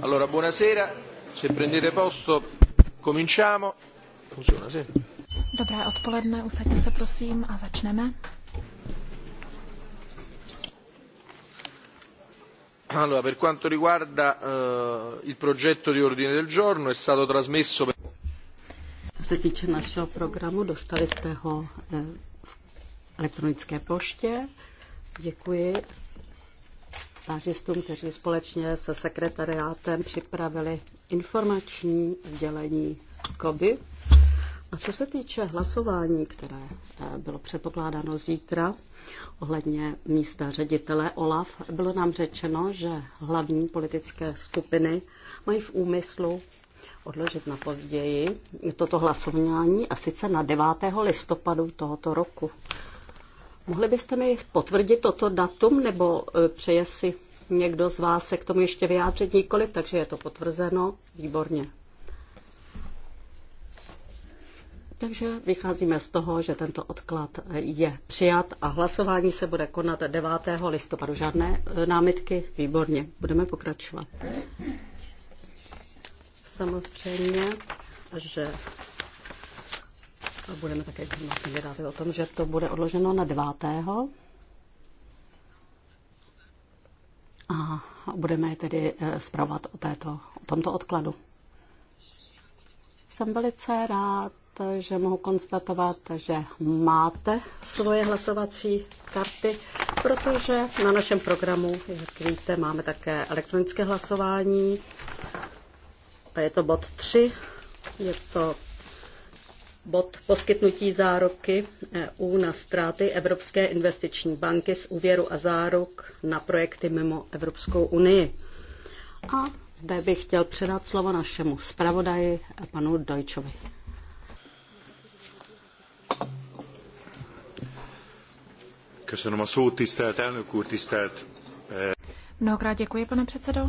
Allora, buonasera, se prendete posto, cominciamo. Funziona, sì. Dobré odpoledne, usaďte se prosím a začneme. Allora, per quanto riguarda uh, il progetto di ordine del giorno, è stato trasmesso. Per... Co se týče našeho programu, dostali jste ho eh, v elektronické poště. Děkuji stážistům, kteří společně se sekretariátem připravili informační sdělení KOBY. A co se týče hlasování, které eh, bylo předpokládáno zítra ohledně místa ředitele OLAF, bylo nám řečeno, že hlavní politické skupiny mají v úmyslu odložit na později toto hlasování a sice na 9. listopadu tohoto roku. Mohli byste mi potvrdit toto datum, nebo e, přeje si někdo z vás se k tomu ještě vyjádřit nikoli, takže je to potvrzeno. Výborně. Takže vycházíme z toho, že tento odklad je přijat a hlasování se bude konat 9. listopadu. Žádné e, námitky? Výborně, budeme pokračovat. Samozřejmě, že budeme také informovat vydáty o tom, že to bude odloženo na 9. A budeme tedy zpravovat eh, o, této, o tomto odkladu. Jsem velice rád, že mohu konstatovat, že máte svoje hlasovací karty, protože na našem programu, jak víte, máme také elektronické hlasování. Je to bod 3, je to bod poskytnutí záruky EU na ztráty Evropské investiční banky z úvěru a záruk na projekty mimo Evropskou unii. A zde bych chtěl předat slovo našemu zpravodaji, panu Dojčovi. Köszönöm a szót, tisztelt elnök úr, tisztelt... Eh, Mnohokrát děkuji, pane předsedo.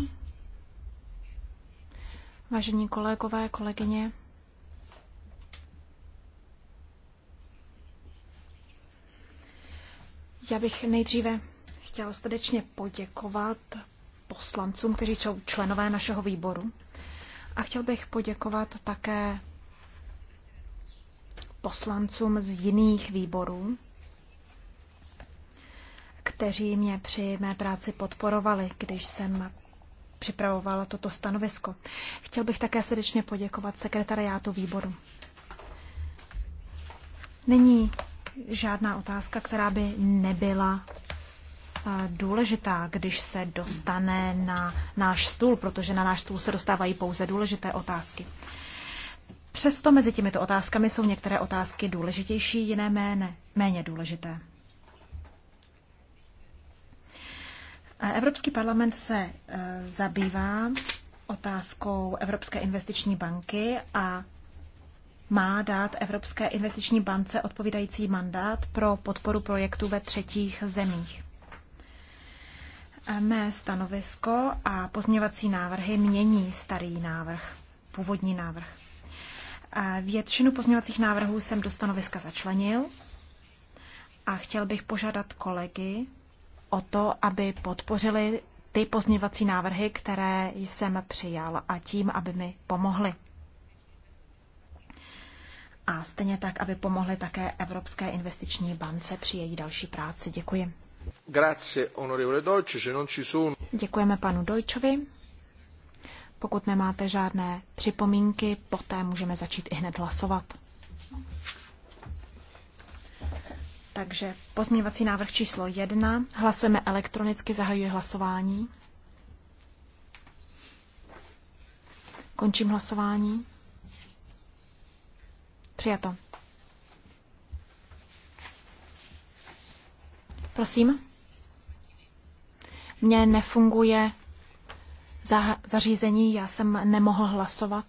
Vážení kolegové, kolegyně, Já bych nejdříve chtěla srdečně poděkovat poslancům, kteří jsou členové našeho výboru. A chtěl bych poděkovat také poslancům z jiných výborů, kteří mě při mé práci podporovali, když jsem připravovala toto stanovisko. Chtěl bych také srdečně poděkovat sekretariátu výboru. Nyní žádná otázka, která by nebyla eh, důležitá, když se dostane na náš stůl, protože na náš stůl se dostávají pouze důležité otázky. Přesto mezi těmito otázkami jsou některé otázky důležitější, jiné méně, méně důležité. Eh, Evropský parlament se eh, zabývá otázkou Evropské investiční banky a má dát Evropské investiční bance odpovídající mandát pro podporu projektů ve třetích zemích. Mé stanovisko a pozměňovací návrhy mění starý návrh, původní návrh. Většinu pozměňovacích návrhů jsem do stanoviska začlenil a chtěl bych požádat kolegy o to, aby podpořili ty pozměňovací návrhy, které jsem přijal a tím, aby mi pomohli a stejně tak, aby pomohly také Evropské investiční bance při její další práci. Děkuji. Grazie, onorevole non ci sono... Děkujeme panu Dojčovi. Pokud nemáte žádné připomínky, poté můžeme začít i hned hlasovat. Takže pozměňovací návrh číslo 1. Hlasujeme elektronicky, zahajuje hlasování. Končím hlasování. Přijato. Prosím. Mně nefunguje zařízení, já jsem nemohl hlasovat.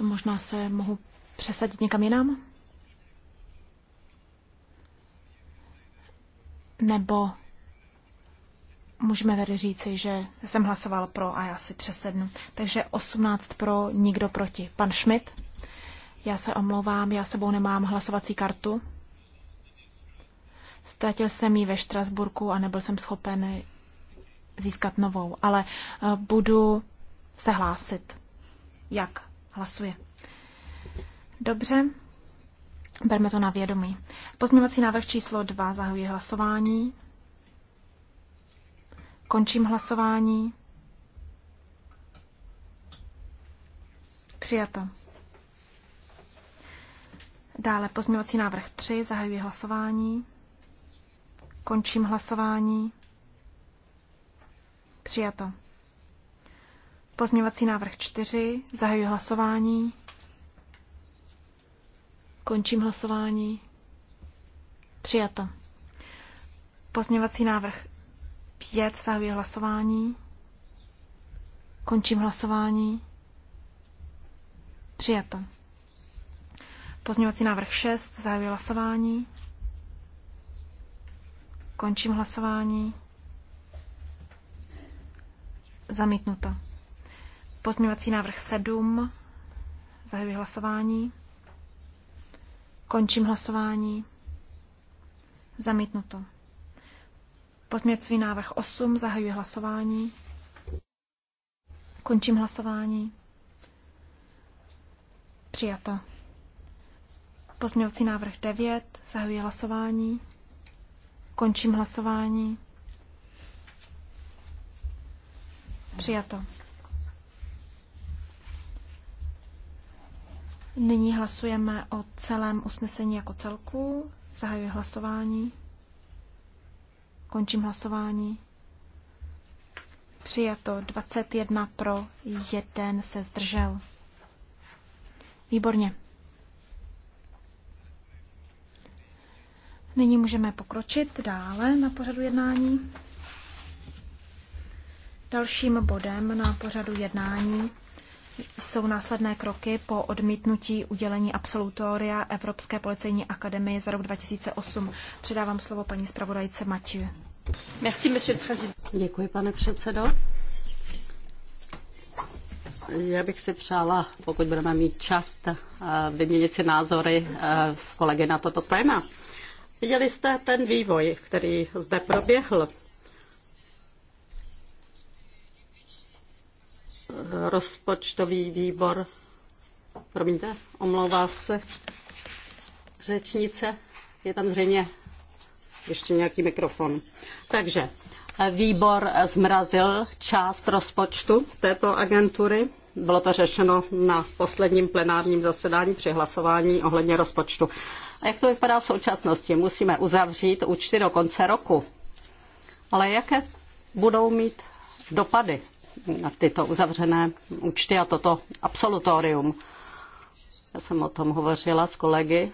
Možná se mohu přesadit někam jinam? Nebo můžeme tady říci, že jsem hlasoval pro a já si přesednu. Takže 18 pro, nikdo proti. Pan Schmidt? Já se omlouvám, já sebou nemám hlasovací kartu. Ztratil jsem ji ve Štrasburku a nebyl jsem schopen získat novou, ale eh, budu se hlásit, jak hlasuje. Dobře, berme to na vědomí. Pozměňovací návrh číslo 2 zahajuje hlasování. Končím hlasování. Přijato. Dále pozměňovací návrh 3, zahajuji hlasování. Končím hlasování. Přijato. Pozměňovací návrh 4, zahajuji hlasování. Končím hlasování. Přijato. Pozměňovací návrh 5, zahajuji hlasování. Končím hlasování. Přijato. Pozměňovací návrh 6, zahajuji hlasování. Končím hlasování. Zamítnuto. Pozměňovací návrh 7, zahajuji hlasování. Končím hlasování. Zamítnuto. Pozměňovací návrh 8, zahajuji hlasování. Končím hlasování. Přijato. Pozměňovací návrh 9. Zahajuji hlasování. Končím hlasování. Přijato. Nyní hlasujeme o celém usnesení jako celku. Zahajuji hlasování. Končím hlasování. Přijato 21 pro, 1 se zdržel. Výborně. Nyní můžeme pokročit dále na pořadu jednání. Dalším bodem na pořadu jednání jsou následné kroky po odmítnutí udělení absolutoria Evropské policejní akademie za rok 2008. Předávám slovo paní zpravodajce Matiu. Merci, monsieur le président. Děkuji, pane předsedo. Já bych si přála, pokud budeme mít čas, eh, vyměnit si názory eh, s kolegy na toto téma. Viděli jste ten vývoj, který zde proběhl. Rozpočtový výbor, promiňte, omlouvá se řečnice, je tam zřejmě ještě nějaký mikrofon. Takže eh, výbor zmrazil část rozpočtu této agentury. Bylo to řešeno na posledním plenárním zasedání při hlasování ohledně rozpočtu. A jak to vypadá v současnosti? Musíme uzavřít účty do konce roku. Ale jaké budou mít dopady na tyto uzavřené účty a toto absolutorium? Já jsem o tom hovořila s kolegy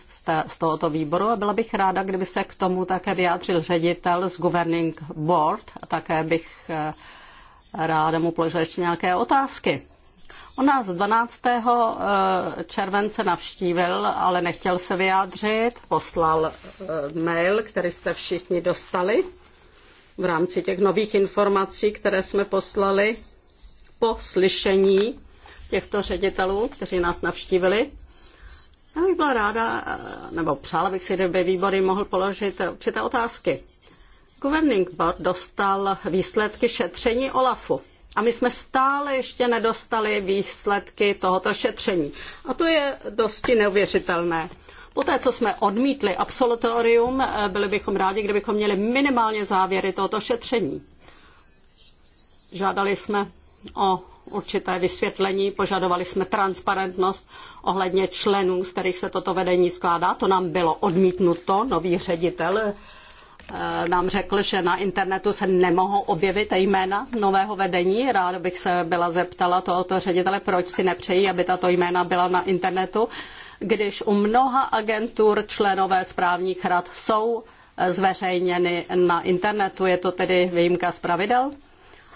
z tohoto výboru a byla bych ráda, kdyby se k tomu také vyjádřil ředitel z Governing Board a také bych eh, ráda mu položila ještě nějaké otázky. On nás 12. Eh, července navštívil, ale nechtěl se vyjádřit. Poslal eh, mail, který jste všichni dostali v rámci těch nových informací, které jsme poslali po slyšení těchto ředitelů, kteří nás navštívili. Já bych byla ráda, eh, nebo přála bych si, kdyby výbory mohl položit určité otázky. Governing Board dostal výsledky šetření OLAFu a my jsme stále ještě nedostali výsledky tohoto šetření. A to je dosti neuvěřitelné. Poté, co jsme odmítli absolutorium, eh, byli bychom rádi, kdybychom měli minimálně závěry tohoto šetření. Žádali jsme o určité vysvětlení, požadovali jsme transparentnost ohledně členů, z kterých se toto vedení skládá. To nám bylo odmítnuto. Nový ředitel Eh, nám řekl, že na internetu se nemohou objevit jména nového vedení. Ráda bych se byla zeptala tohoto ředitele, proč si nepřejí, aby tato jména byla na internetu, když u mnoha agentur členové správních rad jsou eh, zveřejněny na internetu. Je to tedy výjimka z pravidel?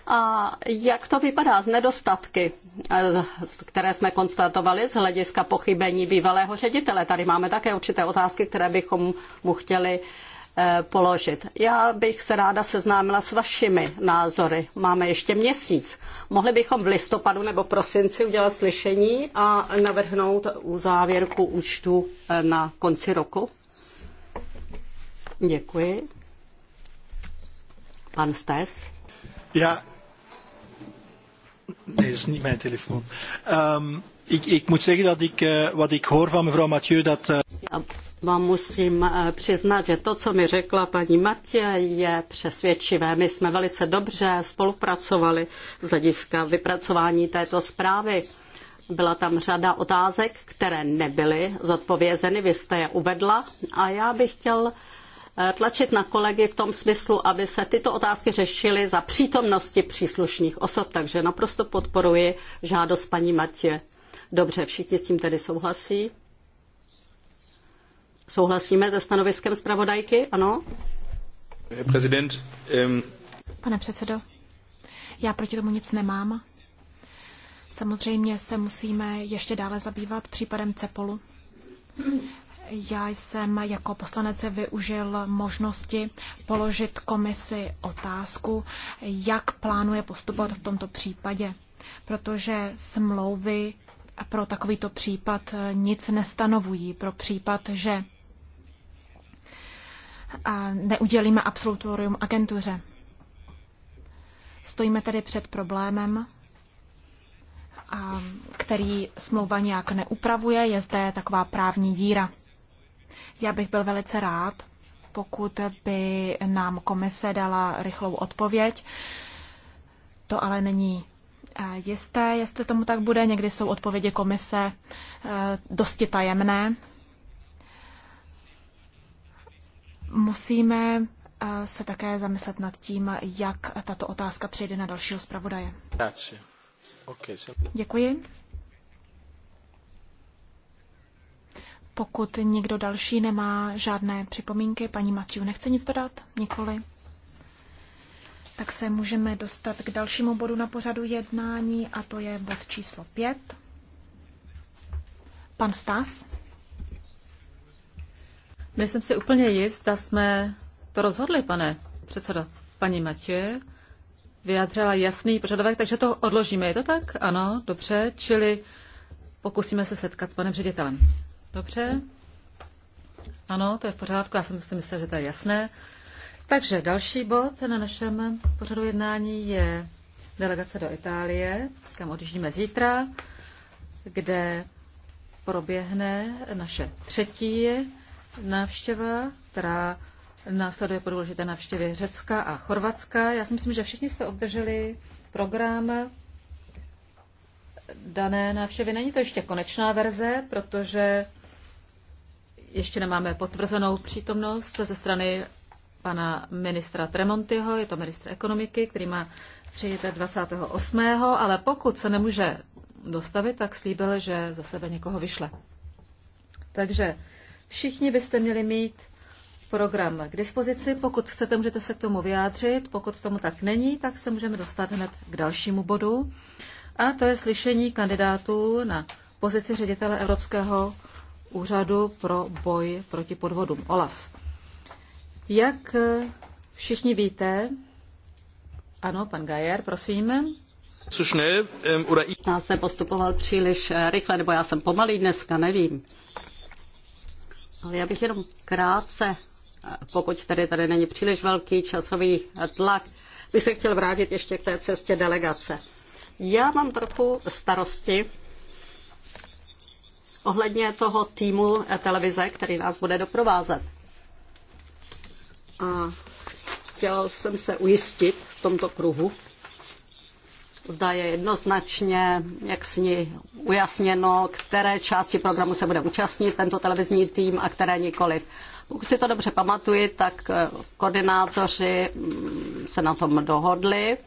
A jak to vypadá z nedostatky, eh, které jsme konstatovali z hlediska pochybení bývalého ředitele? Tady máme také určité otázky, které bychom mu chtěli uh, Eh, položit. Já bych se ráda seznámila s vašimi názory. Máme ještě měsíc. Mohli bychom v listopadu nebo prosinci udělat slyšení a navrhnout uzávěrku účtu eh, na konci roku? Děkuji. Pan Stes? Já... Nee, dat is niet mijn telefoon. Um, ik, ik moet zeggen dat ik, uh, øh, wat ik hoor van mevrouw Mathieu, dat... Uh... Ja vám musím eh, přiznat, že to, co mi řekla paní Matě, je přesvědčivé. My jsme velice dobře spolupracovali z hlediska vypracování této zprávy. Byla tam řada otázek, které nebyly zodpovězeny, vy jste je uvedla a já bych chtěl eh, tlačit na kolegy v tom smyslu, aby se tyto otázky řešily za přítomnosti příslušných osob, takže naprosto podporuji žádost paní Matě. Dobře, všichni s tím tedy souhlasí. Souhlasíme se stanoviskem zpravodajky? Ano? Prezident. Um... Pane předsedo, já proti tomu nic nemám. Samozřejmě se musíme ještě dále zabývat případem Cepolu. Já jsem jako poslanec využil možnosti položit komisi otázku, jak plánuje postupovat v tomto případě, protože smlouvy pro takovýto případ nic nestanovují. Pro případ, že neudělíme absolutorium agentuře. Stojíme tedy před problémem, který smlouva nějak neupravuje, je zde taková právní díra. Já bych byl velice rád, pokud by nám komise dala rychlou odpověď. To ale není jisté, jestli tomu tak bude. Někdy jsou odpovědi komise dosti tajemné Musíme eh, se také zamyslet nad tím, jak tato otázka přejde na dalšího zpravodaje. Děkuji. Pokud někdo další nemá žádné připomínky, paní Matiu nechce nic dodat? Nikoli? Tak se můžeme dostat k dalšímu bodu na pořadu jednání a to je bod číslo 5. Pan Stas? Myslím si úplně jist, že jsme to rozhodli, pane předsedo. Paní Matě vyjádřila jasný požadavek, takže to odložíme. Je to tak? Ano, dobře. Čili pokusíme se setkat s panem ředitelem. Dobře. Ano, to je v pořádku. Já jsem si myslel, že to je jasné. Takže další bod na našem pořadu jednání je delegace do Itálie, kam odjíždíme zítra, kde proběhne naše třetí návštěva, která následuje po důležité návštěvě Řecka a Chorvatska. Já si myslím, že všichni jste obdrželi program dané návštěvy. Není to ještě konečná verze, protože ještě nemáme potvrzenou přítomnost ze strany pana ministra Tremontyho, je to ministr ekonomiky, který má přijet 28. ale pokud se nemůže dostavit, tak slíbil, že za sebe někoho vyšle. Takže Všichni byste měli mít program k dispozici. Pokud chcete, můžete se k tomu vyjádřit. Pokud tomu tak není, tak se můžeme dostat hned k dalšímu bodu. A to je slyšení kandidátů na pozici ředitele Evropského úřadu pro boj proti podvodům OLAF. Jak všichni víte, ano, pan Gajer, prosím. Ähm, já jsem postupoval příliš eh, rychle, nebo já jsem pomalý dneska, nevím. Já bych jenom krátce, pokud tady tady není příliš velký časový tlak, bych se chtěl vrátit ještě k té cestě delegace. Já mám trochu starosti ohledně toho týmu televize, který nás bude doprovázet. A chtěl jsem se ujistit v tomto kruhu, Zda je jednoznačně jak s ní ujasněno, které části programu se bude účastnit tento televizní tým a které nikoliv. Pokud si to dobře pamatuji, tak eh, koordinátoři mm, se na tom dohodli.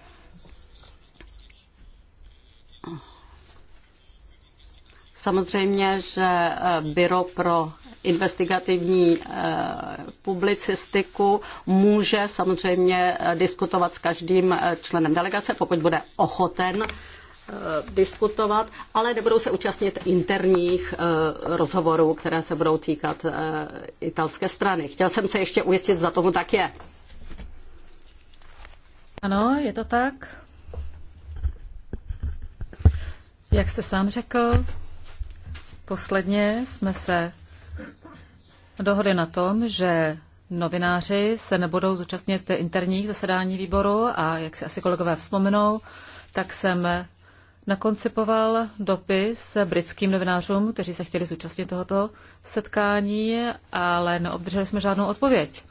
Samozřejmě, že eh, Byro pro investigativní eh, publicistiku, může samozřejmě eh, diskutovat s každým eh, členem delegace, pokud bude ochoten diskutovat, ale nebudou se účastnit interních rozhovorů, které se budou týkat italské strany. Chtěl jsem se ještě ujistit, zda tomu tak je. Ano, je to tak. Jak jste sám řekl, posledně jsme se dohody na tom, že novináři se nebudou zúčastnit interních zasedání výboru a jak si asi kolegové vzpomenou, tak jsem nakoncipoval dopis britským novinářům, kteří se chtěli zúčastnit tohoto setkání, ale neobdrželi jsme žádnou odpověď.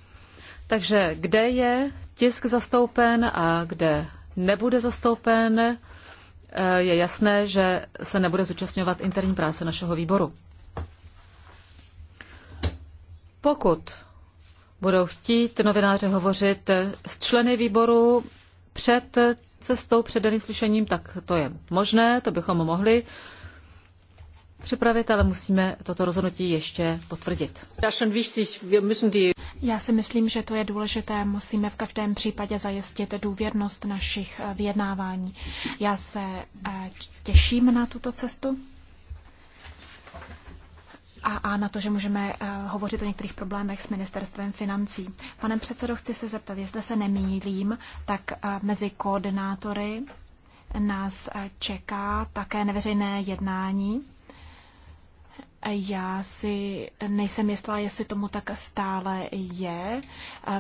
Takže kde je tisk zastoupen a kde nebude zastoupen, eh, je jasné, že se nebude zúčastňovat interní práce našeho výboru. Pokud budou chtít novináři hovořit s členy výboru před cestou, před daným slyšením, tak to je možné, to bychom mohli připravit, ale musíme toto rozhodnutí ještě potvrdit. Já si myslím, že to je důležité. Musíme v každém případě zajistit důvěrnost našich eh, vyjednávání. Já se eh, těším na tuto cestu a, a na to, že můžeme eh, hovořit o některých problémech s ministerstvem financí. Pane předsedo, chci se zeptat, jestli se nemýlím, tak eh, mezi koordinátory nás eh, čeká také neveřejné jednání. Já si nejsem jistá, jestli tomu tak stále je,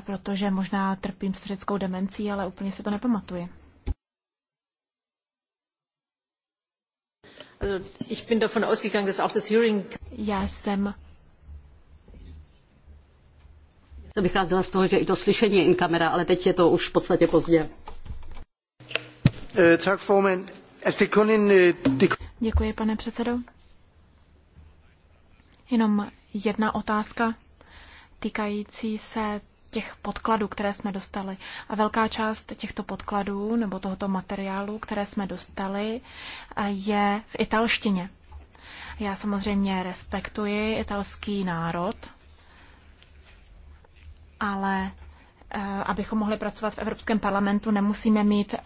protože možná trpím středickou demencí, ale úplně si to nepamatuji. Já jsem vycházela z toho, že i to slyšení je in kamera, ale teď je to už v podstatě pozdě. Øh, er øh, er Děkuji, pane předsedo. Jenom jedna otázka týkající se těch podkladů, které jsme dostali. A velká část těchto podkladů nebo tohoto materiálu, které jsme dostali, eh, je v italštině. Já samozřejmě respektuji italský národ, ale eh, abychom mohli pracovat v Evropském parlamentu, nemusíme mít eh,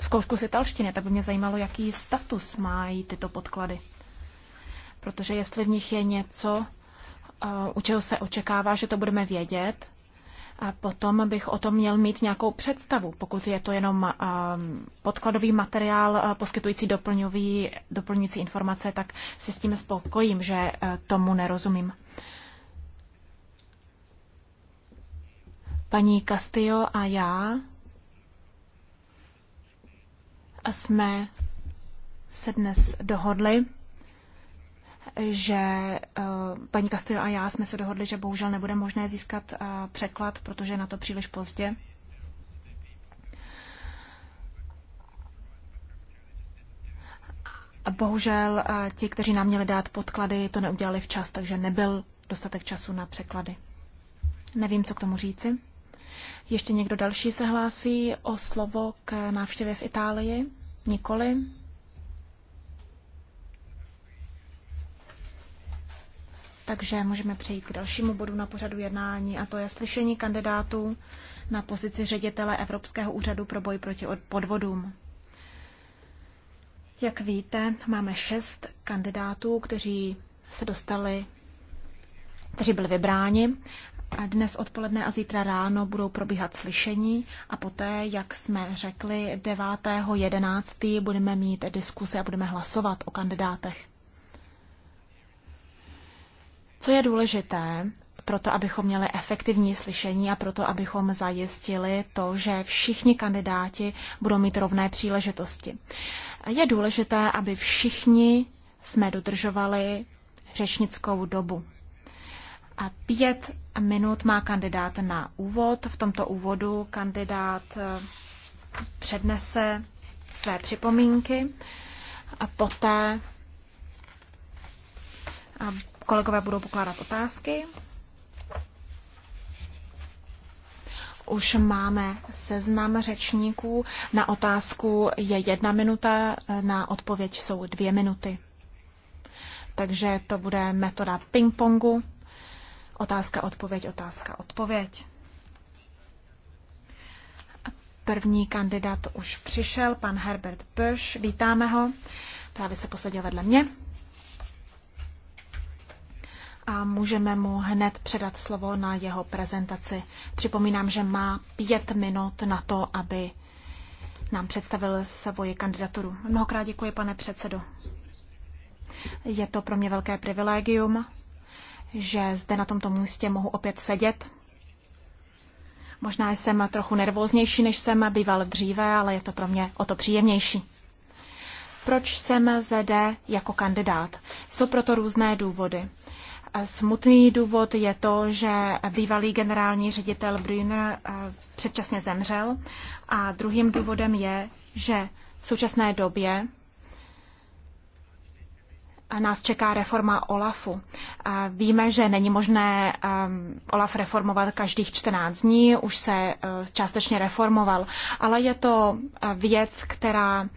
zkoušku z italštiny. Tak by mě zajímalo, jaký status mají tyto podklady. Protože jestli v nich je něco, u čeho se očekává, že to budeme vědět, a potom bych o tom měl mít nějakou představu, pokud je to jenom podkladový materiál poskytující doplňující informace, tak si s tím spokojím, že e, tomu nerozumím. Paní Castillo a já jsme se dnes dohodli, že eh, paní Castillo a já jsme se dohodli, že bohužel nebude možné získat eh, překlad, protože na to příliš pozdě. Bohužel eh, ti, kteří nám měli dát podklady, to neudělali včas, takže nebyl dostatek času na překlady. Nevím, co k tomu říci. Ještě někdo další se hlásí o slovo k návštěvě v Itálii? Nikoli. Takže můžeme přejít k dalšímu bodu na pořadu jednání a to je slyšení kandidátů na pozici ředitele Evropského úřadu pro boj proti podvodům. Jak víte, máme šest kandidátů, kteří se dostali, kteří byli vybráni. A dnes odpoledne a zítra ráno budou probíhat slyšení a poté, jak jsme řekli, 9.11. budeme mít diskuse a budeme hlasovat o kandidátech. Co je důležité, proto abychom měli efektivní slyšení a proto abychom zajistili to, že všichni kandidáti budou mít rovné příležitosti. Je důležité, aby všichni jsme dodržovali řečnickou dobu. A pět minut má kandidát na úvod. V tomto úvodu kandidát eh, přednese své připomínky a poté Kolegové budou pokládat otázky. Už máme seznam řečníků. Na otázku je jedna minuta, na odpověď jsou dvě minuty. Takže to bude metoda ping-pongu. Otázka, odpověď, otázka, odpověď. První kandidát už přišel, pan Herbert Bösch. Vítáme ho. Právě se posadil vedle mě a můžeme mu hned předat slovo na jeho prezentaci. Připomínám, že má pět minut na to, aby nám představil svoji kandidaturu. Mnohokrát děkuji, pane předsedo. Je to pro mě velké privilegium, že zde na tomto místě mohu opět sedět. Možná jsem trochu nervóznější, než jsem býval dříve, ale je to pro mě o to příjemnější. Proč jsem zde jako kandidát? Jsou proto různé důvody. Smutný důvod je to, že bývalý generální ředitel Brunner eh, předčasně zemřel a druhým důvodem je, že v současné době nás čeká reforma OLAFu. Eh, víme, že není možné eh, OLAF reformovat každých 14 dní, už se částečně reformoval, ale je to věc, která,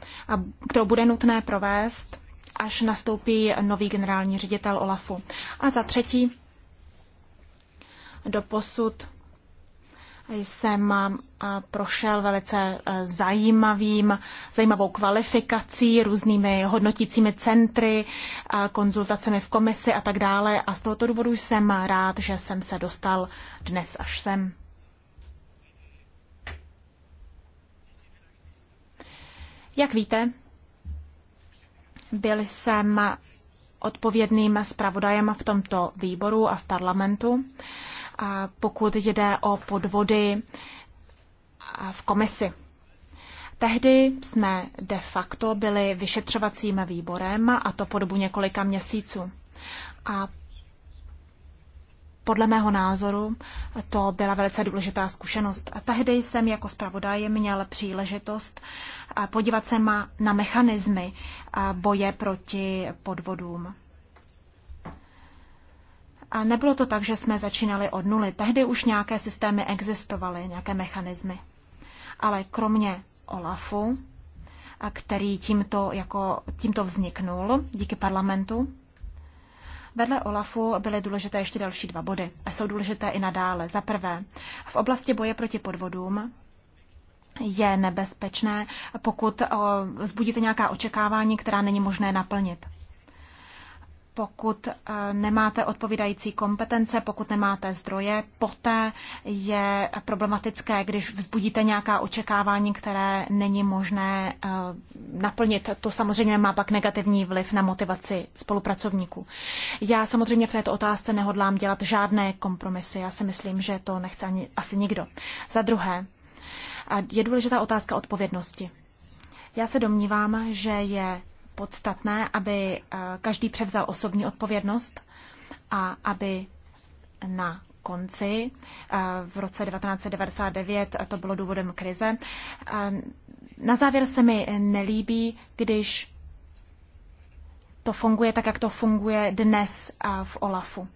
kterou bude nutné provést až nastoupí nový generální ředitel OLAFu. A za třetí, do posud jsem prošel velice e, zajímavým, zajímavou kvalifikací, různými hodnotícími centry, e, konzultacemi v komisi a tak dále. A z tohoto důvodu jsem rád, že jsem se dostal dnes až sem. Jak víte, byl jsem odpovědným zpravodajem v tomto výboru a v parlamentu, a pokud jde o podvody v komisi. Tehdy jsme de facto byli vyšetřovacím výborem a to po dobu několika měsíců. A podle mého názoru to byla velice důležitá zkušenost. A tehdy jsem jako zpravodaj měl příležitost podívat se na mechanismy boje proti podvodům. A nebylo to tak, že jsme začínali od nuly. Tehdy už nějaké systémy existovaly, nějaké mechanismy. Ale kromě OLAFu, který tímto, jako, tímto vzniknul díky parlamentu, Vedle OLAFu byly důležité ještě další dva body a jsou důležité i nadále. Za prvé, v oblasti boje proti podvodům je nebezpečné, pokud eh, vzbudíte nějaká očekávání, která není možné naplnit pokud eh, nemáte odpovídající kompetence, pokud nemáte zdroje, poté je problematické, když vzbudíte nějaká očekávání, které není možné eh, naplnit. To samozřejmě má pak negativní vliv na motivaci spolupracovníků. Já samozřejmě v této otázce nehodlám dělat žádné kompromisy. Já si myslím, že to nechce ani, asi nikdo. Za druhé, je důležitá otázka odpovědnosti. Já se domnívám, že je podstatné, aby eh, každý převzal osobní odpovědnost a aby na konci eh, v roce 1999, eh, to bylo důvodem krize. Na závěr se mi nelíbí, když to funguje tak, jak to funguje dnes v OLAFu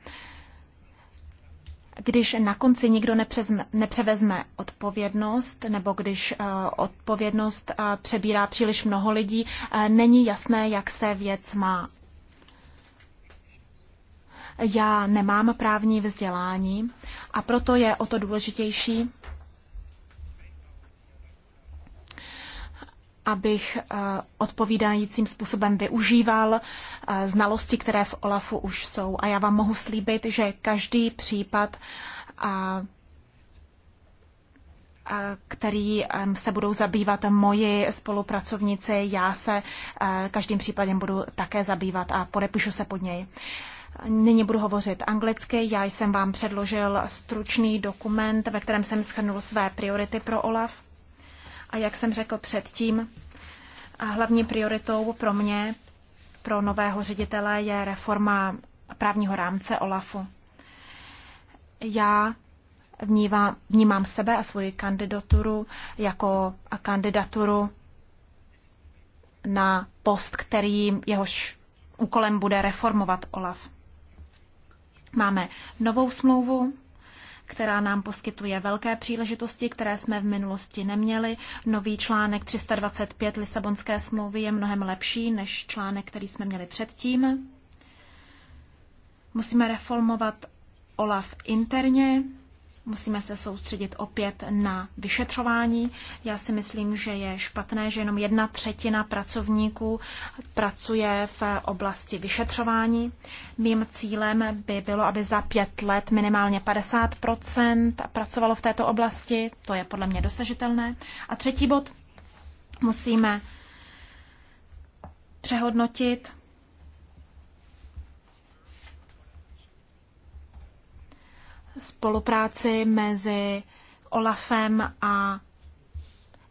když na konci nikdo nepřezme, nepřevezme odpovědnost nebo když uh, odpovědnost uh, přebírá příliš mnoho lidí, uh, není jasné, jak se věc má. Já nemám právní vzdělání a proto je o to důležitější, abych eh, odpovídajícím způsobem využíval eh, znalosti, které v OLAFu už jsou. A já vám mohu slíbit, že každý případ, eh, který se budou zabývat moji spolupracovníci, já se každým případem budu také zabývat a podepíšu se pod něj. Nyní budu hovořit anglicky. Já jsem vám předložil stručný dokument, ve kterém jsem schrnul své priority pro OLAF jak jsem řekl předtím, a hlavní prioritou pro mě, pro nového ředitele, je reforma právního rámce OLAFu. Já vnívám, vnímám sebe a svoji kandidaturu jako a kandidaturu na post, který jehož úkolem bude reformovat OLAF. Máme novou smlouvu, která nám poskytuje velké příležitosti, které jsme v minulosti neměli. Nový článek 325 Lisabonské smlouvy je mnohem lepší než článek, který jsme měli předtím. Musíme reformovat OLAF interně, Musíme se soustředit opět na vyšetřování. Já si myslím, že je špatné, že jenom jedna třetina pracovníků pracuje v oblasti vyšetřování. Mým cílem by bylo, aby za pět let minimálně 50 pracovalo v této oblasti. To je podle mě dosažitelné. A třetí bod. Musíme přehodnotit spolupráci mezi OLAFem a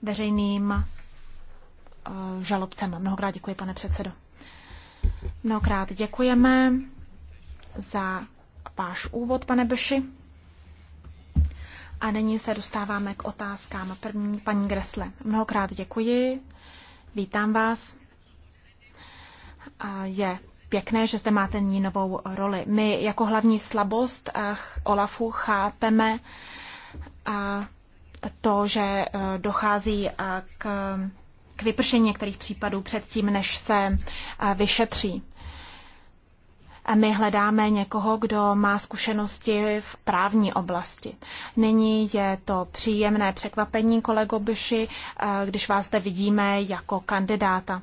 veřejným eh, žalobcem. Mnohokrát děkuji, pane předsedo. Mnohokrát děkujeme za váš úvod, pane Beši. A nyní se dostáváme k otázkám. První, paní Gresle, mnohokrát děkuji. Vítám vás. Je pěkné, že zde máte ní novou roli. My jako hlavní slabost eh, Olafu chápeme eh, to, že eh, dochází k, k vypršení některých případů předtím, než se vyšetří. A my hledáme někoho, kdo má zkušenosti v právní oblasti. Nyní je to příjemné překvapení, kolego Byši, když vás zde vidíme jako kandidáta.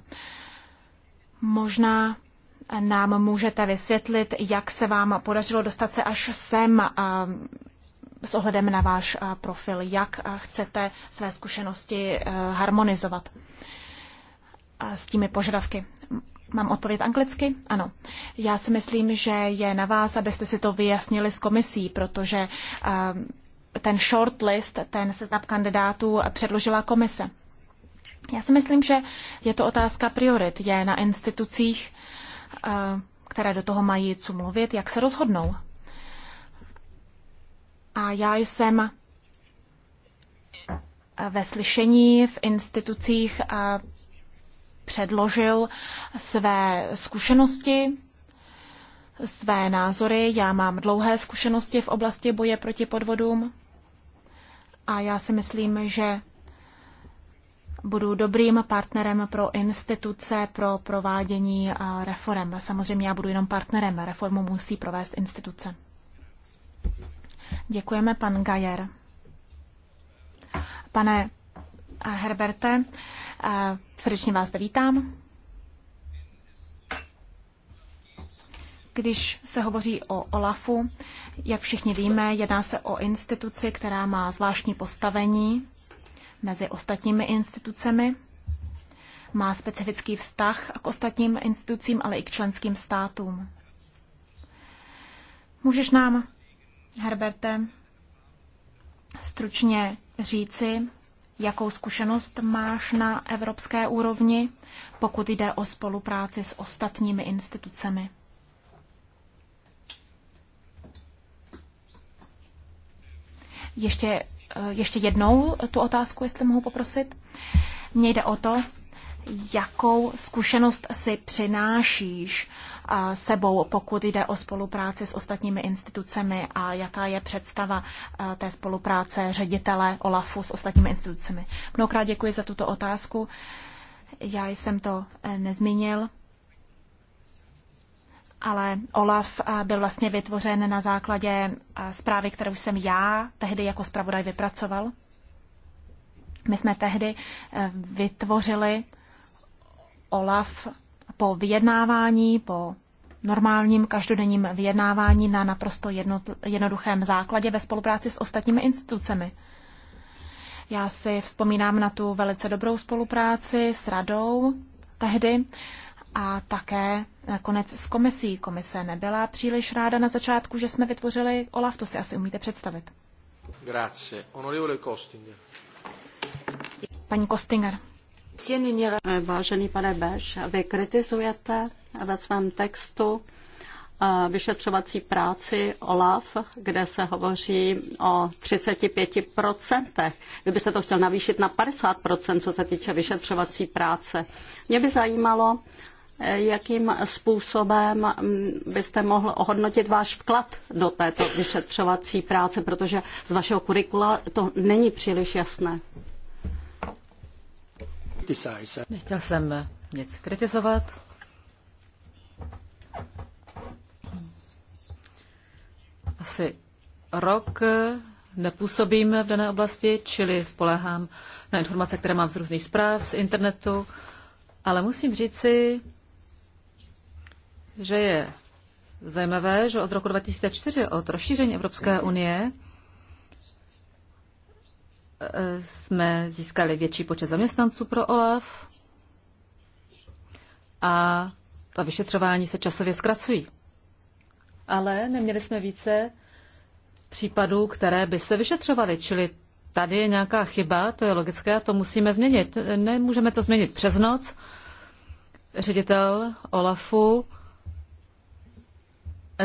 Možná nám můžete vysvětlit, jak se vám podařilo dostat se až sem s ohledem na váš profil, jak chcete své zkušenosti e, harmonizovat s těmi požadavky. Mám odpověď anglicky? Ano. Já si myslím, že je na vás, abyste si to vyjasnili s komisí, protože ten shortlist, ten seznam kandidátů předložila komise. Já si myslím, že je to otázka priorit. Je na institucích, které do toho mají co mluvit, jak se rozhodnou. A já jsem ve slyšení v institucích předložil své zkušenosti, své názory. Já mám dlouhé zkušenosti v oblasti boje proti podvodům a já si myslím, že budu dobrým partnerem pro instituce pro provádění eh, reform. Samozřejmě já budu jenom partnerem, reformu musí provést instituce. Děkujeme, pan Gajer. Pane eh, Herberte, eh, srdečně vás zde vítám. Když se hovoří o OLAFu, jak všichni víme, jedná se o instituci, která má zvláštní postavení mezi ostatními institucemi, má specifický vztah k ostatním institucím, ale i k členským státům. Můžeš nám, Herberte, stručně říci, jakou zkušenost máš na evropské úrovni, pokud jde o spolupráci s ostatními institucemi? Ještě Eh, ještě jednou tu otázku, jestli mohu poprosit. Mně jde o to, jakou zkušenost si přinášíš eh, sebou, pokud jde o spolupráci s ostatními institucemi a jaká je představa eh, té spolupráce ředitele OLAFu s ostatními institucemi. Mnohokrát děkuji za tuto otázku. Já jsem to nezmínil ale OLAF eh, byl vlastně vytvořen na základě eh, zprávy, kterou jsem já tehdy jako zpravodaj vypracoval. My jsme tehdy eh, vytvořili OLAF po vyjednávání, po normálním každodenním vyjednávání na naprosto jednoduchém základě ve spolupráci s ostatními institucemi. Já si vzpomínám na tu velice dobrou spolupráci s radou tehdy a také nakonec s komisí. Komise nebyla příliš ráda na začátku, že jsme vytvořili OLAF, to si asi umíte představit. Grazie. Onorevole Kostinger. Paní Kostinger. Vážený pane Beš, vy kritizujete ve svém textu eh, vyšetřovací práci OLAF, kde se hovoří o 35%. Kdybyste to chtěl navýšit na 50%, co se týče vyšetřovací práce. Mě by zajímalo, jakým způsobem byste mohl ohodnotit váš vklad do této vyšetřovací práce, protože z vašeho kurikula to není příliš jasné. Nechtěl jsem nic kritizovat. Asi rok nepůsobím v dané oblasti, čili spolehám na informace, které mám z různých zpráv z internetu, ale musím říci, že je zajímavé, že od roku 2004, od rozšíření Evropské unie, eh, jsme získali větší počet zaměstnanců pro OLAF a ta vyšetřování se časově zkracují. Ale neměli jsme více případů, které by se vyšetřovaly, čili tady je nějaká chyba, to je logické a to musíme změnit. Nemůžeme to změnit přes noc. Ředitel OLAFu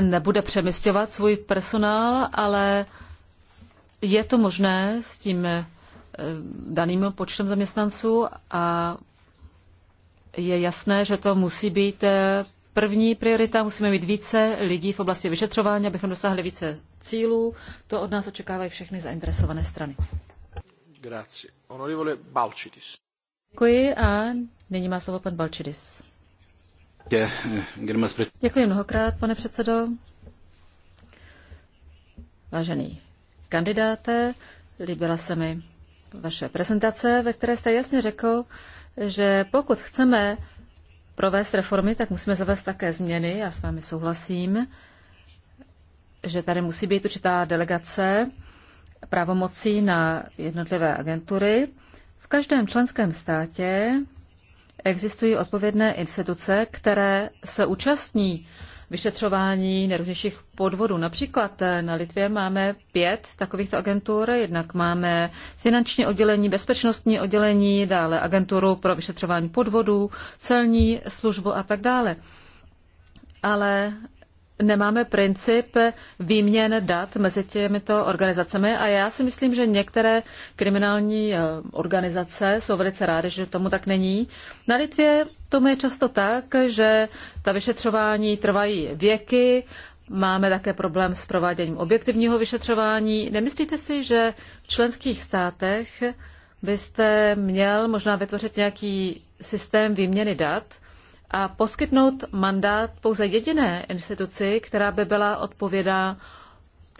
nebude přemysťovat svůj personál, ale je to možné s tím eh, daným počtem zaměstnanců a je jasné, že to musí být eh, první priorita. Musíme mít více lidí v oblasti vyšetřování, abychom dosáhli více cílů. To od nás očekávají všechny zainteresované strany. Grazie. Onorevole Balčitis. Děkuji a nyní má slovo pan Balčidis. Děkuji mnohokrát, pane předsedo. Vážený kandidáte, líbila se mi vaše prezentace, ve které jste jasně řekl, že pokud chceme provést reformy, tak musíme zavést také změny. Já s vámi souhlasím, že tady musí být určitá delegace pravomocí na jednotlivé agentury. V každém členském státě existují odpovědné instituce, které se účastní vyšetřování nejrůznějších podvodů. Například eh, na Litvě máme pět takovýchto agentur, jednak máme finanční oddělení, bezpečnostní oddělení, dále agenturu pro vyšetřování podvodů, celní službu a tak dále. Ale nemáme princip výměn dat mezi těmito organizacemi a já si myslím, že některé kriminální eh, organizace jsou velice rády, že tomu tak není. Na Litvě tomu je často tak, že ta vyšetřování trvají věky, máme také problém s prováděním objektivního vyšetřování. Nemyslíte si, že v členských státech byste měl možná vytvořit nějaký systém výměny dat, a poskytnout mandát pouze jediné instituci, která by byla odpovědná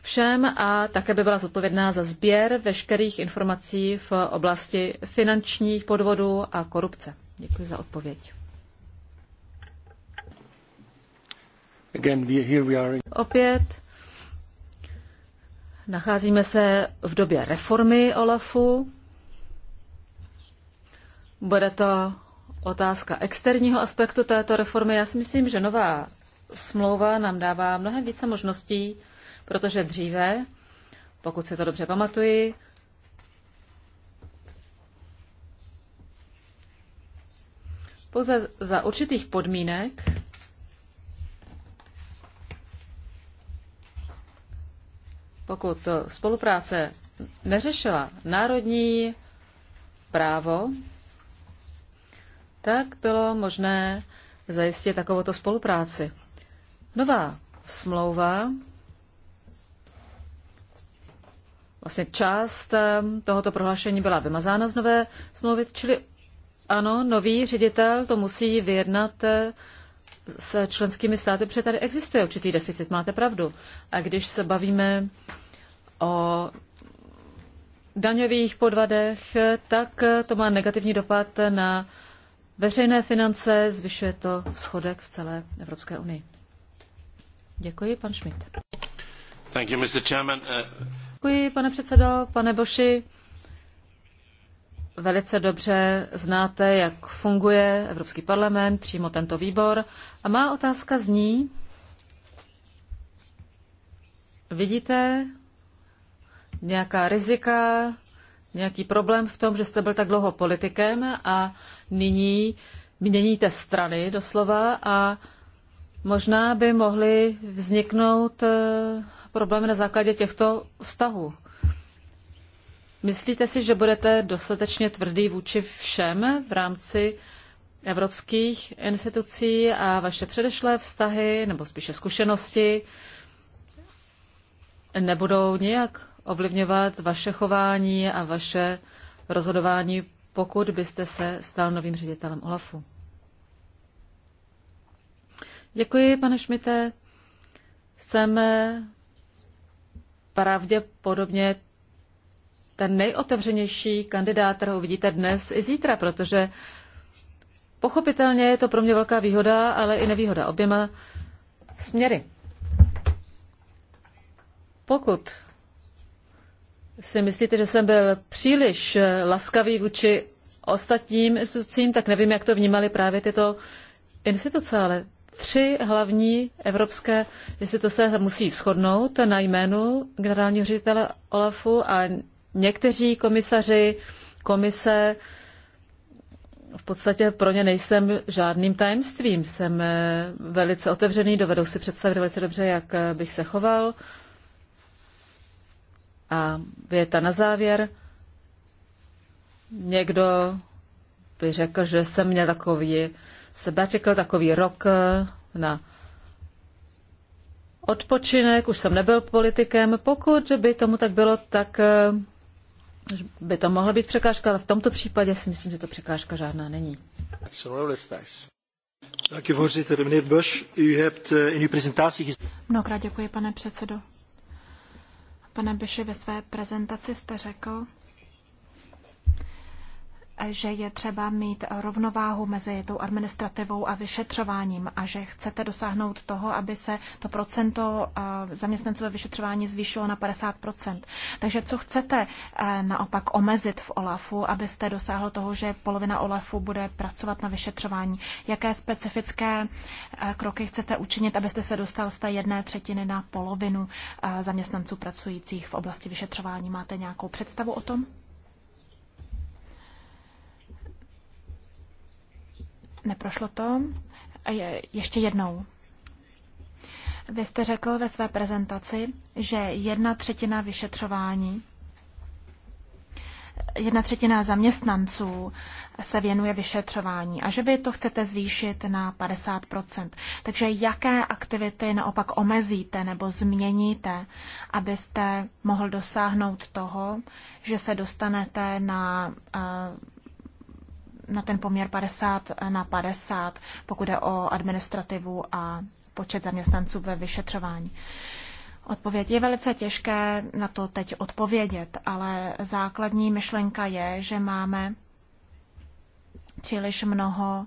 všem a také by byla zodpovědná za sběr veškerých informací v oblasti finančních podvodů a korupce. Děkuji za odpověď. Again, we, here we are in... Opět nacházíme se v době reformy OLAFu. Bude to otázka externího aspektu této reformy. Já si myslím, že nová smlouva nám dává mnohem více možností, protože dříve, pokud si to dobře pamatuji, pouze za určitých podmínek pokud spolupráce neřešila národní právo, tak bylo možné zajistit takovouto spolupráci. Nová smlouva, vlastně část tohoto prohlášení byla vymazána z nové smlouvy, čili ano, nový ředitel to musí vyjednat eh, s členskými státy, protože tady existuje určitý deficit, máte pravdu. A když se bavíme o daňových podvadech, eh, tak eh, to má negativní dopad na veřejné finance, zvyšuje to schodek v celé Evropské unii. Děkuji, pan Schmidt. Thank you, Mr. Chairman. Uh, Děkuji, pane předsedo, pane Boši. Velice dobře znáte, jak funguje Evropský parlament, přímo tento výbor. A má otázka zní, vidíte nějaká rizika nějaký problém v tom, že jste byl tak dlouho politikem a nyní měníte strany doslova a možná by mohly vzniknout eh, problémy na základě těchto vztahů. Myslíte si, že budete dostatečně tvrdý vůči všem v rámci evropských institucí a vaše předešlé vztahy, nebo spíše zkušenosti, nebudou nějak ovlivňovat vaše chování a vaše rozhodování, pokud byste se stal novým ředitelem OLAFu. Děkuji, pane Šmite. Jsem eh, pravděpodobně ten nejotevřenější kandidát, kterého vidíte dnes i zítra, protože pochopitelně je to pro mě velká výhoda, ale i nevýhoda oběma směry. Pokud si myslíte, že jsem byl příliš eh, laskavý vůči ostatním institucím, tak nevím, jak to vnímali právě tyto instituce, ale tři hlavní evropské instituce musí shodnout na jménu generálního ředitele Olafu a někteří komisaři komise v podstatě pro ně nejsem žádným tajemstvím. Jsem eh, velice otevřený, dovedou si představit velice dobře, jak eh, bych se choval. A věta na závěr. Někdo by řekl, že jsem měl takový sabbatical, takový rok eh, na odpočinek, už jsem nebyl politikem. Pokud by tomu tak bylo, tak eh, by to mohla být překážka, ale v tomto případě si myslím, že to překážka žádná není. Eh, Mnohokrát děkuji, pane předsedo. Pane Beše, ve své prezentaci jste řekl, že je třeba mít rovnováhu mezi tou administrativou a vyšetřováním a že chcete dosáhnout toho, aby se to procento eh, zaměstnanců ve vyšetřování zvýšilo na 50 Takže co chcete eh, naopak omezit v OLAFu, abyste dosáhl toho, že polovina OLAFu bude pracovat na vyšetřování? Jaké specifické eh, kroky chcete učinit, abyste se dostal z té jedné třetiny na polovinu zaměstnanců pracujících v oblasti vyšetřování? Máte nějakou představu o tom? Neprošlo to. Je, ještě jednou. Vy jste řekl ve své prezentaci, že jedna třetina vyšetřování, jedna třetina zaměstnanců se věnuje vyšetřování a že vy to chcete zvýšit na 50 Takže jaké aktivity naopak omezíte nebo změníte, abyste mohl dosáhnout toho, že se dostanete na eh, na ten poměr 50 na 50, pokud je o administrativu a počet zaměstnanců ve vyšetřování. Odpověď je velice těžké na to teď odpovědět, ale základní myšlenka je, že máme příliš mnoho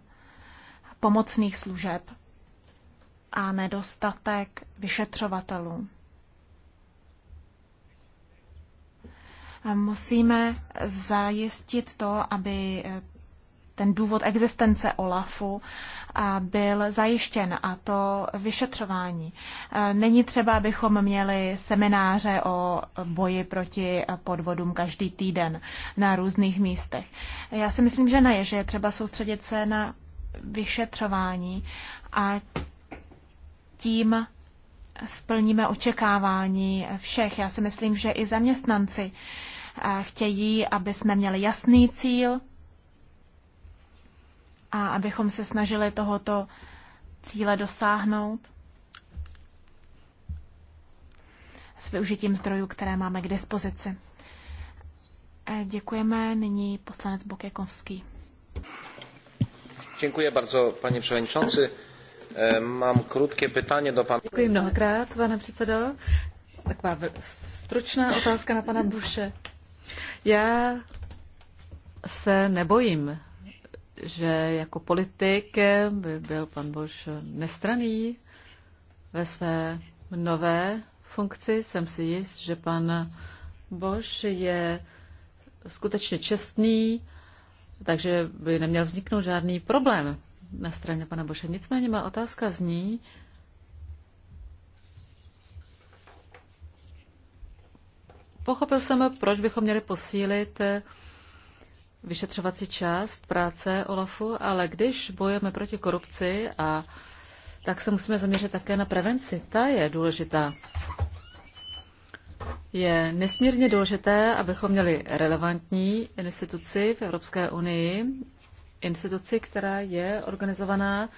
pomocných služeb a nedostatek vyšetřovatelů. Musíme zajistit to, aby ten důvod existence OLAFu byl zajištěn a to vyšetřování. Není třeba, abychom měli semináře o boji proti podvodům každý týden na různých místech. Já si myslím, že ne, že je třeba soustředit se na vyšetřování a tím splníme očekávání všech. Já si myslím, že i zaměstnanci chtějí, aby jsme měli jasný cíl, a abychom se snažili tohoto cíle dosáhnout s využitím zdrojů, které máme k dispozici. E, děkujeme. Nyní poslanec Bokekovský. Děkuji bardzo, paní předsedající. Mám krutké pytanie do pana. Děkuji mnohokrát, pane předsedo. Taková stručná otázka na pana Buše. Já se nebojím že jako politik by byl pan Bož nestraný ve své nové funkci. Jsem si jist, že pan Bož je skutečně čestný, takže by neměl vzniknout žádný problém na straně pana Boše. Nicméně má otázka zní, pochopil jsem, proč bychom měli posílit vyšetřovací část práce OLAFu, ale když bojujeme proti korupci, a tak se musíme zaměřit také na prevenci. Ta je důležitá. Je nesmírně důležité, abychom měli relevantní instituci v Evropské unii, instituci, která je organizovaná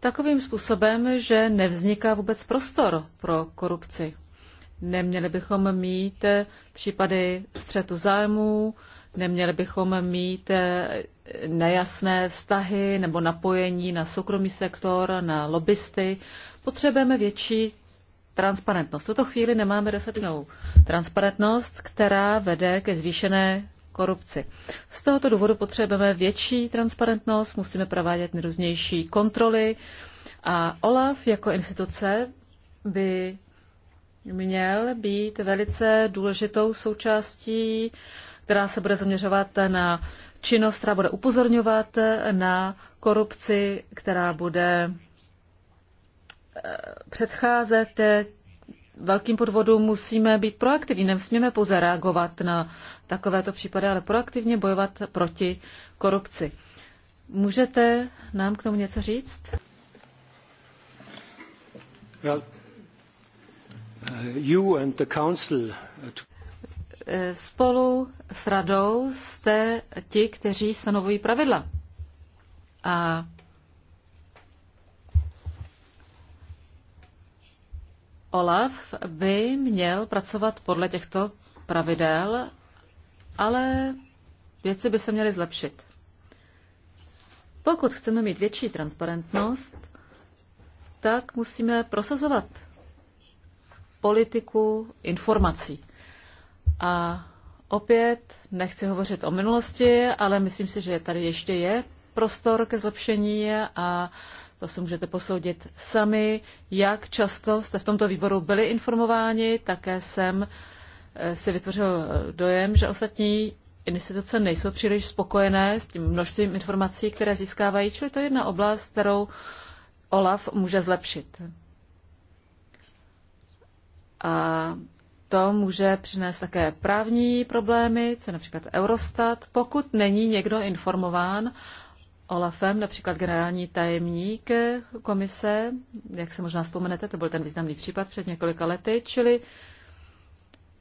takovým způsobem, že nevzniká vůbec prostor pro korupci. Neměli bychom mít případy střetu zájmů, Neměli bychom mít eh, nejasné vztahy nebo napojení na soukromý sektor, na lobbysty. Potřebujeme větší transparentnost. V tuto chvíli nemáme dostatečnou transparentnost, která vede ke zvýšené korupci. Z tohoto důvodu potřebujeme větší transparentnost, musíme provádět nejrůznější kontroly a OLAF jako instituce by měl být velice důležitou součástí která se bude zaměřovat na činnost, která bude upozorňovat na korupci, která bude eh, předcházet eh, velkým podvodům musíme být proaktivní. nemusíme pouze reagovat na takovéto případy, ale proaktivně bojovat proti korupci. Můžete nám k tomu něco říct? Well, uh, you and the council... Uh, Eh, spolu s radou jste ti, kteří stanovují pravidla. A Olaf by měl pracovat podle těchto pravidel, ale věci by se měly zlepšit. Pokud chceme mít větší transparentnost, tak musíme prosazovat politiku informací. A opět nechci hovořit o minulosti, ale myslím si, že tady ještě je prostor ke zlepšení a to si můžete posoudit sami, jak často jste v tomto výboru byli informováni. Také jsem eh, si vytvořil eh, dojem, že ostatní instituce nejsou příliš spokojené s tím množstvím informací, které získávají, čili to je jedna oblast, kterou OLAF může zlepšit. A to může přinést také právní problémy, co například Eurostat, pokud není někdo informován Olafem, například generální tajemník komise, jak se možná vzpomenete, to byl ten významný případ před několika lety, čili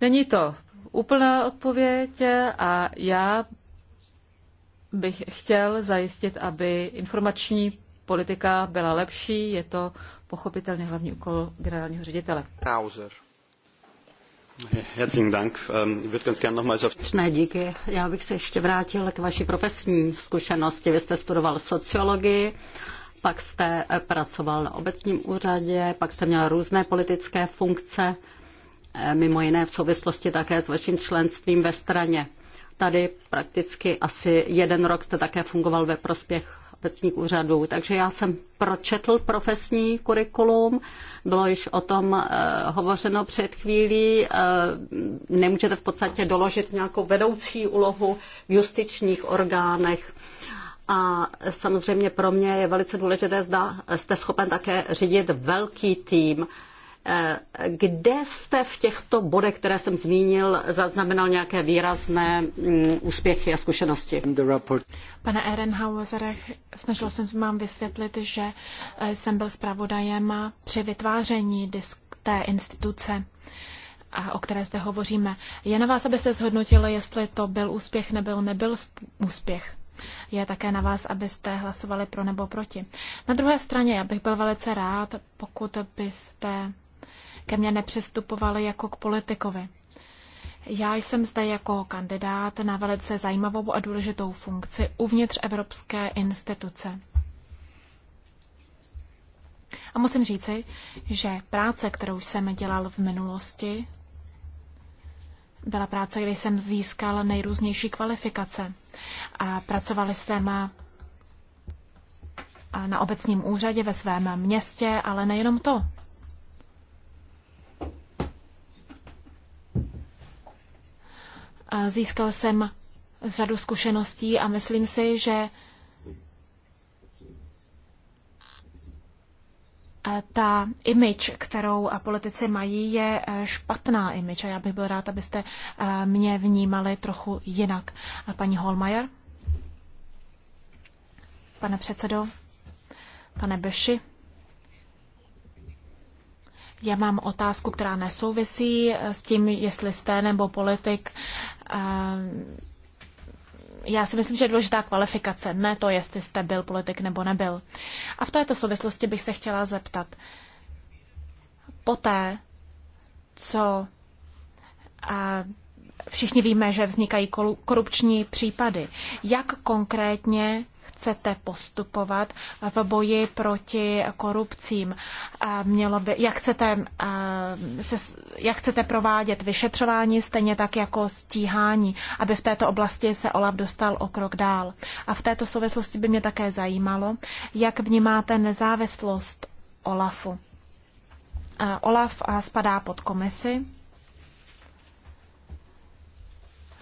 není to úplná odpověď a já bych chtěl zajistit, aby informační politika byla lepší. Je to pochopitelně hlavní úkol generálního ředitele. Nauzer. Ähm, díky. Já bych se ještě vrátil k vaší profesní zkušenosti. Vy jste studoval sociologii, pak jste eh, pracoval na obecním úřadě, pak jste měl různé politické funkce, eh, mimo jiné v souvislosti také s vaším členstvím ve straně. Tady prakticky asi jeden rok jste také fungoval ve prospěch obecních úřadů. Takže já jsem pročetl profesní kurikulum, bylo již o tom eh, hovořeno před chvílí. Eh, nemůžete v podstatě doložit nějakou vedoucí úlohu v justičních orgánech. A samozřejmě pro mě je velice důležité, zda jste schopen také řídit velký tým. Eh, kde jste v těchto bodech, které jsem zmínil, zaznamenal nějaké výrazné mm, úspěchy a zkušenosti? Pane Ehrenhauserech, snažila jsem vám vysvětlit, že eh, jsem byl zpravodajem při vytváření disk té instituce o které zde hovoříme. Je na vás, abyste zhodnotili, jestli to byl úspěch, nebyl, nebyl úspěch. Je také na vás, abyste hlasovali pro nebo proti. Na druhé straně, já bych byl velice rád, pokud byste ke mně nepřistupovali jako k politikovi. Já jsem zde jako kandidát na velice zajímavou a důležitou funkci uvnitř Evropské instituce. A musím říci, že práce, kterou jsem dělal v minulosti, byla práce, kdy jsem získal nejrůznější kvalifikace. A pracovali jsem na obecním úřadě ve svém městě, ale nejenom to. Získal jsem řadu zkušeností a myslím si, že ta image, kterou politici mají, je eh, špatná image a já bych byl rád, abyste eh, mě vnímali trochu jinak. A paní Holmajer? Pane předsedo, pane Beši, já mám otázku, která nesouvisí eh, s tím, jestli jste nebo politik já si myslím, že je důležitá kvalifikace, ne to, jestli jste byl politik nebo nebyl. A v této souvislosti bych se chtěla zeptat. Poté, co a všichni víme, že vznikají korupční případy, jak konkrétně chcete postupovat v boji proti korupcím? Mělo by, jak, chcete, se, jak chcete provádět vyšetřování stejně tak jako stíhání, aby v této oblasti se OLAF dostal o krok dál? A v této souvislosti by mě také zajímalo, jak vnímáte nezávislost OLAFu? OLAF spadá pod komisi,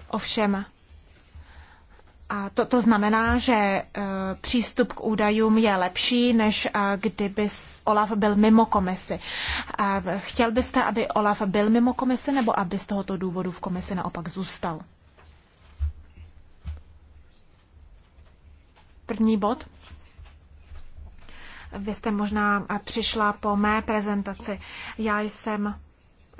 ovšem a to, to znamená, že eh, přístup k údajům je lepší, než eh, kdyby OLAF byl mimo komisi. A chtěl byste, aby OLAF byl mimo komisi, nebo aby z tohoto důvodu v komisi naopak zůstal? První bod. Vy jste možná eh, přišla po mé prezentaci. Já jsem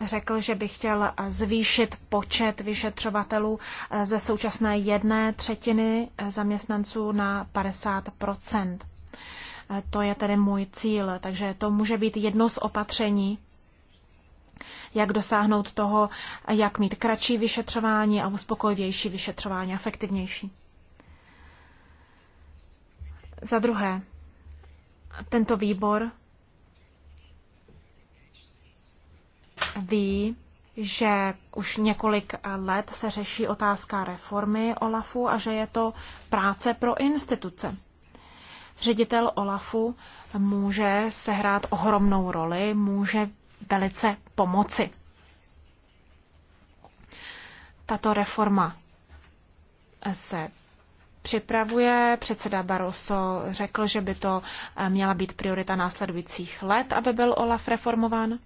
řekl, že by chtěl eh, zvýšit počet vyšetřovatelů eh, ze současné jedné třetiny eh, zaměstnanců na 50 To je tedy můj cíl, takže to může být jedno z opatření, jak dosáhnout toho, jak mít kratší vyšetřování a uspokojivější vyšetřování, efektivnější. Za druhé, tento výbor ví, že už několik let se řeší otázka reformy OLAFu a že je to práce pro instituce. Ředitel OLAFu může sehrát ohromnou roli, může velice pomoci. Tato reforma se připravuje. Předseda Barroso řekl, že by to měla být priorita následujících let, aby byl OLAF reformován.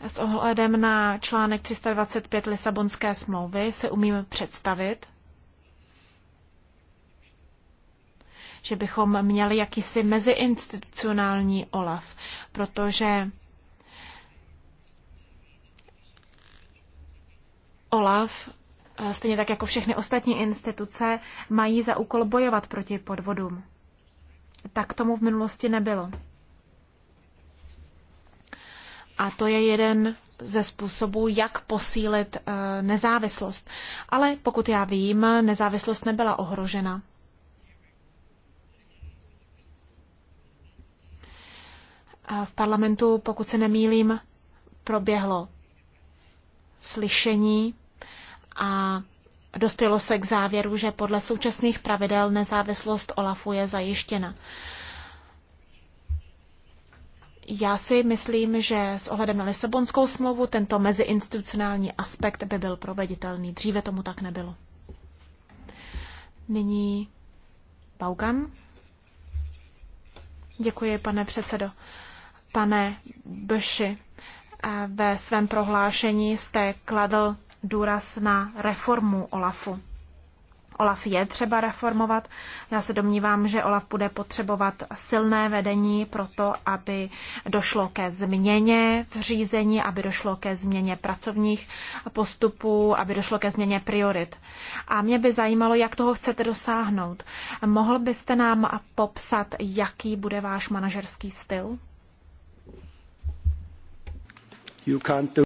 S ohledem na článek 325 Lisabonské smlouvy se umíme představit, že bychom měli jakýsi meziinstitucionální OLAF, protože OLAF, eh, stejně tak jako všechny ostatní instituce, mají za úkol bojovat proti podvodům. Tak tomu v minulosti nebylo. A to je jeden ze způsobů, jak posílit eh, nezávislost. Ale pokud já vím, nezávislost nebyla ohrožena. V parlamentu, pokud se nemýlím, proběhlo slyšení a dospělo se k závěru, že podle současných pravidel nezávislost Olafu je zajištěna. Já si myslím, že s ohledem na Lisabonskou smlouvu tento meziinstitucionální aspekt by byl proveditelný. Dříve tomu tak nebylo. Nyní Baugan. Děkuji, pane předsedo. Pane Bši, ve svém prohlášení jste kladl důraz na reformu OLAFu. Olaf je třeba reformovat. Já se domnívám, že Olaf bude potřebovat silné vedení pro to, aby došlo ke změně v řízení, aby došlo ke změně pracovních postupů, aby došlo ke změně priorit. A mě by zajímalo, jak toho chcete dosáhnout. Mohl byste nám popsat, jaký bude váš manažerský styl? You can't do...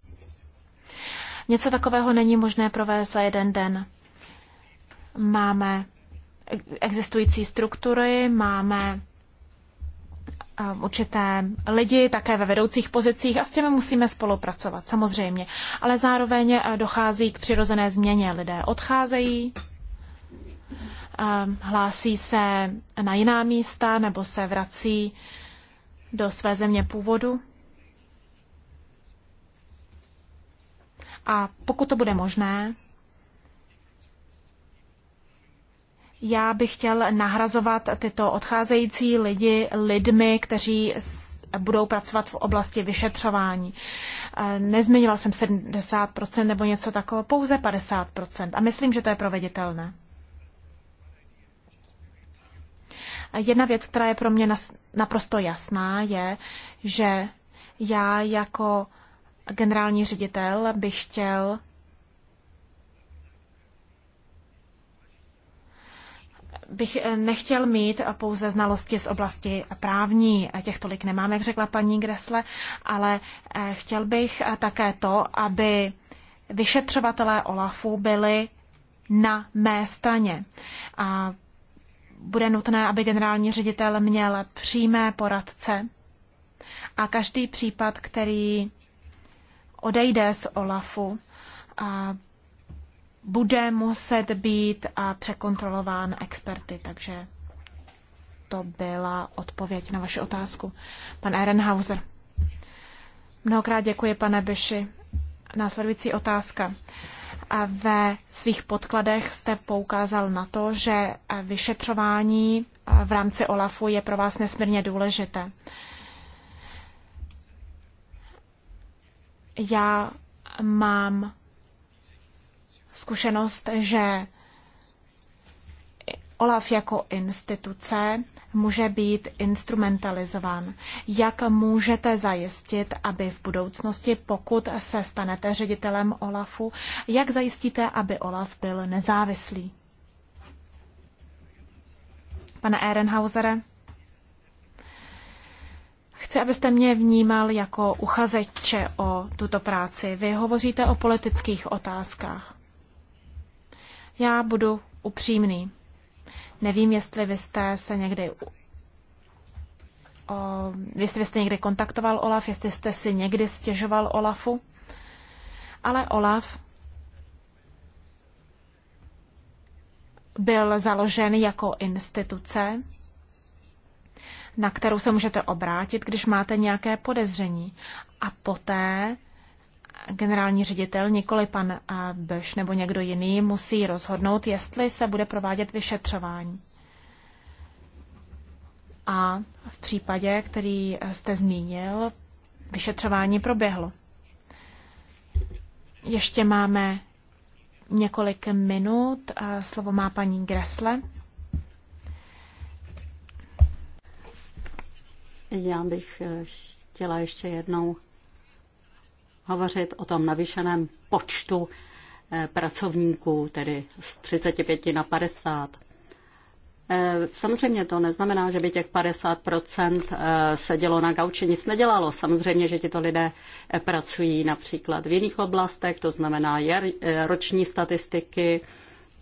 Něco takového není možné provést za jeden den. Máme existující struktury, máme eh, určité lidi také ve vedoucích pozicích a s těmi musíme spolupracovat, samozřejmě. Ale zároveň eh, dochází k přirozené změně. Lidé odcházejí, eh, hlásí se na jiná místa nebo se vrací do své země původu. A pokud to bude možné, Já bych chtěl nahrazovat tyto odcházející lidi lidmi, kteří budou pracovat v oblasti vyšetřování. E, nezmiňoval jsem 70% nebo něco takového, pouze 50%. A myslím, že to je proveditelné. Jedna věc, která je pro mě naprosto jasná, je, že já jako generální ředitel bych chtěl bych eh, nechtěl mít pouze znalosti z oblasti právní, těch tolik nemám, jak řekla paní Gresle, ale eh, chtěl bych eh, také to, aby vyšetřovatelé OLAFu byli na mé straně. A bude nutné, aby generální ředitel měl přímé poradce a každý případ, který odejde z OLAFu, bude muset být překontrolován experty, takže to byla odpověď na vaši otázku. Pan Ehrenhauser. Mnohokrát děkuji, pane Beši. Následující otázka. Ve svých podkladech jste poukázal na to, že vyšetřování v rámci OLAFu je pro vás nesmírně důležité. Já mám zkušenost, že OLAF jako instituce může být instrumentalizován. Jak můžete zajistit, aby v budoucnosti, pokud se stanete ředitelem OLAFu, jak zajistíte, aby OLAF byl nezávislý? Pane Ehrenhausere, chci, abyste mě vnímal jako uchazeče o tuto práci. Vy hovoříte o politických otázkách. Já budu upřímný. Nevím, jestli vy jste se někdy o, jestli jste někdy kontaktoval Olaf, jestli jste si někdy stěžoval Olafu. Ale Olaf byl založen jako instituce, na kterou se můžete obrátit, když máte nějaké podezření. A poté generální ředitel, nikoli pan eh, Beš nebo někdo jiný, musí rozhodnout, jestli se bude provádět vyšetřování. A v případě, který eh, jste zmínil, vyšetřování proběhlo. Ještě máme několik minut. Eh, slovo má paní Gresle. Já bych chtěla ještě jednou hovořit o tom navyšeném počtu eh, pracovníků, tedy z 35 na 50. Eh, samozřejmě to neznamená, že by těch 50% eh, sedělo na gauči, nic nedělalo. Samozřejmě, že tito lidé pracují například v jiných oblastech, to znamená roční statistiky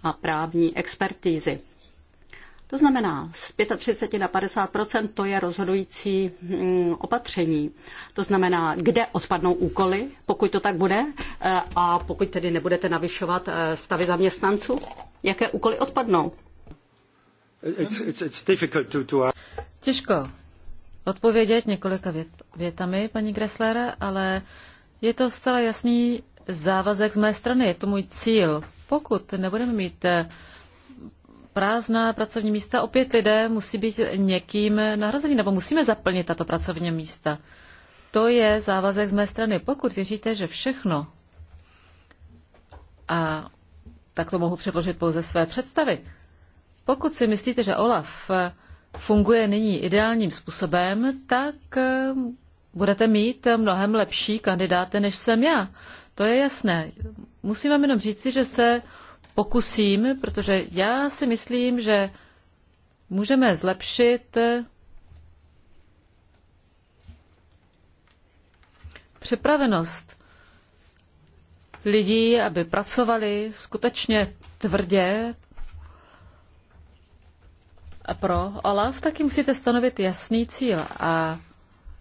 a právní expertízy. To znamená, z 35 na 50 to je rozhodující mm, opatření. To znamená, kde odpadnou úkoly, pokud to tak bude, eh, a pokud tedy nebudete navyšovat eh, stavy zaměstnanců, jaké úkoly odpadnou? It's, it's, it's to, to... Těžko odpovědět několika vět, větami, paní Gressler, ale je to zcela jasný závazek z mé strany, je to můj cíl. Pokud nebudeme mít eh, prázdná pracovní místa, opět lidé musí být někým nahrazeni, nebo musíme zaplnit tato pracovní místa. To je závazek z mé strany. Pokud věříte, že všechno, a tak to mohu předložit pouze své představy, pokud si myslíte, že OLAF funguje nyní ideálním způsobem, tak eh, budete mít mnohem lepší kandidáty, než jsem já. To je jasné. Musím vám jenom říci, že se pokusím, protože já si myslím, že můžeme zlepšit připravenost lidí, aby pracovali skutečně tvrdě a pro OLAF, taky musíte stanovit jasný cíl. A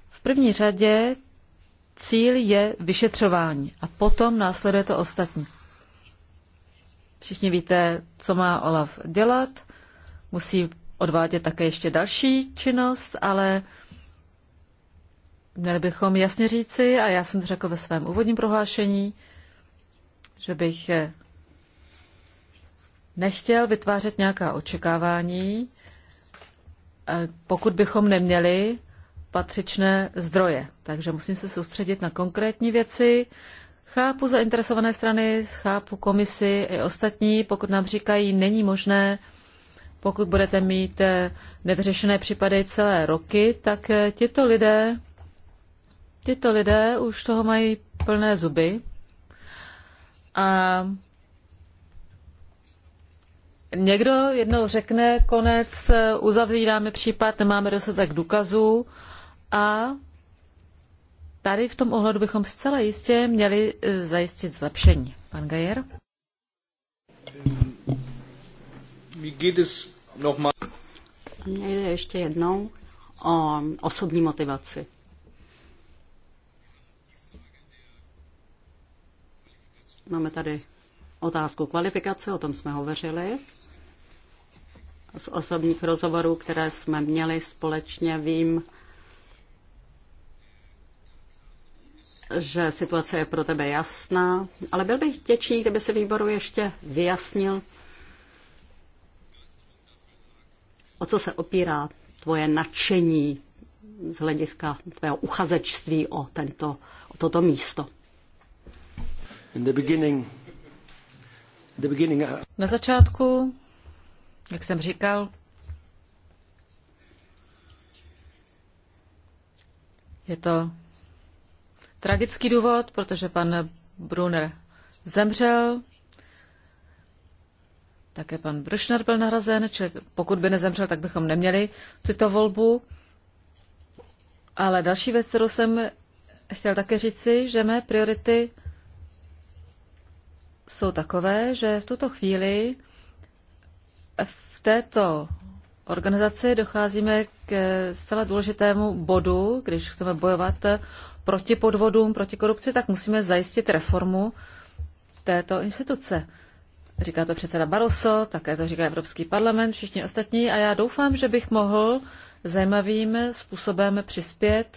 v první řadě cíl je vyšetřování a potom následuje to ostatní. Všichni víte, co má Olaf dělat. Musí odvádět také ještě další činnost, ale měli bychom jasně říci, a já jsem to řekl ve svém úvodním prohlášení, že bych eh, nechtěl vytvářet nějaká očekávání, eh, pokud bychom neměli patřičné zdroje. Takže musím se soustředit na konkrétní věci, Chápu zainteresované strany, chápu komisi i ostatní, pokud nám říkají, není možné, pokud budete mít eh, nevyřešené případy celé roky, tak eh, tito lidé, tito lidé už toho mají plné zuby. A někdo jednou řekne, konec, eh, uzavíráme případ, nemáme dostatek důkazů a tady v tom ohledu bychom zcela jistě měli eh, zajistit zlepšení. Pan Gajer? Mně jde ještě jednou o osobní motivaci. Máme tady otázku kvalifikace, o tom jsme hovořili. Z osobních rozhovorů, které jsme měli společně, vím, že situace je pro tebe jasná, ale byl bych vděčný, kdyby se výboru ještě vyjasnil, o co se opírá tvoje nadšení z hlediska tvého uchazečství o, tento, o toto místo. In the beginning, the beginning... Uh, Na začátku, jak jsem říkal, je to tragický důvod, protože pan Brunner zemřel, také pan Brušner byl nahrazen, čili pokud by nezemřel, tak bychom neměli tuto volbu. Ale další věc, kterou jsem chtěl také říci, že mé priority jsou takové, že v tuto chvíli v této organizaci docházíme k zcela důležitému bodu, když chceme bojovat proti podvodům, proti korupci, tak musíme zajistit reformu této instituce. Říká to předseda Barroso, také to říká Evropský parlament, všichni ostatní a já doufám, že bych mohl zajímavým způsobem přispět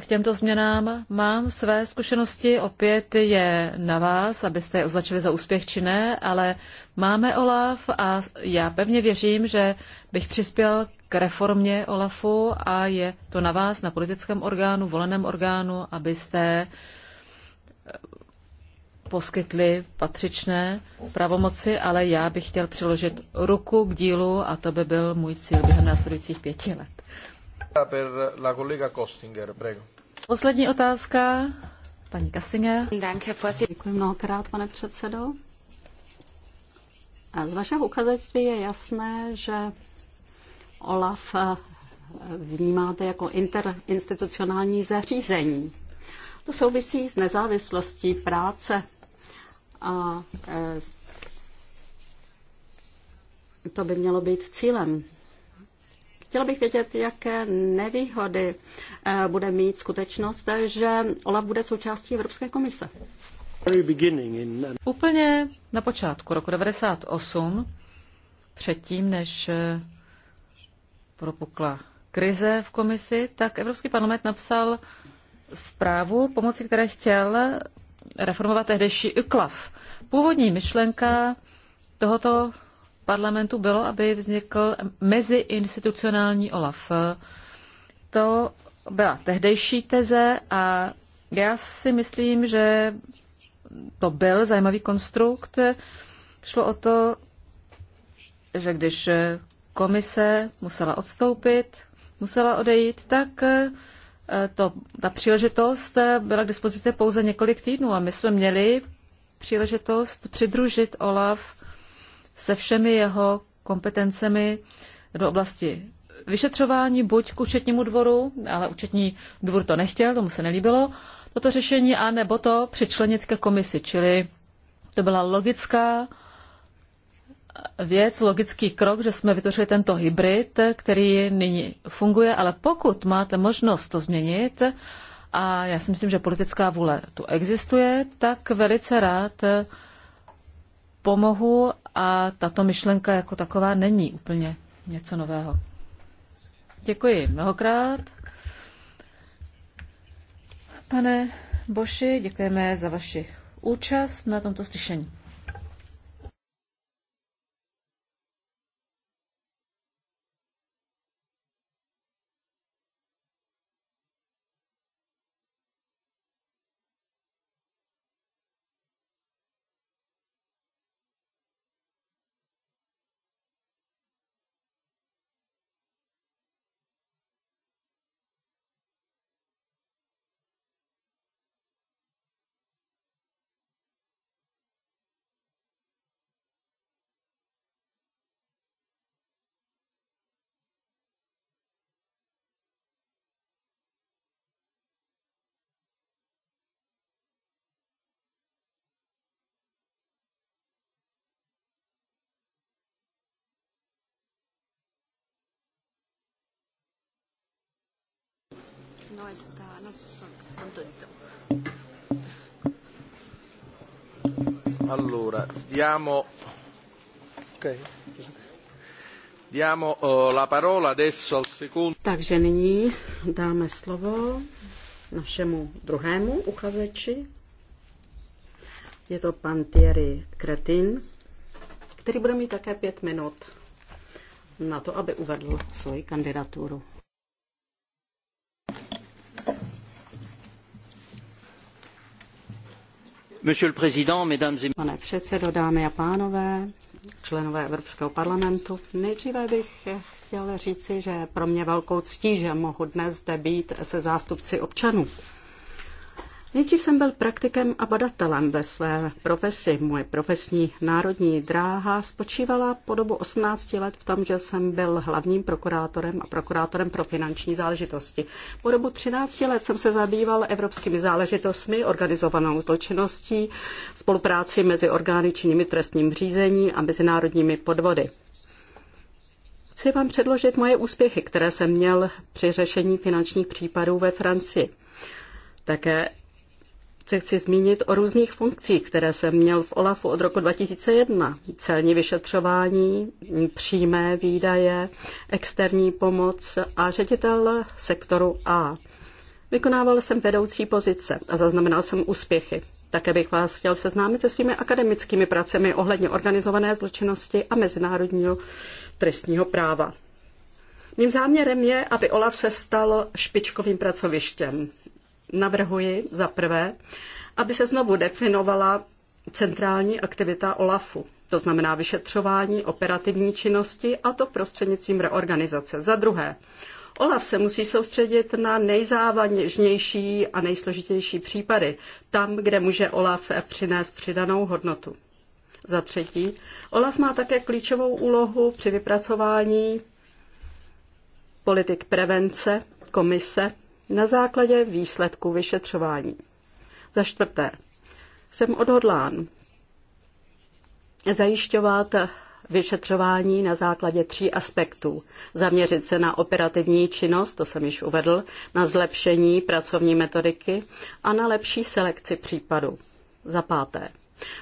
k těmto změnám mám své zkušenosti. Opět je na vás, abyste je označili za úspěch či ne, ale máme OLAF a já pevně věřím, že bych přispěl k reformě OLAFu a je to na vás, na politickém orgánu, voleném orgánu, abyste eh, poskytli patřičné pravomoci, ale já bych chtěl přiložit ruku k dílu a to by byl můj cíl během následujících pěti let. Per la kolega Kostinger, prego. Poslední otázka, paní Kassinger. Děkuji mnohokrát, pane předsedo. A z vašeho ukazatelství je jasné, že OLAF eh, vnímáte jako interinstitucionální zařízení. To souvisí s nezávislostí práce a eh, to by mělo být cílem Chtěla bych vědět, jaké nevýhody eh, bude mít skutečnost, že OLAF bude součástí Evropské komise. Uh, Úplně na počátku roku 1998, předtím, než eh, propukla krize v komisi, tak Evropský parlament napsal zprávu, pomocí které chtěl reformovat tehdejší UKLAV. Původní myšlenka tohoto parlamentu bylo, aby vznikl meziinstitucionální OLAF. To byla tehdejší teze a já si myslím, že to byl zajímavý konstrukt. Šlo o to, že když komise musela odstoupit, musela odejít, tak eh, to, ta příležitost eh, byla k dispozici pouze několik týdnů a my jsme měli příležitost přidružit OLAF se všemi jeho kompetencemi do oblasti vyšetřování, buď k účetnímu dvoru, ale účetní dvůr to nechtěl, tomu se nelíbilo, toto řešení, a nebo to přičlenit ke komisi. Čili to byla logická věc, logický krok, že jsme vytvořili tento hybrid, který nyní funguje, ale pokud máte možnost to změnit, a já si myslím, že politická vůle tu existuje, tak velice rád pomohu a tato myšlenka jako taková není úplně něco nového. Děkuji mnohokrát. Pane Boši, děkujeme za vaši účast na tomto slyšení. no está, no sono contento. Allora, diamo, okay. diamo uh, la parola adesso al secondo. Takže nyní dáme slovo našemu druhému uchazeči. Je to pan Thierry Kretin, který bude mít také pět minut na to, aby uvedl svoji kandidaturu. Pane předsedo, dámy a pánové, členové Evropského parlamentu, nejdříve bych chtěl říci, že pro mě velkou ctí, že mohu dnes zde být se zástupci občanů Nejdřív jsem byl praktikem a badatelem ve své profesi. Moje profesní národní dráha spočívala po dobu 18 let v tom, že jsem byl hlavním prokurátorem a prokurátorem pro finanční záležitosti. Po dobu 13 let jsem se zabýval evropskými záležitostmi, organizovanou zločinností, spolupráci mezi orgány činnými trestním řízení a mezinárodními podvody. Chci vám předložit moje úspěchy, které jsem měl při řešení finančních případů ve Francii. Také se chci zmínit o různých funkcích, které jsem měl v OLAFu od roku 2001. Celní vyšetřování, přímé výdaje, externí pomoc a ředitel sektoru A. Vykonával jsem vedoucí pozice a zaznamenal jsem úspěchy. Také bych vás chtěl seznámit se svými akademickými pracemi ohledně organizované zločinnosti a mezinárodního trestního práva. Mým záměrem je, aby OLAF se stal špičkovým pracovištěm. Navrhuji za prvé, aby se znovu definovala centrální aktivita OLAFu, to znamená vyšetřování operativní činnosti a to prostřednictvím reorganizace. Za druhé, OLAF se musí soustředit na nejzávažnější a nejsložitější případy, tam, kde může OLAF přinést přidanou hodnotu. Za třetí, OLAF má také klíčovou úlohu při vypracování politik prevence, komise na základě výsledku vyšetřování. Za čtvrté, jsem odhodlán zajišťovat vyšetřování na základě tří aspektů. Zaměřit se na operativní činnost, to jsem již uvedl, na zlepšení pracovní metodiky a na lepší selekci případů. Za páté.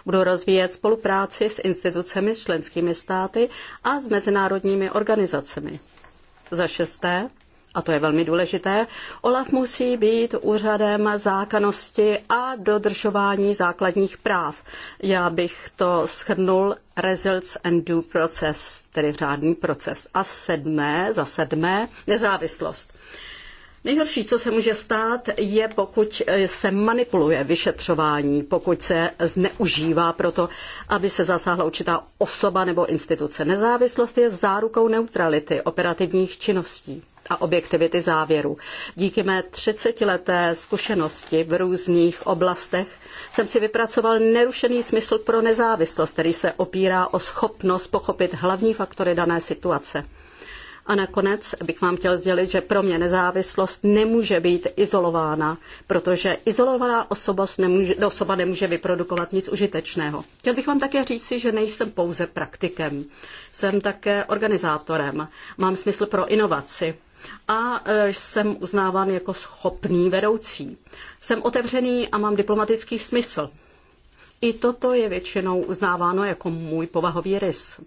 Budu rozvíjet spolupráci s institucemi, s členskými státy a s mezinárodními organizacemi. Za šesté a to je velmi důležité, OLAF musí být úřadem zákonnosti a dodržování základních práv. Já bych to shrnul Results and Due Process, tedy řádný proces. A sedmé, za sedmé, nezávislost. Nejhorší, co se může stát, je, pokud eh, se manipuluje vyšetřování, pokud se zneužívá proto, aby se zasáhla určitá osoba nebo instituce. Nezávislost je zárukou neutrality operativních činností a objektivity závěru. Díky mé 30-leté zkušenosti v různých oblastech jsem si vypracoval nerušený smysl pro nezávislost, který se opírá o schopnost pochopit hlavní faktory dané situace. A nakonec bych vám chtěl sdělit, že pro mě nezávislost nemůže být izolována, protože izolovaná osoba nemůže, osoba nemůže vyprodukovat nic užitečného. Chtěl bych vám také říci, že nejsem pouze praktikem, jsem také organizátorem, mám smysl pro inovaci a e, jsem uznáván jako schopný vedoucí. Jsem otevřený a mám diplomatický smysl. I toto je většinou uznáváno jako můj povahový rys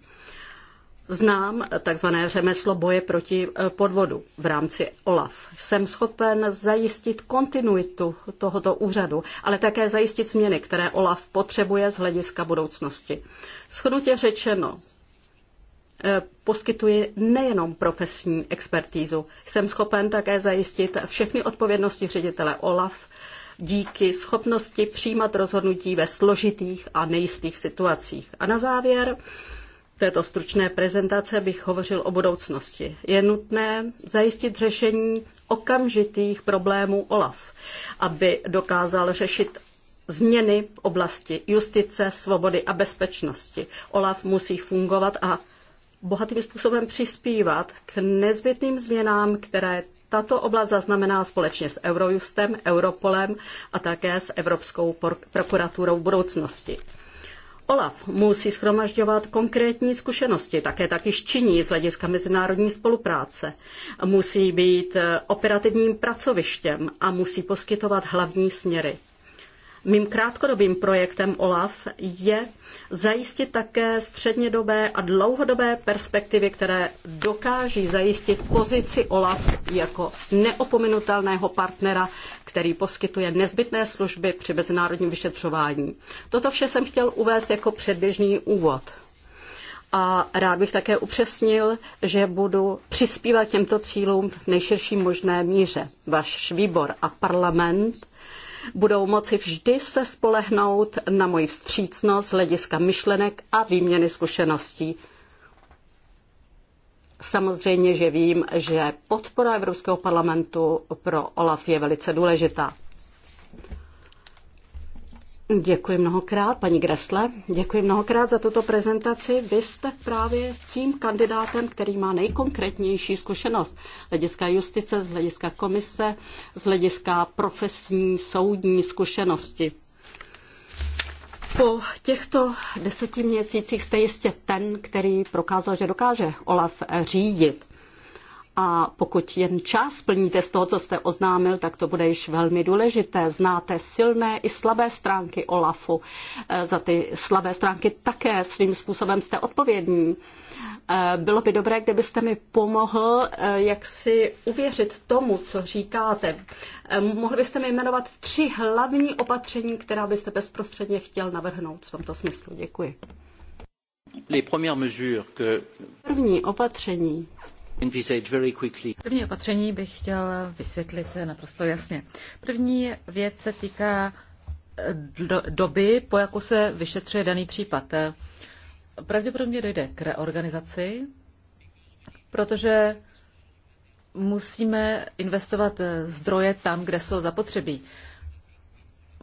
znám takzvané řemeslo boje proti eh, podvodu v rámci OLAF. Jsem schopen zajistit kontinuitu tohoto úřadu, ale také zajistit změny, které OLAF potřebuje z hlediska budoucnosti. Schnutě řečeno, eh, poskytuji nejenom profesní expertízu, jsem schopen také zajistit všechny odpovědnosti ředitele OLAF díky schopnosti přijímat rozhodnutí ve složitých a nejistých situacích. A na závěr této stručné prezentace bych hovořil o budoucnosti. Je nutné zajistit řešení okamžitých problémů OLAF, aby dokázal řešit změny v oblasti justice, svobody a bezpečnosti. OLAF musí fungovat a bohatým způsobem přispívat k nezbytným změnám, které tato oblast zaznamená společně s Eurojustem, Europolem a také s Evropskou prokuraturou budoucnosti. Olaf musí schromažďovat konkrétní zkušenosti, také tak již činí z hlediska mezinárodní spolupráce. Musí být operativním pracovištěm a musí poskytovat hlavní směry. Mým krátkodobým projektem OLAF je zajistit také střednědobé a dlouhodobé perspektivy, které dokáží zajistit pozici OLAF jako neopominutelného partnera, který poskytuje nezbytné služby při mezinárodním vyšetřování. Toto vše jsem chtěl uvést jako předběžný úvod. A rád bych také upřesnil, že budu přispívat těmto cílům v nejširší možné míře. Váš výbor a parlament budou moci vždy se spolehnout na moji vstřícnost hlediska myšlenek a výměny zkušeností. Samozřejmě, že vím, že podpora Evropského parlamentu pro OLAF je velice důležitá. Děkuji mnohokrát, paní Gresle. Děkuji mnohokrát za tuto prezentaci. Vy jste právě tím kandidátem, který má nejkonkrétnější zkušenost z hlediska justice, z hlediska komise, z hlediska profesní soudní zkušenosti. Po těchto deseti měsících jste jistě ten, který prokázal, že dokáže Olaf řídit a pokud jen čas splníte z toho, co jste oznámil, tak to bude již velmi důležité. Znáte silné i slabé stránky OLAFu. E, za ty slabé stránky také svým způsobem jste odpovědní. E, bylo by dobré, kdybyste mi pomohl, e, jak si uvěřit tomu, co říkáte. Mohli byste mi jmenovat tři hlavní opatření, která byste bezprostředně chtěl navrhnout v tomto smyslu. Děkuji. První opatření, První opatření bych chtěl vysvětlit naprosto jasně. První věc se týká eh, doby, po jakou se vyšetřuje daný případ. Pravděpodobně dojde k reorganizaci, protože musíme investovat eh, zdroje tam, kde jsou zapotřebí.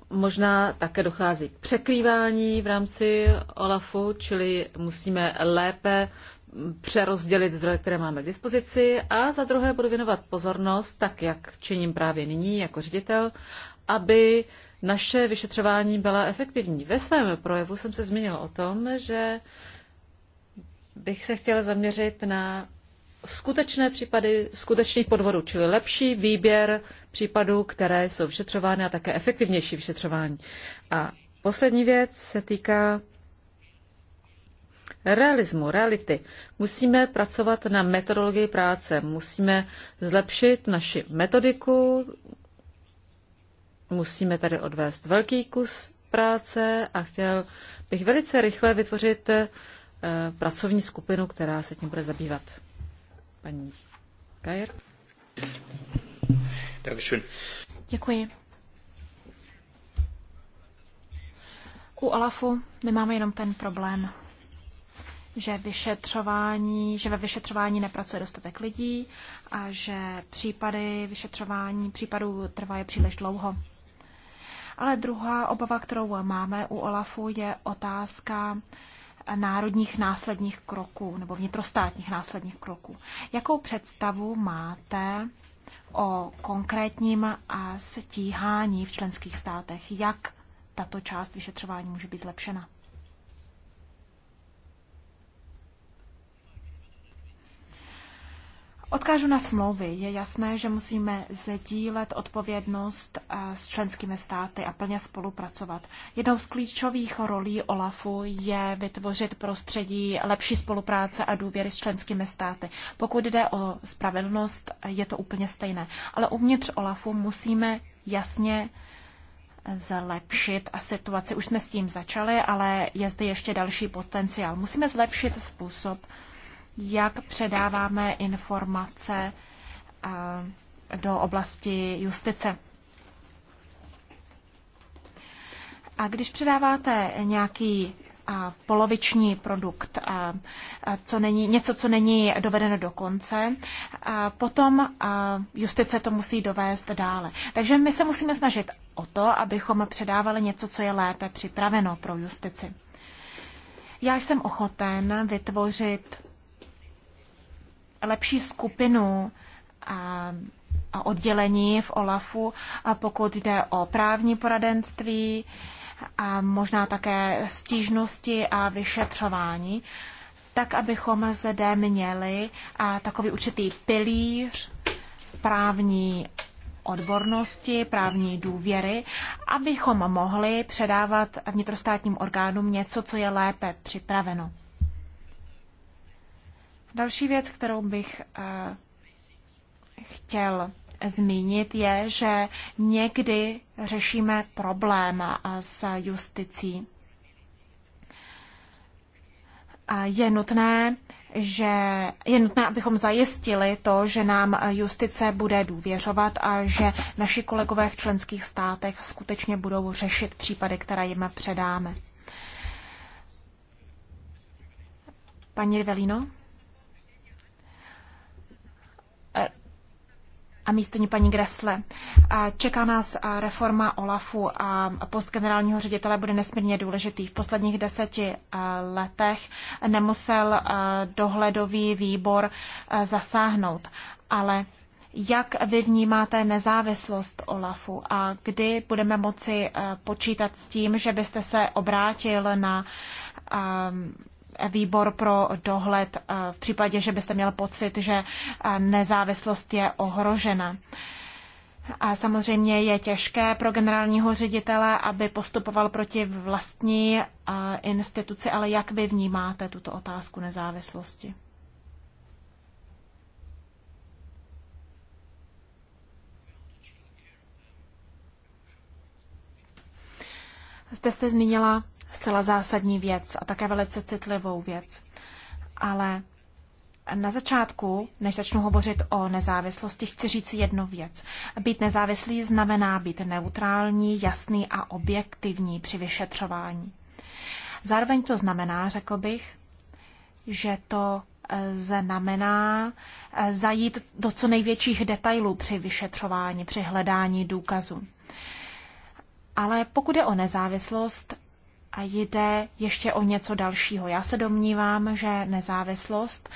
Možná také dochází k překrývání v rámci OLAFu, čili musíme lépe přerozdělit zdroje, které máme k dispozici a za druhé budu věnovat pozornost, tak jak činím právě nyní jako ředitel, aby naše vyšetřování byla efektivní. Ve svém projevu jsem se zmínil o tom, že bych se chtěla zaměřit na skutečné případy skutečných podvodů, čili lepší výběr případů, které jsou vyšetřovány a také efektivnější vyšetřování. A poslední věc se týká realismu, reality. Musíme pracovat na metodologii práce, musíme zlepšit naši metodiku, musíme tady odvést velký kus práce a chtěl bych velice rychle vytvořit eh, pracovní skupinu, která se tím bude zabývat. Paní Gajer. Děkuji. U Olafu nemáme jenom ten problém že, vyšetřování, že ve vyšetřování nepracuje dostatek lidí a že případy vyšetřování případů trvají příliš dlouho. Ale druhá obava, kterou máme u OLAFu, je otázka národních následních kroků nebo vnitrostátních následních kroků. Jakou představu máte o konkrétním a stíhání v členských státech? Jak tato část vyšetřování může být zlepšena? Odkážu na smlouvy. Je jasné, že musíme sdílet odpovědnost eh, s členskými státy a plně spolupracovat. Jednou z klíčových rolí OLAFu je vytvořit prostředí lepší spolupráce a důvěry s členskými státy. Pokud jde o spravedlnost, je to úplně stejné. Ale uvnitř OLAFu musíme jasně eh, zlepšit a situaci. Už jsme s tím začali, ale je zde ještě další potenciál. Musíme zlepšit způsob, jak předáváme informace eh, do oblasti justice. A když předáváte nějaký eh, poloviční produkt, eh, co není, něco, co není dovedeno do konce, potom justice to musí dovést dále. Takže my se musíme snažit o to, abychom předávali něco, co je lépe připraveno pro justici. Já jsem ochoten vytvořit lepší skupinu a, a oddělení v OLAFu, a pokud jde o právní poradenství a možná také stížnosti a vyšetřování, tak abychom zde měli a takový určitý pilíř právní odbornosti, právní důvěry, abychom mohli předávat vnitrostátním orgánům něco, co je lépe připraveno. Další věc, kterou bych eh, chtěl zmínit, je, že někdy řešíme problém eh, s justicí. Je nutné, že je nutné, abychom zajistili to, že nám eh, justice bude důvěřovat a že naši kolegové v členských státech skutečně budou řešit případy, které jim předáme. Paní Rivelino? a místo ní paní Gresle Čeká nás reforma OLAFu a post generálního ředitele bude nesmírně důležitý. V posledních deseti letech nemusel dohledový výbor zasáhnout, ale jak vy vnímáte nezávislost OLAFu a kdy budeme moci počítat s tím, že byste se obrátil na výbor pro dohled eh, v případě, že byste měl pocit, že eh, nezávislost je ohrožena. A samozřejmě je těžké pro generálního ředitele, aby postupoval proti vlastní eh, instituci, ale jak vy vnímáte tuto otázku nezávislosti? Jste jste zmínila zcela zásadní věc a také velice citlivou věc. Ale na začátku, než začnu hovořit o nezávislosti, chci říct jednu věc. Být nezávislý znamená být neutrální, jasný a objektivní při vyšetřování. Zároveň to znamená, řekl bych, že to e, znamená e, zajít do co největších detailů při vyšetřování, při hledání důkazu. Ale pokud je o nezávislost, a jde ještě o něco dalšího. Já se domnívám, že nezávislost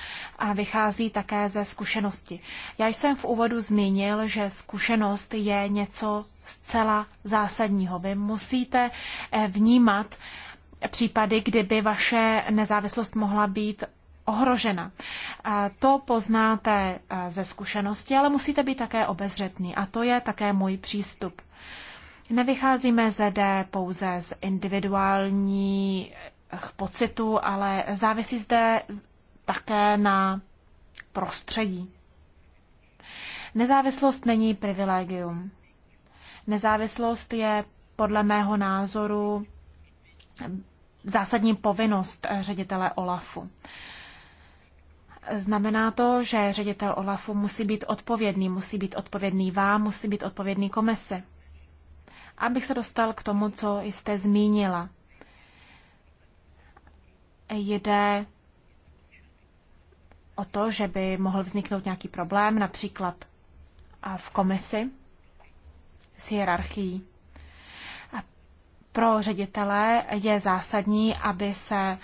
vychází také ze zkušenosti. Já jsem v úvodu zmínil, že zkušenost je něco zcela zásadního. Vy musíte eh, vnímat případy, kdyby vaše nezávislost mohla být ohrožena. To poznáte eh, ze zkušenosti, ale musíte být také obezřetný. A to je také můj přístup. Nevycházíme zde pouze z individuálních pocitů, ale závisí zde také na prostředí. Nezávislost není privilegium. Nezávislost je podle mého názoru zásadní povinnost ředitele OLAFu. Znamená to, že ředitel OLAFu musí být odpovědný, musí být odpovědný vám, musí být odpovědný komise. Abych se dostal k tomu, co jste zmínila. Jde o to, že by mohl vzniknout nějaký problém, například v komisi s hierarchií. Pro ředitele je zásadní, aby se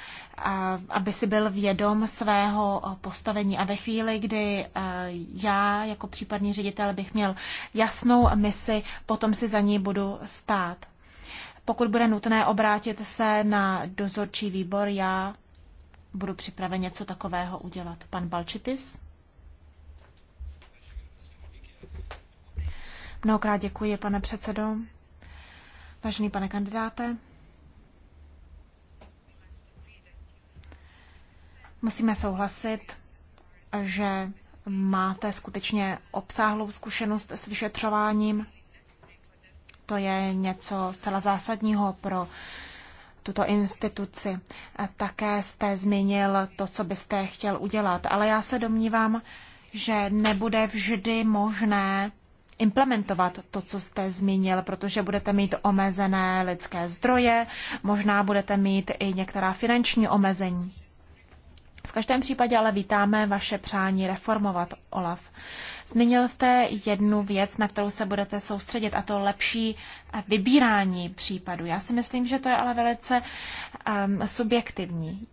aby si byl vědom svého eh, postavení. A ve chvíli, kdy eh, já jako případný ředitel bych měl jasnou misi, potom si za ní budu stát. Pokud bude nutné obrátit se na dozorčí výbor, já budu připraven něco takového udělat. Pan Balčitis? Mnohokrát děkuji, pane předsedo. Vážený pane kandidáte, Musíme souhlasit, že máte skutečně obsáhlou zkušenost s vyšetřováním. To je něco zcela zásadního pro tuto instituci. Také jste zmínil to, co byste chtěl udělat, ale já se domnívám, že nebude vždy možné implementovat to, co jste zmínil, protože budete mít omezené lidské zdroje, možná budete mít i některá finanční omezení. V každém případě ale vítáme vaše přání reformovat OLAF. Zmínil jste jednu věc, na kterou se budete soustředit, a to lepší eh, vybírání případů. Já si myslím, že to je ale velice um, subjektivní.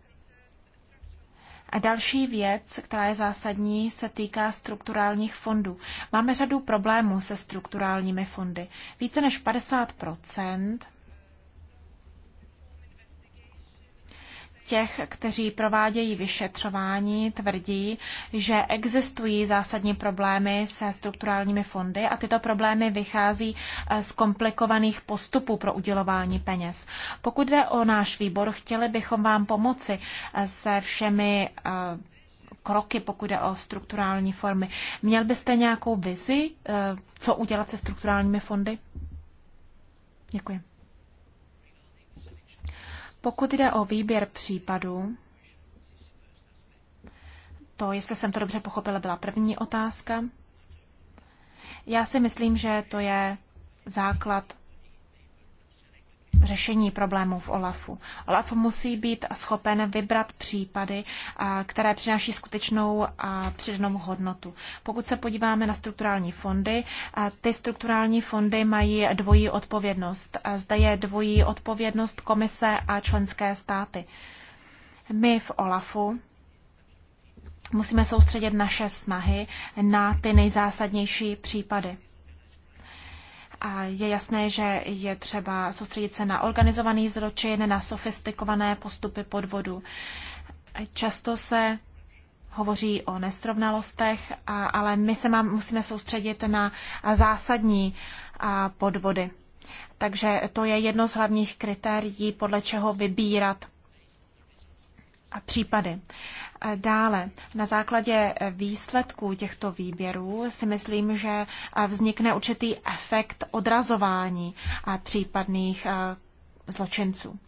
A další věc, která je zásadní, se týká strukturálních fondů. Máme řadu problémů se strukturálními fondy. Více než 50 těch, kteří provádějí vyšetřování, tvrdí, že existují zásadní problémy se strukturálními fondy a tyto problémy vychází eh, z komplikovaných postupů pro udělování peněz. Pokud jde o náš výbor, chtěli bychom vám pomoci eh, se všemi eh, kroky, pokud jde o strukturální formy. Měl byste nějakou vizi, co udělat se strukturálními fondy? Děkuji. Pokud jde o výběr případů, to, jestli jsem to dobře pochopila, byla první otázka. Já si myslím, že to je základ řešení problémů v OLAFu. OLAF musí být schopen vybrat případy, které přináší skutečnou a přidanou hodnotu. Pokud se podíváme na strukturální fondy, ty strukturální fondy mají dvojí odpovědnost. Zde je dvojí odpovědnost komise a členské státy. My v OLAFu musíme soustředit naše snahy na ty nejzásadnější případy. A je jasné, že je třeba soustředit se na organizovaný zločin, na sofistikované postupy podvodu. Často se hovoří o nestrovnalostech, ale my se mám, musíme soustředit na zásadní podvody. Takže to je jedno z hlavních kritérií, podle čeho vybírat případy. Dále, na základě výsledků těchto výběrů si myslím, že vznikne určitý efekt odrazování případných zločinců.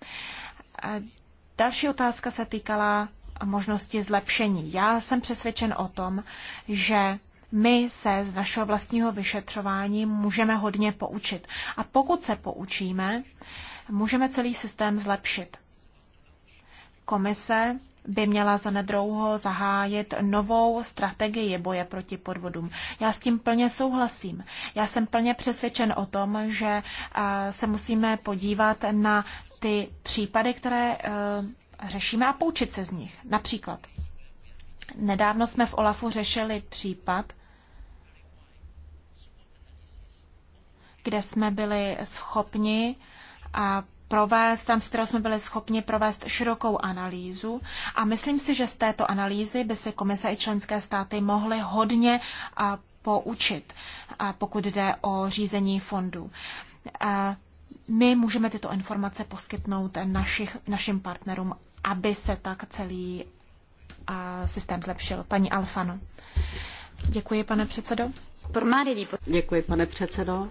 Další otázka se týkala možnosti zlepšení. Já jsem přesvědčen o tom, že my se z našeho vlastního vyšetřování můžeme hodně poučit. A pokud se poučíme, můžeme celý systém zlepšit. Komise by měla zanedlouho zahájit novou strategii boje proti podvodům. Já s tím plně souhlasím. Já jsem plně přesvědčen o tom, že eh, se musíme podívat na ty případy, které eh, řešíme a poučit se z nich. Například, nedávno jsme v OLAFu řešili případ, kde jsme byli schopni a eh, provést, tam z kterého jsme byli schopni provést širokou analýzu a myslím si, že z této analýzy by se komise i členské státy mohly hodně poučit, pokud jde o řízení fondů. My můžeme tyto informace poskytnout našich, našim partnerům, aby se tak celý systém zlepšil. Paní Alfano. Děkuji, pane předsedo. Děkuji, pane předsedo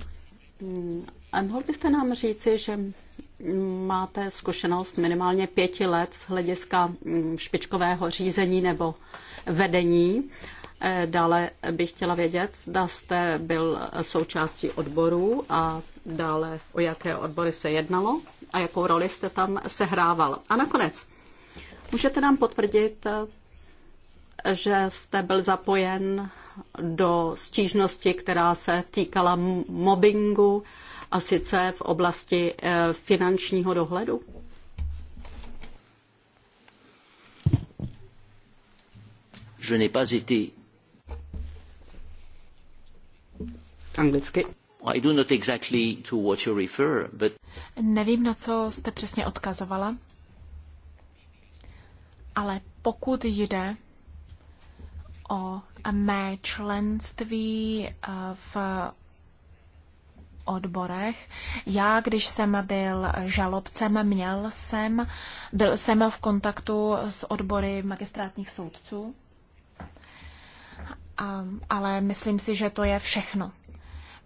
a mohl byste nám říci, že máte zkušenost minimálně pěti let z hlediska mm, špičkového řízení nebo vedení? Eh, dále bych chtěla vědět, zda jste byl součástí odborů a dále o jaké odbory se jednalo a jakou roli jste tam sehrával. A nakonec, můžete nám potvrdit, eh, že jste byl zapojen do stížnosti, která se týkala mobbingu a sice v oblasti eh, finančního dohledu? Je n'ai pas été anglicky. I do not exactly to what you refer, but... Nevím, na co jste přesně odkazovala, ale pokud jde o mé členství eh, v odborech. Já, když jsem byl žalobcem, měl jsem, byl jsem v kontaktu s odbory magistrátních soudců, a, ale myslím si, že to je všechno.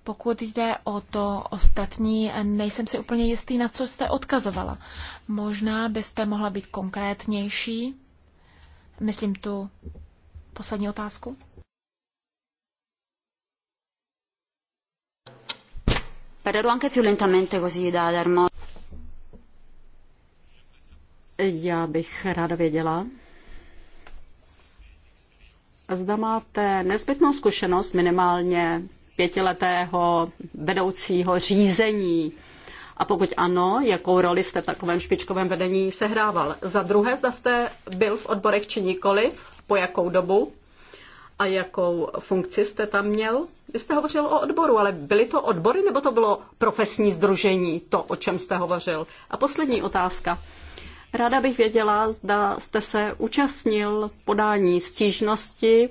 Pokud jde o to ostatní, nejsem si úplně jistý, na co jste odkazovala. Možná byste mohla být konkrétnější. Myslím tu poslední otázku. Parlerò anche più lentamente così da dar modo. Já bych ráda věděla, zda máte nezbytnou zkušenost minimálně pětiletého vedoucího řízení. A pokud ano, jakou roli jste v takovém špičkovém vedení sehrával? Za druhé, zda jste byl v odborech či nikoliv, po jakou dobu? A jakou funkci jste tam měl? Vy jste hovořil o odboru, ale byly to odbory nebo to bylo profesní združení, to, o čem jste hovořil? A poslední otázka. Ráda bych věděla, zda jste se účastnil podání stížnosti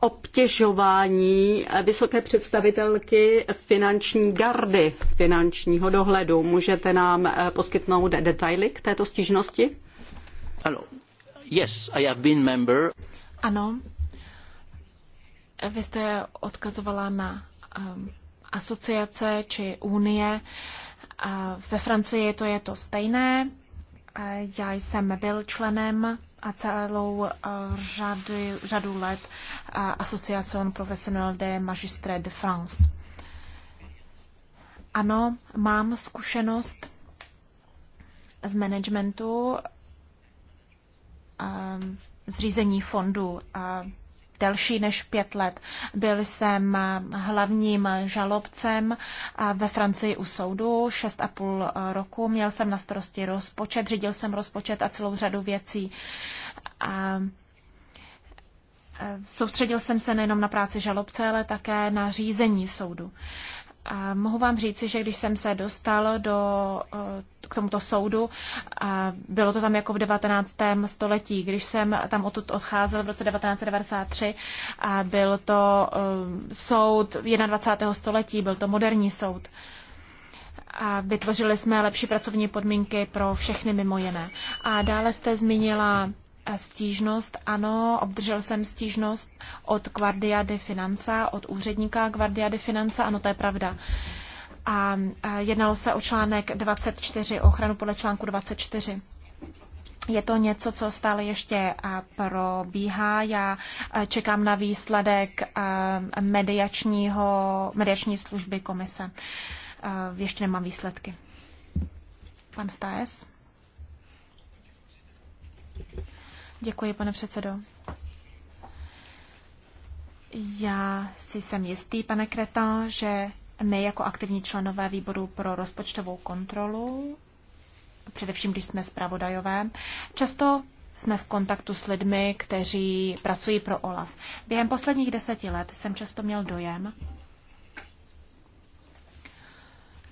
obtěžování vysoké představitelky finanční gardy, finančního dohledu. Můžete nám eh, poskytnout detaily k této stížnosti? Ano, yes, I have been member. Ano, vy jste odkazovala na um, asociace či unie. Ve Francii to je to stejné. Já jsem byl členem a celou uh, řadu, řadu let Association Professionnelle de Magistrats de France. Ano, mám zkušenost z managementu, um, z řízení fondu delší než pět let. Byl jsem hlavním žalobcem ve Francii u soudu šest a půl roku. Měl jsem na starosti rozpočet, řídil jsem rozpočet a celou řadu věcí. A Soustředil jsem se nejenom na práci žalobce, ale také na řízení soudu. A mohu vám říci, že když jsem se dostal do, eh, k tomuto soudu, bylo to tam jako v 19. století. Když jsem tam odtud odcházel v roce 1993, byl to eh, soud 21. století, byl to moderní soud. A vytvořili jsme lepší pracovní podmínky pro všechny mimo jiné. A dále jste zmínila stížnost. Ano, obdržel jsem stížnost od Guardia de Financa, od úředníka Guardia de Financa, ano, to je pravda. A jednalo se o článek 24, o ochranu podle článku 24. Je to něco, co stále ještě probíhá. Já čekám na výsledek mediačního, mediační služby komise. Ještě nemám výsledky. Pan Staes? Děkuji, pane předsedo. Já si jsem jistý, pane Kreta, že my jako aktivní členové výboru pro rozpočtovou kontrolu, především když jsme zpravodajové, často jsme v kontaktu s lidmi, kteří pracují pro OLAF. Během posledních deseti let jsem často měl dojem,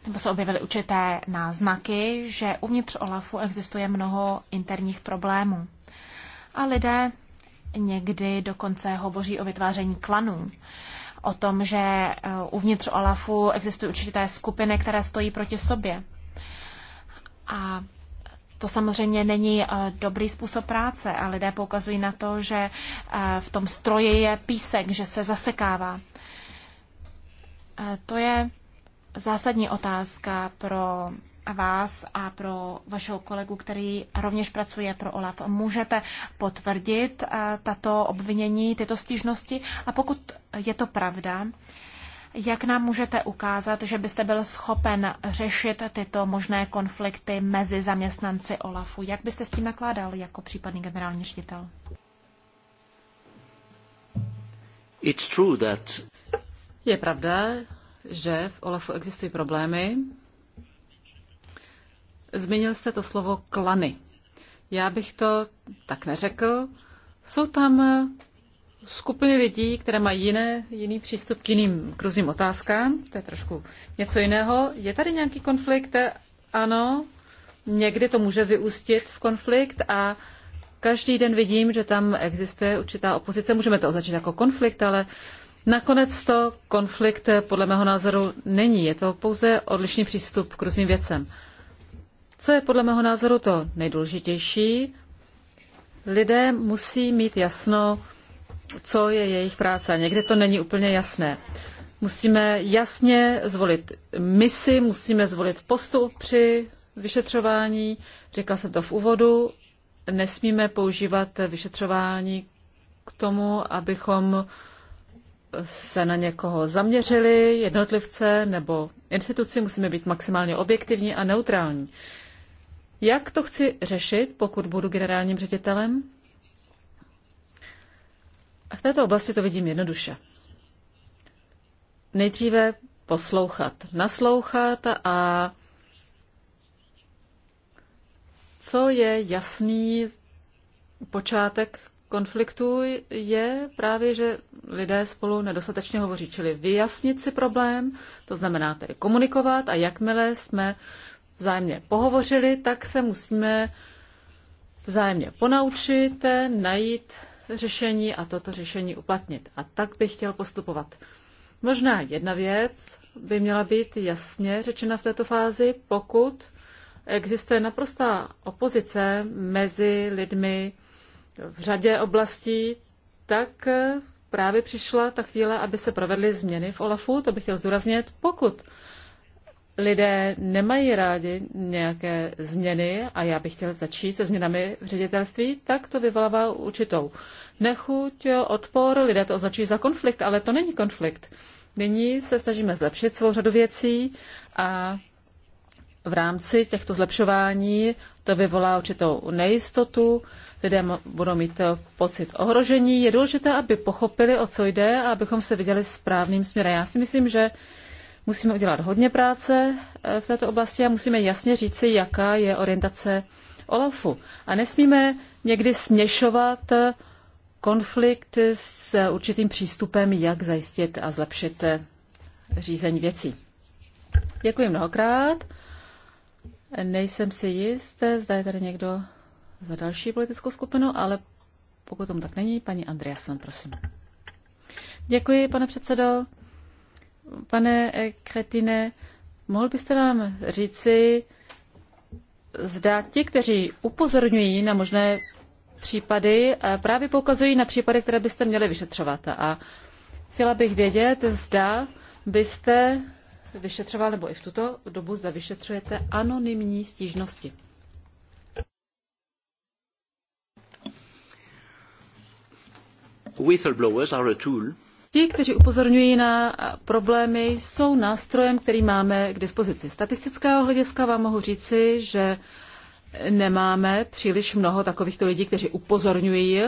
nebo se objevily určité náznaky, že uvnitř OLAFu existuje mnoho interních problémů. A lidé někdy dokonce hovoří o vytváření klanů o tom, že eh, uvnitř OLAFu existují určité skupiny, které stojí proti sobě. A to samozřejmě není eh, dobrý způsob práce a lidé poukazují na to, že eh, v tom stroji je písek, že se zasekává. To je zásadní otázka pro vás a pro vašeho kolegu, který rovněž pracuje pro OLAF. Můžete potvrdit eh, tato obvinění, tyto stížnosti a pokud je to pravda, jak nám můžete ukázat, že byste byl schopen řešit tyto možné konflikty mezi zaměstnanci OLAFu? Jak byste s tím nakládal jako případný generální ředitel? It's true that... Je pravda, že v OLAFu existují problémy, Zmínil jste to slovo klany. Já bych to tak neřekl. Jsou tam eh, skupiny lidí, které mají jiné, jiný přístup k jiným k různým otázkám. To je trošku něco jiného. Je tady nějaký konflikt? Ano, někdy to může vyústit v konflikt a každý den vidím, že tam existuje určitá opozice. Můžeme to označit jako konflikt, ale nakonec to konflikt podle mého názoru není. Je to pouze odlišný přístup k různým věcem. Co je podle mého názoru to nejdůležitější? Lidé musí mít jasno, co je jejich práce. Někde to není úplně jasné. Musíme jasně zvolit misi, musíme zvolit postup při vyšetřování. Řekla jsem to v úvodu. Nesmíme používat vyšetřování k tomu, abychom se na někoho zaměřili, jednotlivce nebo instituci, musíme být maximálně objektivní a neutrální. Jak to chci řešit, pokud budu generálním ředitelem? A v této oblasti to vidím jednoduše. Nejdříve poslouchat, naslouchat a co je jasný počátek konfliktu je právě, že lidé spolu nedostatečně hovoří, čili vyjasnit si problém, to znamená tedy komunikovat a jakmile jsme vzájemně pohovořili, tak se musíme vzájemně ponaučit, najít řešení a toto řešení uplatnit. A tak bych chtěl postupovat. Možná jedna věc by měla být jasně řečena v této fázi, pokud existuje naprostá opozice mezi lidmi v řadě oblastí, tak právě přišla ta chvíle, aby se provedly změny v OLAFu, to bych chtěl zdůraznit, pokud lidé nemají rádi nějaké změny a já bych chtěl začít se změnami v ředitelství, tak to vyvolává určitou nechuť, odpor, lidé to označují za konflikt, ale to není konflikt. Nyní se snažíme zlepšit celou řadu věcí a v rámci těchto zlepšování to vyvolá určitou nejistotu, lidé budou mít pocit ohrožení. Je důležité, aby pochopili, o co jde a abychom se viděli správným směrem. Já si myslím, že Musíme udělat hodně práce eh, v této oblasti a musíme jasně říci, jaká je orientace OLAFu. A nesmíme někdy směšovat eh, konflikt s určitým přístupem, jak zajistit a zlepšit eh, řízení věcí. Děkuji mnohokrát. Nejsem si jist, zda je tady někdo za další politickou skupinu, ale pokud tomu tak není, paní Andreasen, prosím. Děkuji, pane předsedo pane Kretine, mohl byste nám říci, zda ti, kteří upozorňují na možné případy, eh, právě poukazují na případy, které byste měli vyšetřovat. A chtěla bych vědět, zda byste vyšetřoval, nebo i v tuto dobu zda vyšetřujete anonymní stížnosti. Whistleblowers are a tool Ti, kteří upozorňují na problémy, jsou nástrojem, který máme k dispozici. Statistického hlediska vám mohu říci, že nemáme příliš mnoho takovýchto lidí, kteří upozorňují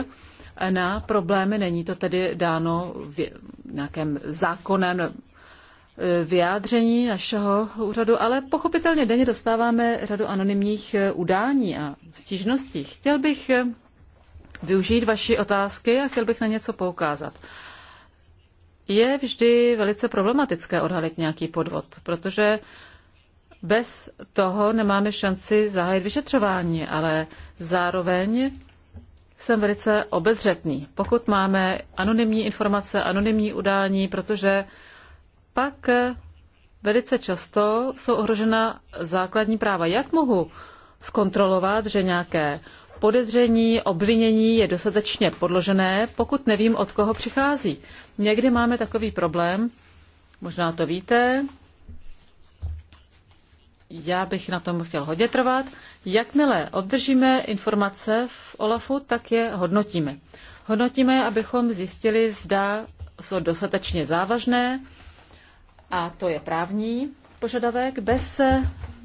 na problémy. Není to tedy dáno v nějakém zákonem eh, vyjádření našeho úřadu, ale pochopitelně denně dostáváme řadu anonymních eh, udání a stížností. Chtěl bych eh, využít vaši otázky a chtěl bych na něco poukázat je vždy velice problematické odhalit nějaký podvod, protože bez toho nemáme šanci zahájit vyšetřování, ale zároveň jsem velice obezřetný, pokud máme anonymní informace, anonymní udání, protože pak velice často jsou ohrožena základní práva. Jak mohu zkontrolovat, že nějaké podezření, obvinění je dostatečně podložené, pokud nevím, od koho přichází. Někdy máme takový problém, možná to víte, já bych na tom chtěl hodně trvat. Jakmile obdržíme informace v OLAFu, tak je hodnotíme. Hodnotíme, abychom zjistili, zda jsou dostatečně závažné, a to je právní požadavek. Bez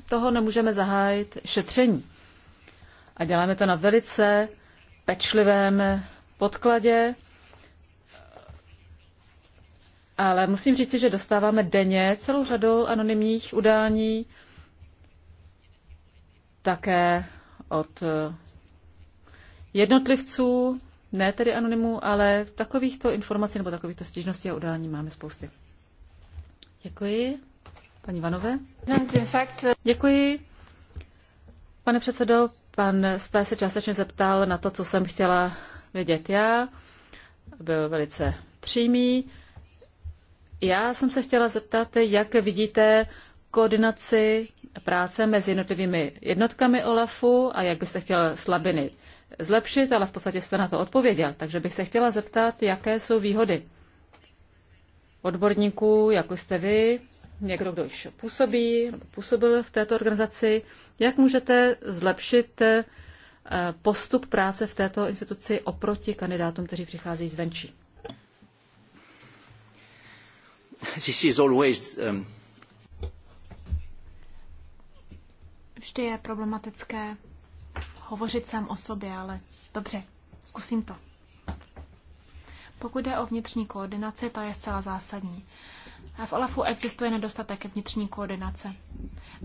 toho nemůžeme zahájit šetření a děláme to na velice pečlivém podkladě. Ale musím říci, že dostáváme denně celou řadu anonymních udání, také od eh, jednotlivců, ne tedy anonymů, ale takovýchto informací nebo takovýchto stížností a udání máme spousty. Děkuji. Paní Vanové? Eh, Děkuji. Pane předsedo, Pan Sté se částečně zeptal na to, co jsem chtěla vědět já. Byl velice přímý. Já jsem se chtěla zeptat, jak vidíte koordinaci práce mezi jednotlivými jednotkami OLAFu a jak byste chtěl slabiny zlepšit, ale v podstatě jste na to odpověděl. Takže bych se chtěla zeptat, jaké jsou výhody odborníků, jako jste vy, někdo, kdo již působí, působil v této organizaci, jak můžete zlepšit eh, postup práce v této instituci oproti kandidátům, kteří přichází zvenčí? This is always, um... Vždy je problematické hovořit sám o sobě, ale dobře, zkusím to. Pokud jde o vnitřní koordinaci, ta je zcela zásadní. A v OLAFu existuje nedostatek vnitřní koordinace.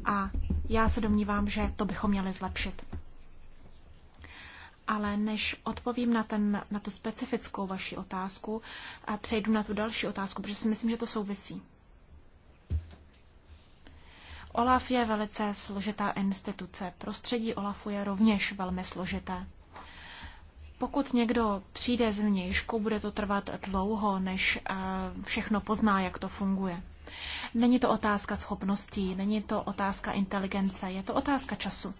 A já se domnívám, že to bychom měli zlepšit. Ale než odpovím na, ten, na tu specifickou vaši otázku, a přejdu na tu další otázku, protože si myslím, že to souvisí. OLAF je velice složitá instituce. Prostředí OLAFu je rovněž velmi složité. Pokud někdo přijde z vnějšku, bude to trvat dlouho, než eh, všechno pozná, jak to funguje. Není to otázka schopností, není to otázka inteligence, je to otázka času.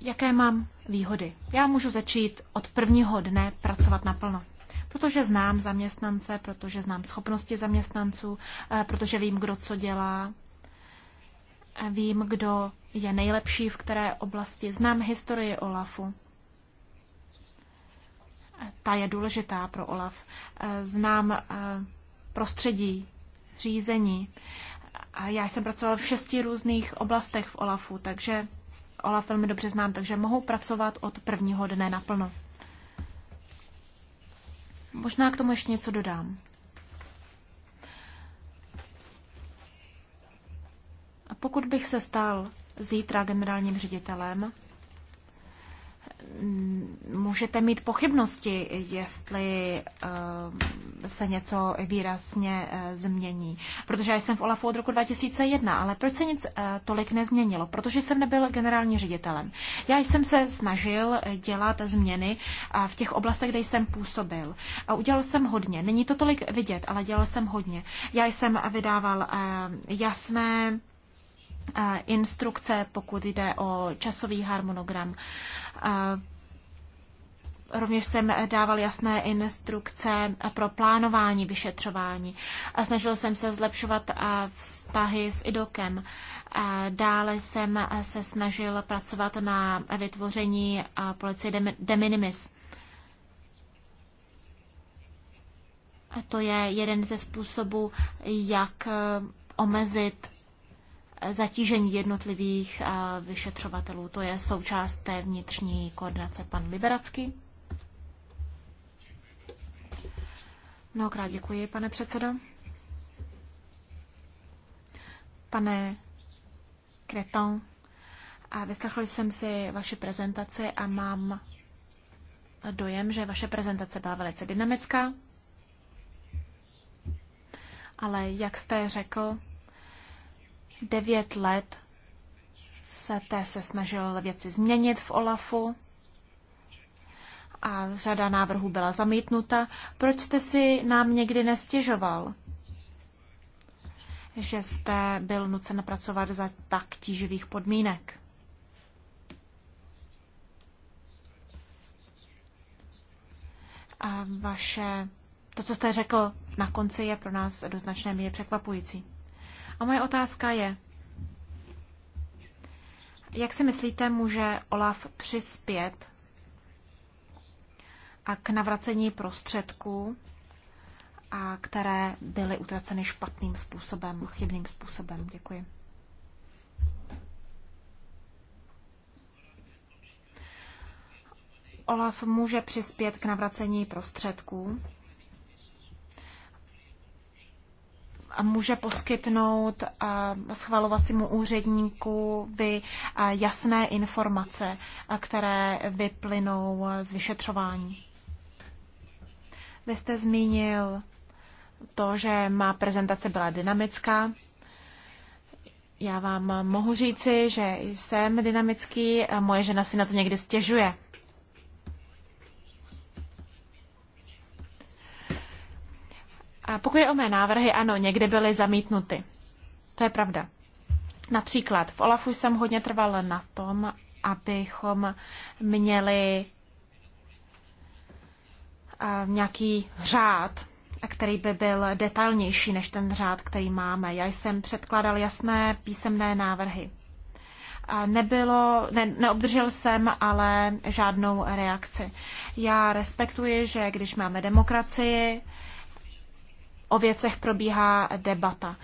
Jaké mám výhody? Já můžu začít od prvního dne pracovat naplno. Protože znám zaměstnance, protože znám schopnosti zaměstnanců, eh, protože vím, kdo co dělá, Vím, kdo je nejlepší v které oblasti. Znám historii Olafu. Ta je důležitá pro Olaf. Znám eh, prostředí, řízení. A já jsem pracovala v šesti různých oblastech v Olafu, takže Olaf velmi dobře znám, takže mohu pracovat od prvního dne naplno. Možná k tomu ještě něco dodám. A Pokud bych se stal zítra generálním ředitelem, mm, můžete mít pochybnosti, jestli eh, se něco výrazně eh, změní. Protože já jsem v OLAFu od roku 2001, ale proč se nic eh, tolik nezměnilo? Protože jsem nebyl generální ředitelem. Já jsem se snažil dělat změny v těch oblastech, kde jsem působil. A udělal jsem hodně. Není to tolik vidět, ale dělal jsem hodně. Já jsem vydával jasné instrukce, pokud jde o časový harmonogram. Rovněž jsem dával jasné instrukce pro plánování vyšetřování. Snažil jsem se zlepšovat vztahy s IDOKem. Dále jsem se snažil pracovat na vytvoření policie de minimis. To je jeden ze způsobů, jak omezit zatížení jednotlivých eh, vyšetřovatelů. To je součást té vnitřní koordinace. Pan Liberacký. Mnohokrát děkuji, pane předsedo. Pane Kreton, a vyslechl jsem si vaši prezentaci a mám dojem, že vaše prezentace byla velice dynamická. Ale jak jste řekl, Devět let se té se snažil věci změnit v OLAFu a řada návrhů byla zamítnuta. Proč jste si nám někdy nestěžoval, že jste byl nucen pracovat za tak tíživých podmínek? A vaše, to, co jste řekl na konci, je pro nás do značné míry překvapující. A moje otázka je, jak si myslíte, může OLAF přispět a k navracení prostředků, a které byly utraceny špatným způsobem, chybným způsobem? Děkuji. OLAF může přispět k navracení prostředků, může poskytnout schvalovacímu úředníku by jasné informace, které vyplynou z vyšetřování. Vy jste zmínil to, že má prezentace byla dynamická. Já vám mohu říci, že jsem dynamický, moje žena si na to někdy stěžuje. A pokud je o mé návrhy, ano, někdy byly zamítnuty. To je pravda. Například v Olafu jsem hodně trval na tom, abychom měli eh, nějaký řád, který by byl detailnější než ten řád, který máme. Já jsem předkládal jasné písemné návrhy. Nebylo, ne, neobdržel jsem ale žádnou reakci. Já respektuji, že když máme demokracii, o věcech probíhá debata.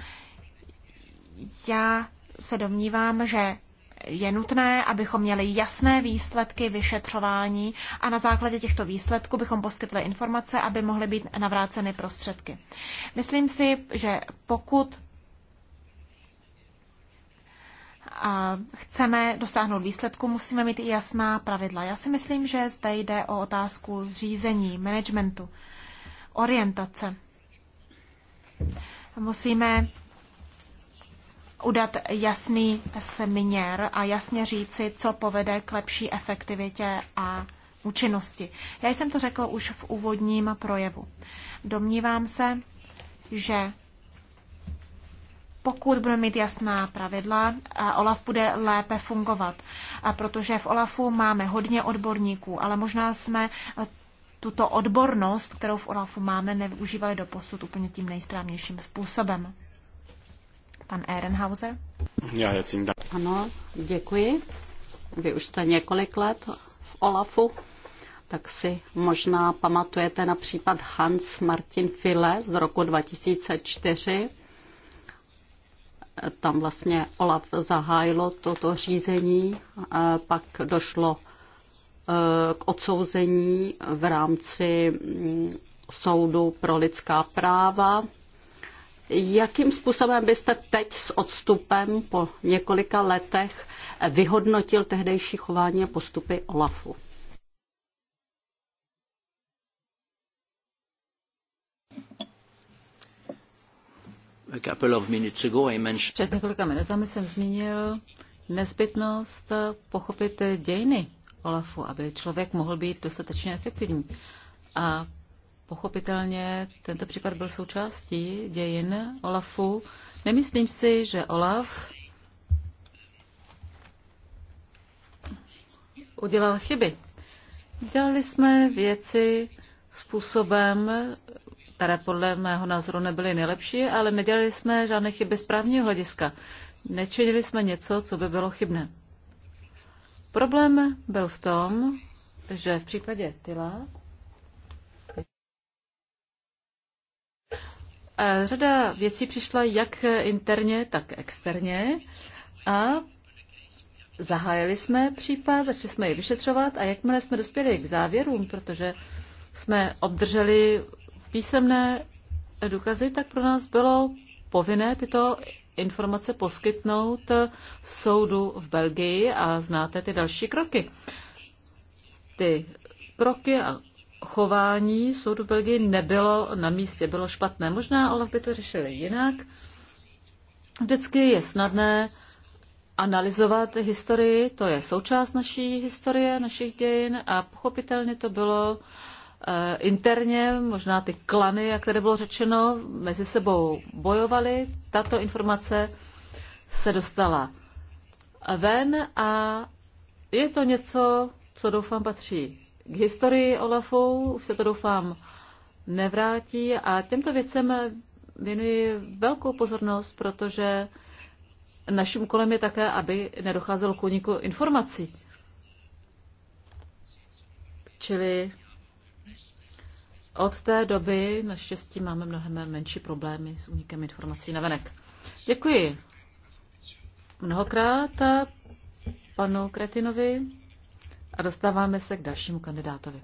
Já se domnívám, že je nutné, abychom měli jasné výsledky vyšetřování a na základě těchto výsledků bychom poskytli informace, aby mohly být navráceny prostředky. Myslím si, že pokud chceme dosáhnout výsledku, musíme mít i jasná pravidla. Já si myslím, že zde jde o otázku řízení, managementu, orientace musíme udat jasný směr a jasně říci, co povede k lepší efektivitě a účinnosti. Já jsem to řekla už v úvodním projevu. Domnívám se, že pokud budeme mít jasná pravidla, OLAF bude lépe fungovat. A protože v OLAFu máme hodně odborníků, ale možná jsme tuto odbornost, kterou v OLAFu máme, nevyužívali do posud úplně tím nejsprávnějším způsobem. Pan Ehrenhauser. Já jecím. Ano, děkuji. Vy už jste několik let v OLAFu, tak si možná pamatujete na případ Hans Martin File z roku 2004. Tam vlastně OLAF zahájilo toto řízení, pak došlo k odsouzení v rámci mm, soudu pro lidská práva. Jakým způsobem byste teď s odstupem po několika letech vyhodnotil tehdejší chování a postupy OLAFu? Před několika minutami jsem zmínil nezbytnost pochopit dějiny Olafu, aby člověk mohl být dostatečně efektivní. A pochopitelně tento případ byl součástí dějin Olafu. Nemyslím si, že Olaf udělal chyby. Dělali jsme věci způsobem, které podle mého názoru nebyly nejlepší, ale nedělali jsme žádné chyby z právního hlediska. Nečinili jsme něco, co by bylo chybné. Problém byl v tom, že v případě Tyla eh, řada věcí přišla jak interně, tak externě a zahájili jsme případ, začali jsme ji vyšetřovat a jakmile jsme dospěli k závěrům, protože jsme obdrželi písemné důkazy, tak pro nás bylo povinné tyto informace poskytnout soudu v Belgii a znáte ty další kroky. Ty kroky a chování soudu v Belgii nebylo na místě, bylo špatné. Možná Olaf by to řešil jinak. Vždycky je snadné analyzovat historii, to je součást naší historie, našich dějin a pochopitelně to bylo uh, Eh, interně, možná ty klany, jak tady bylo řečeno, mezi sebou bojovali. Tato informace se dostala ven a je to něco, co doufám patří k historii Olafu, už se to doufám nevrátí a těmto věcem věnuji velkou pozornost, protože naším úkolem je také, aby nedocházelo k úniku informací. Čili od té doby naštěstí máme mnohem menší problémy s únikem informací na venek. Děkuji mnohokrát panu Kretinovi a dostáváme se k dalšímu kandidátovi.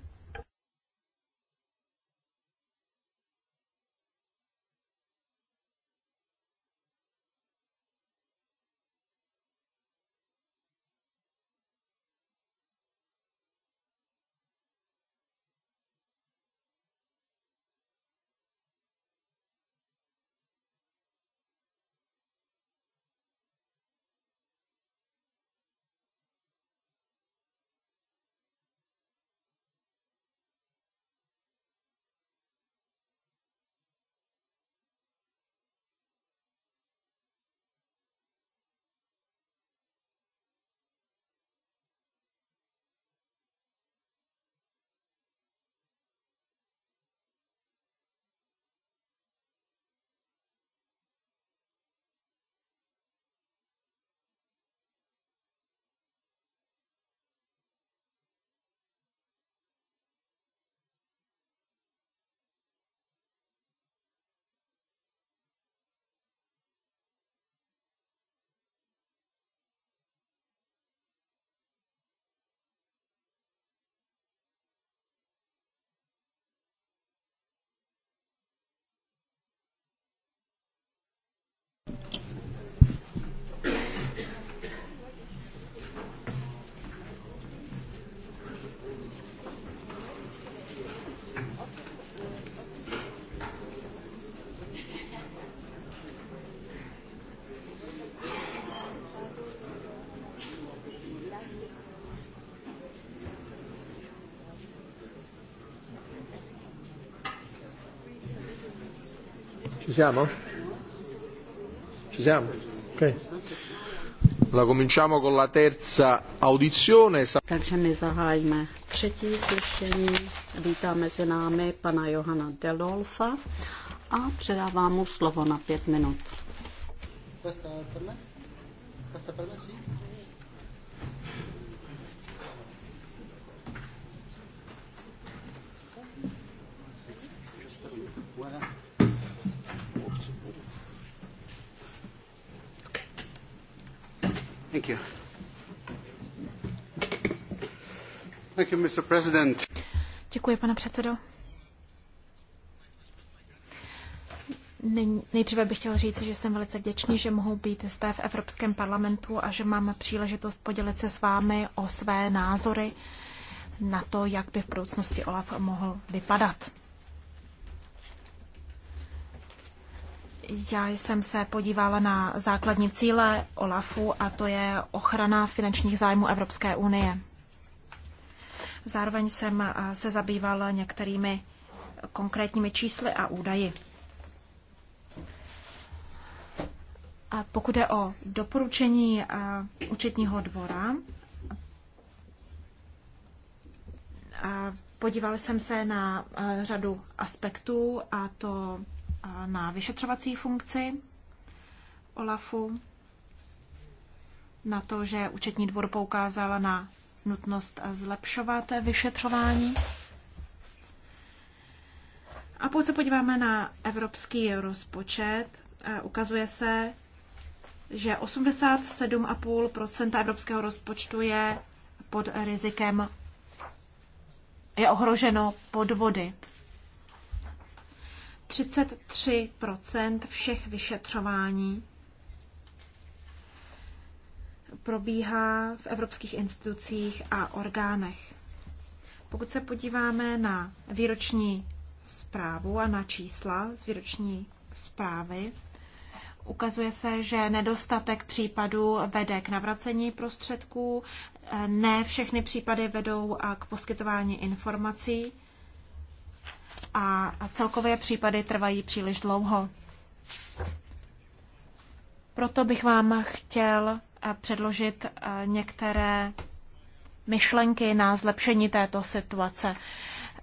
siamo? Ci siamo? Ok. cominciamo con la terza audizione. Takže my zahájíme třetí slyšení. Vítá mezi námi pana Johana Delolfa a předávám mu slovo na pět minut. Questa per me? Questa per me sì. Thank you. Thank you, Mr. President. Děkuji, pane předsedo. Nejdříve bych chtěl říct, že jsem velice vděčný, že mohu být zde v Evropském parlamentu a že mám příležitost podělit se s vámi o své názory na to, jak by v budoucnosti OLAF mohl vypadat. Já jsem se podívala na základní cíle OLAFu a to je ochrana finančních zájmů Evropské unie. Zároveň jsem se zabývala některými konkrétními čísly a údaji. A pokud je o doporučení účetního dvora, podívala jsem se na řadu aspektů a to na vyšetřovací funkci OLAFu, na to, že účetní dvor poukázal na nutnost zlepšovat vyšetřování. A pokud se podíváme na evropský rozpočet, eh, ukazuje se, že 87,5 evropského rozpočtu je pod rizikem, je ohroženo podvody. 33 všech vyšetřování probíhá v evropských institucích a orgánech. Pokud se podíváme na výroční zprávu a na čísla z výroční zprávy, ukazuje se, že nedostatek případů vede k navracení prostředků, ne všechny případy vedou k poskytování informací a celkové případy trvají příliš dlouho. Proto bych vám chtěl eh, předložit eh, některé myšlenky na zlepšení této situace,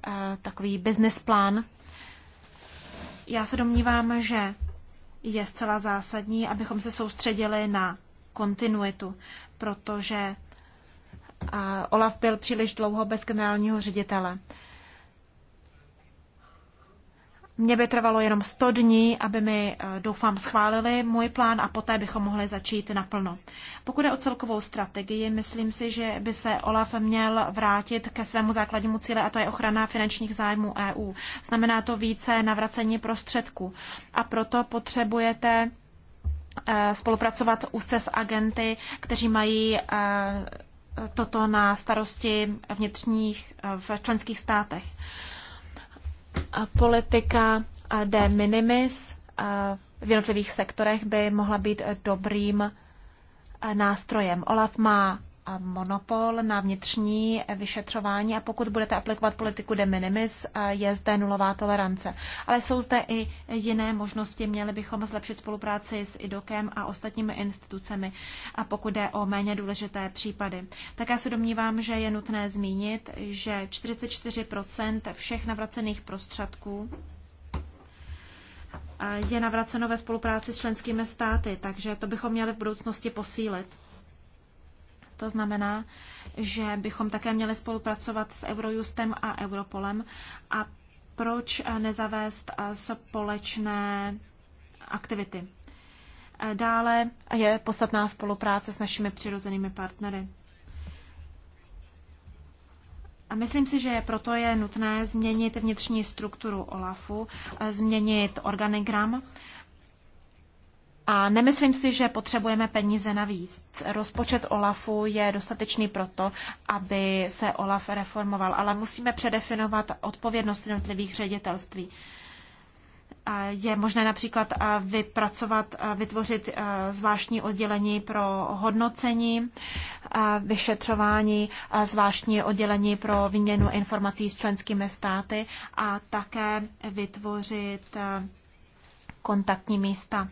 eh, takový business plán. Já se domnívám, že je zcela zásadní, abychom se soustředili na kontinuitu, protože Olaf byl příliš dlouho bez generálního ředitele. Mně by trvalo jenom 100 dní, aby mi, eh, doufám, schválili můj plán a poté bychom mohli začít naplno. Pokud je o celkovou strategii, myslím si, že by se Olaf měl vrátit ke svému základnímu cíli a to je ochrana finančních zájmů EU. Znamená to více navracení prostředků a proto potřebujete eh, spolupracovat úzce s agenty, kteří mají eh, toto na starosti vnitřních v členských státech politika eh, de minimis eh, v jednotlivých sektorech by mohla být eh, dobrým nástrojem. Olaf má monopol na vnitřní vyšetřování a pokud budete aplikovat politiku de minimis, je zde nulová tolerance. Ale jsou zde i jiné možnosti. Měli bychom zlepšit spolupráci s IDOKem a ostatními institucemi, a pokud jde o méně důležité případy. já se domnívám, že je nutné zmínit, že 44 všech navracených prostředků je navraceno ve spolupráci s členskými státy, takže to bychom měli v budoucnosti posílit. To znamená, že bychom také měli spolupracovat s Eurojustem a Europolem. A proč nezavést společné aktivity? Dále je podstatná spolupráce s našimi přirozenými partnery. A myslím si, že proto je nutné změnit vnitřní strukturu OLAFu, změnit organigram a nemyslím si, že potřebujeme peníze navíc. Rozpočet OLAFu je dostatečný proto, aby se OLAF reformoval, ale musíme předefinovat odpovědnost jednotlivých ředitelství. Je možné například vypracovat, vytvořit zvláštní oddělení pro hodnocení, vyšetřování, zvláštní oddělení pro výměnu informací s členskými státy a také vytvořit kontaktní místa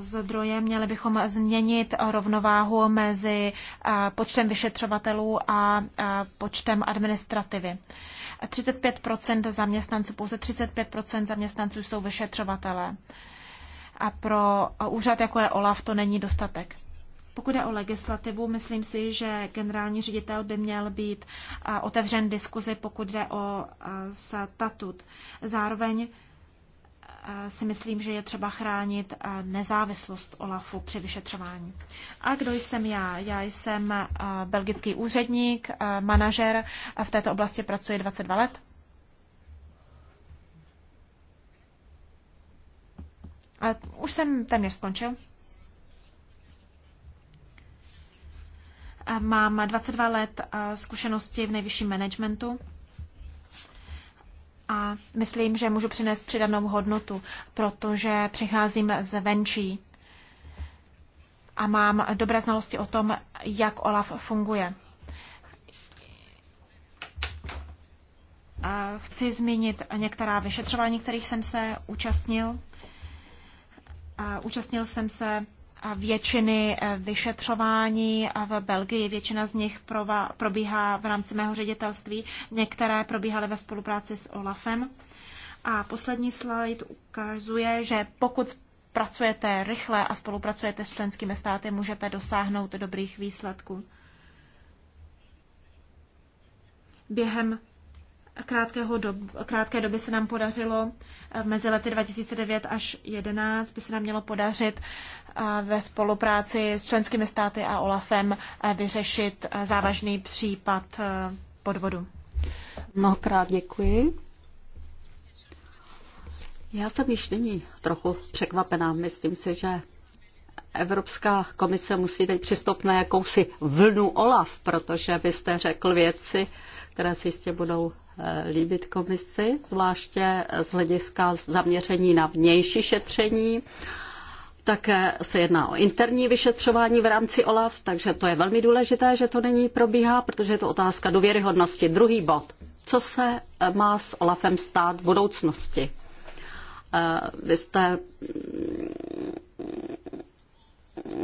zdroje měli bychom změnit rovnováhu mezi počtem vyšetřovatelů a počtem administrativy. 35 zaměstnanců, pouze 35 zaměstnanců jsou vyšetřovatelé. A pro úřad, jako je OLAF, to není dostatek. Pokud je o legislativu, myslím si, že generální ředitel by měl být otevřen diskuzi, pokud jde o statut. Zároveň si myslím, že je třeba chránit eh, nezávislost OLAFu při vyšetřování. A kdo jsem já? Já jsem eh, belgický úředník, eh, manažer, v této oblasti pracuji 22 let. A už jsem téměř skončil. Mám 22 let zkušenosti v nejvyšším managementu a myslím, že můžu přinést přidanou hodnotu, protože přicházím venčí a mám dobré znalosti o tom, jak OLAF funguje. Chci zmínit některá vyšetřování, kterých jsem se účastnil. Účastnil jsem se většiny eh, vyšetřování v Belgii. Většina z nich probíhá v rámci mého ředitelství, některé probíhaly ve spolupráci s OLAFem. A poslední slide ukazuje, že pokud pracujete rychle a spolupracujete s členskými státy, můžete dosáhnout dobrých výsledků. Během krátkého dob, krátké doby se nám podařilo eh, mezi lety 2009 až 2011 by se nám mělo podařit eh, ve spolupráci s členskými státy a OLAFem eh, vyřešit závažný případ podvodu. Mnohokrát děkuji. Já jsem již nyní trochu překvapená. Myslím si, že Evropská komise musí teď přistoupit na jakousi vlnu OLAF, protože vy jste řekl věci, které si jistě budou líbit komisi, zvláště z hlediska zaměření na vnější šetření. Také se jedná o interní vyšetřování v rámci OLAF, takže to je velmi důležité, že to není probíhá, protože je to otázka důvěryhodnosti. Druhý bod. Co se eh, má s OLAFem stát v budoucnosti? Eh, vy jste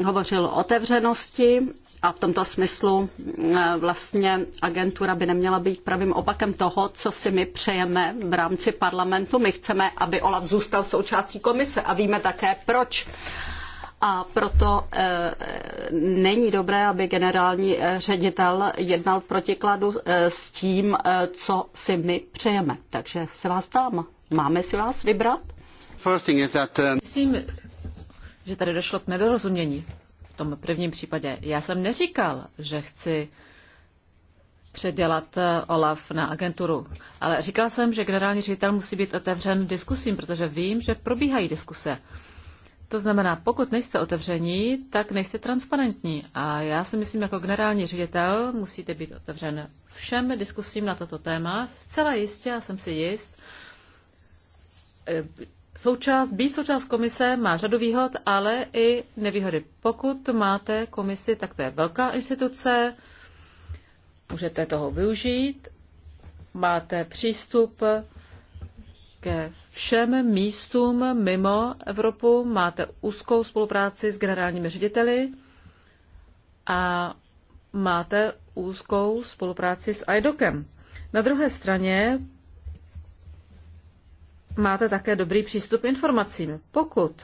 hovořil o otevřenosti a v tomto smyslu eh, vlastně agentura by neměla být pravým opakem toho, co si my přejeme v rámci parlamentu. My chceme, aby OLAF zůstal součástí komise a víme také proč. A proto eh, není dobré, aby generální eh, ředitel jednal v protikladu s tím, co si my přejeme. Takže se vás ptám, máme si vás vybrat? Um, Myslím, že tady došlo k nedorozumění v tom prvním případě. Já jsem neříkal, že chci předělat eh, OLAF na agenturu, ale říkal jsem, že generální ředitel musí být otevřen diskusím, protože vím, že probíhají diskuse. To znamená, pokud nejste otevření, tak nejste transparentní. A já si myslím, jako generální ředitel musíte být otevřen všem diskusím na toto téma. Zcela jistě, já jsem si jist, eh, součást, být součást komise má řadu výhod, ale i nevýhody. Pokud máte komisi, tak to je velká instituce, můžete toho využít, máte přístup ke všem místům mimo Evropu, máte úzkou spolupráci s generálními řediteli a máte úzkou spolupráci s IDOCem. Na druhé straně, máte také dobrý přístup k informacím. Pokud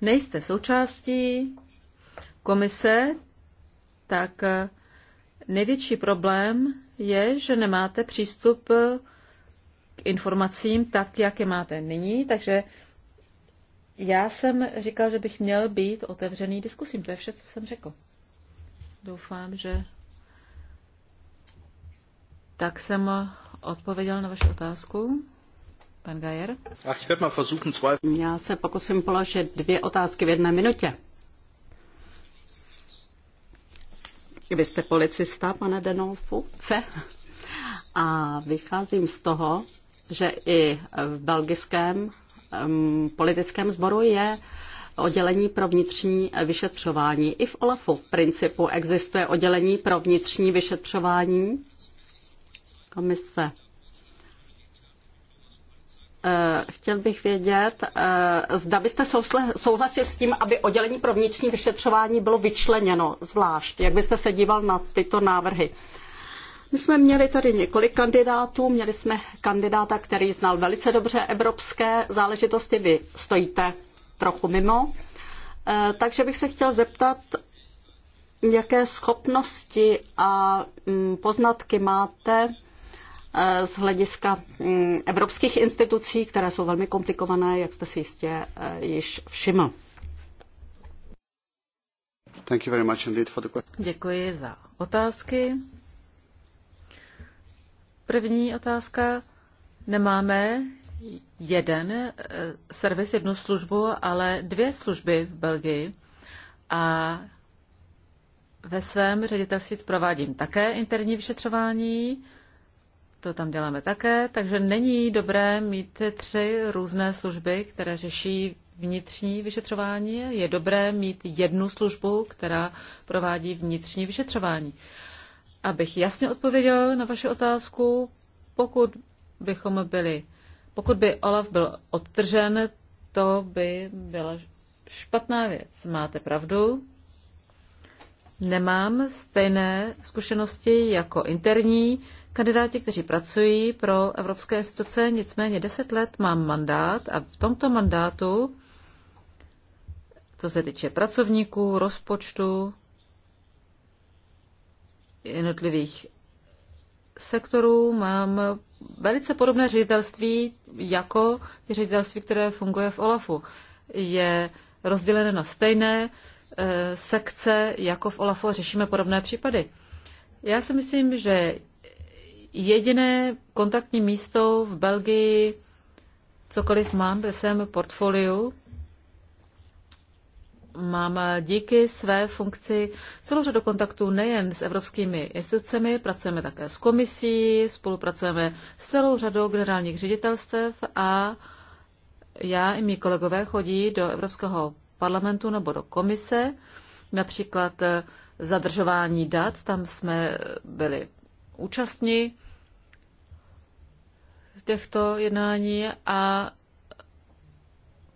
nejste součástí komise, tak největší problém je, že nemáte přístup k informacím tak, jak je máte nyní, takže já jsem říkal, že bych měl být otevřený diskusím. To je vše, co jsem řekl. Doufám, že tak jsem odpověděl na vaši otázku. Pan Gajer? Já se pokusím položit dvě otázky v jedné minutě. Vy jste policista, pane Denolfu, fe, a vycházím z toho, že i v belgickém um, politickém sboru je oddělení pro vnitřní vyšetřování. I v OLAFu v principu existuje oddělení pro vnitřní vyšetřování komise Eh, chtěl bych vědět, eh, zda byste souhlasil s tím, aby oddělení pro vnitřní vyšetřování bylo vyčleněno zvlášť. Jak byste se díval na tyto návrhy? My jsme měli tady několik kandidátů. Měli jsme kandidáta, který znal velice dobře evropské záležitosti. Vy stojíte trochu mimo. Eh, takže bych se chtěl zeptat, jaké schopnosti a mm, poznatky máte Eh, z hlediska mm, evropských institucí, které jsou velmi komplikované, jak jste si jistě eh, již všiml. Thank you very much indeed for the Děkuji za otázky. První otázka. Nemáme jeden eh, servis, jednu službu, ale dvě služby v Belgii. A ve svém ředitelství provádím také interní vyšetřování. To tam děláme také, takže není dobré mít tři různé služby, které řeší vnitřní vyšetřování. Je dobré mít jednu službu, která provádí vnitřní vyšetřování. Abych jasně odpověděl na vaši otázku, pokud bychom byli, pokud by Olaf byl odtržen, to by byla špatná věc. Máte pravdu, nemám stejné zkušenosti jako interní kandidáti, kteří pracují pro evropské instituce, nicméně deset let mám mandát a v tomto mandátu, co se týče pracovníků, rozpočtu, jednotlivých sektorů, mám velice podobné ředitelství jako ředitelství, které funguje v OLAFu. Je rozdělené na stejné Eh, sekce, jako v OLAFu, řešíme podobné případy. Já si myslím, že jediné kontaktní místo v Belgii, cokoliv mám ve svém portfoliu, mám díky své funkci celou řadu kontaktů nejen s evropskými institucemi, pracujeme také s komisí, spolupracujeme s celou řadou generálních ředitelstev a já i mý kolegové chodí do Evropského parlamentu nebo do komise, například eh, zadržování dat, tam jsme eh, byli účastní těchto jednání a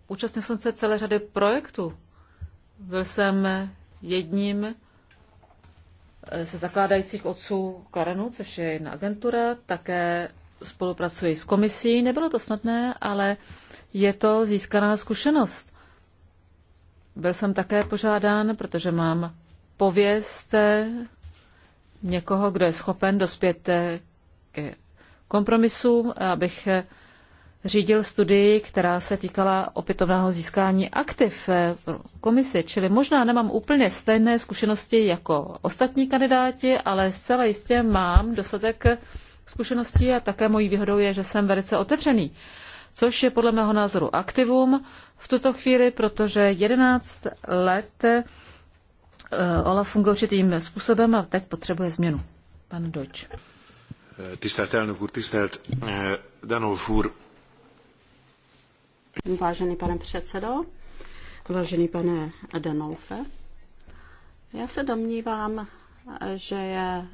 účastnil jsem se celé řady projektů. Byl jsem jedním se eh, zakládajících otců Karenu, což je jedna agentura, také spolupracuji s komisí. Nebylo to snadné, ale je to získaná zkušenost. Byl jsem také požádán, protože mám pověst eh, někoho, kdo je schopen dospět eh, k kompromisům, abych eh, řídil studii, která se týkala opětovného získání aktiv pro komisi, čili možná nemám úplně stejné zkušenosti jako ostatní kandidáti, ale zcela jistě mám dostatek zkušeností a také mojí výhodou je, že jsem velice otevřený což je podle mého názoru aktivum v tuto chvíli, protože 11 let eh, Olaf funguje určitým způsobem a teď potřebuje změnu. Pan Doč. Eh, tisztelt elnök úr, tisztelt eh, Danov úr. Vážený pane předsedo, vážený pane Danolfe, já se domnívám, že je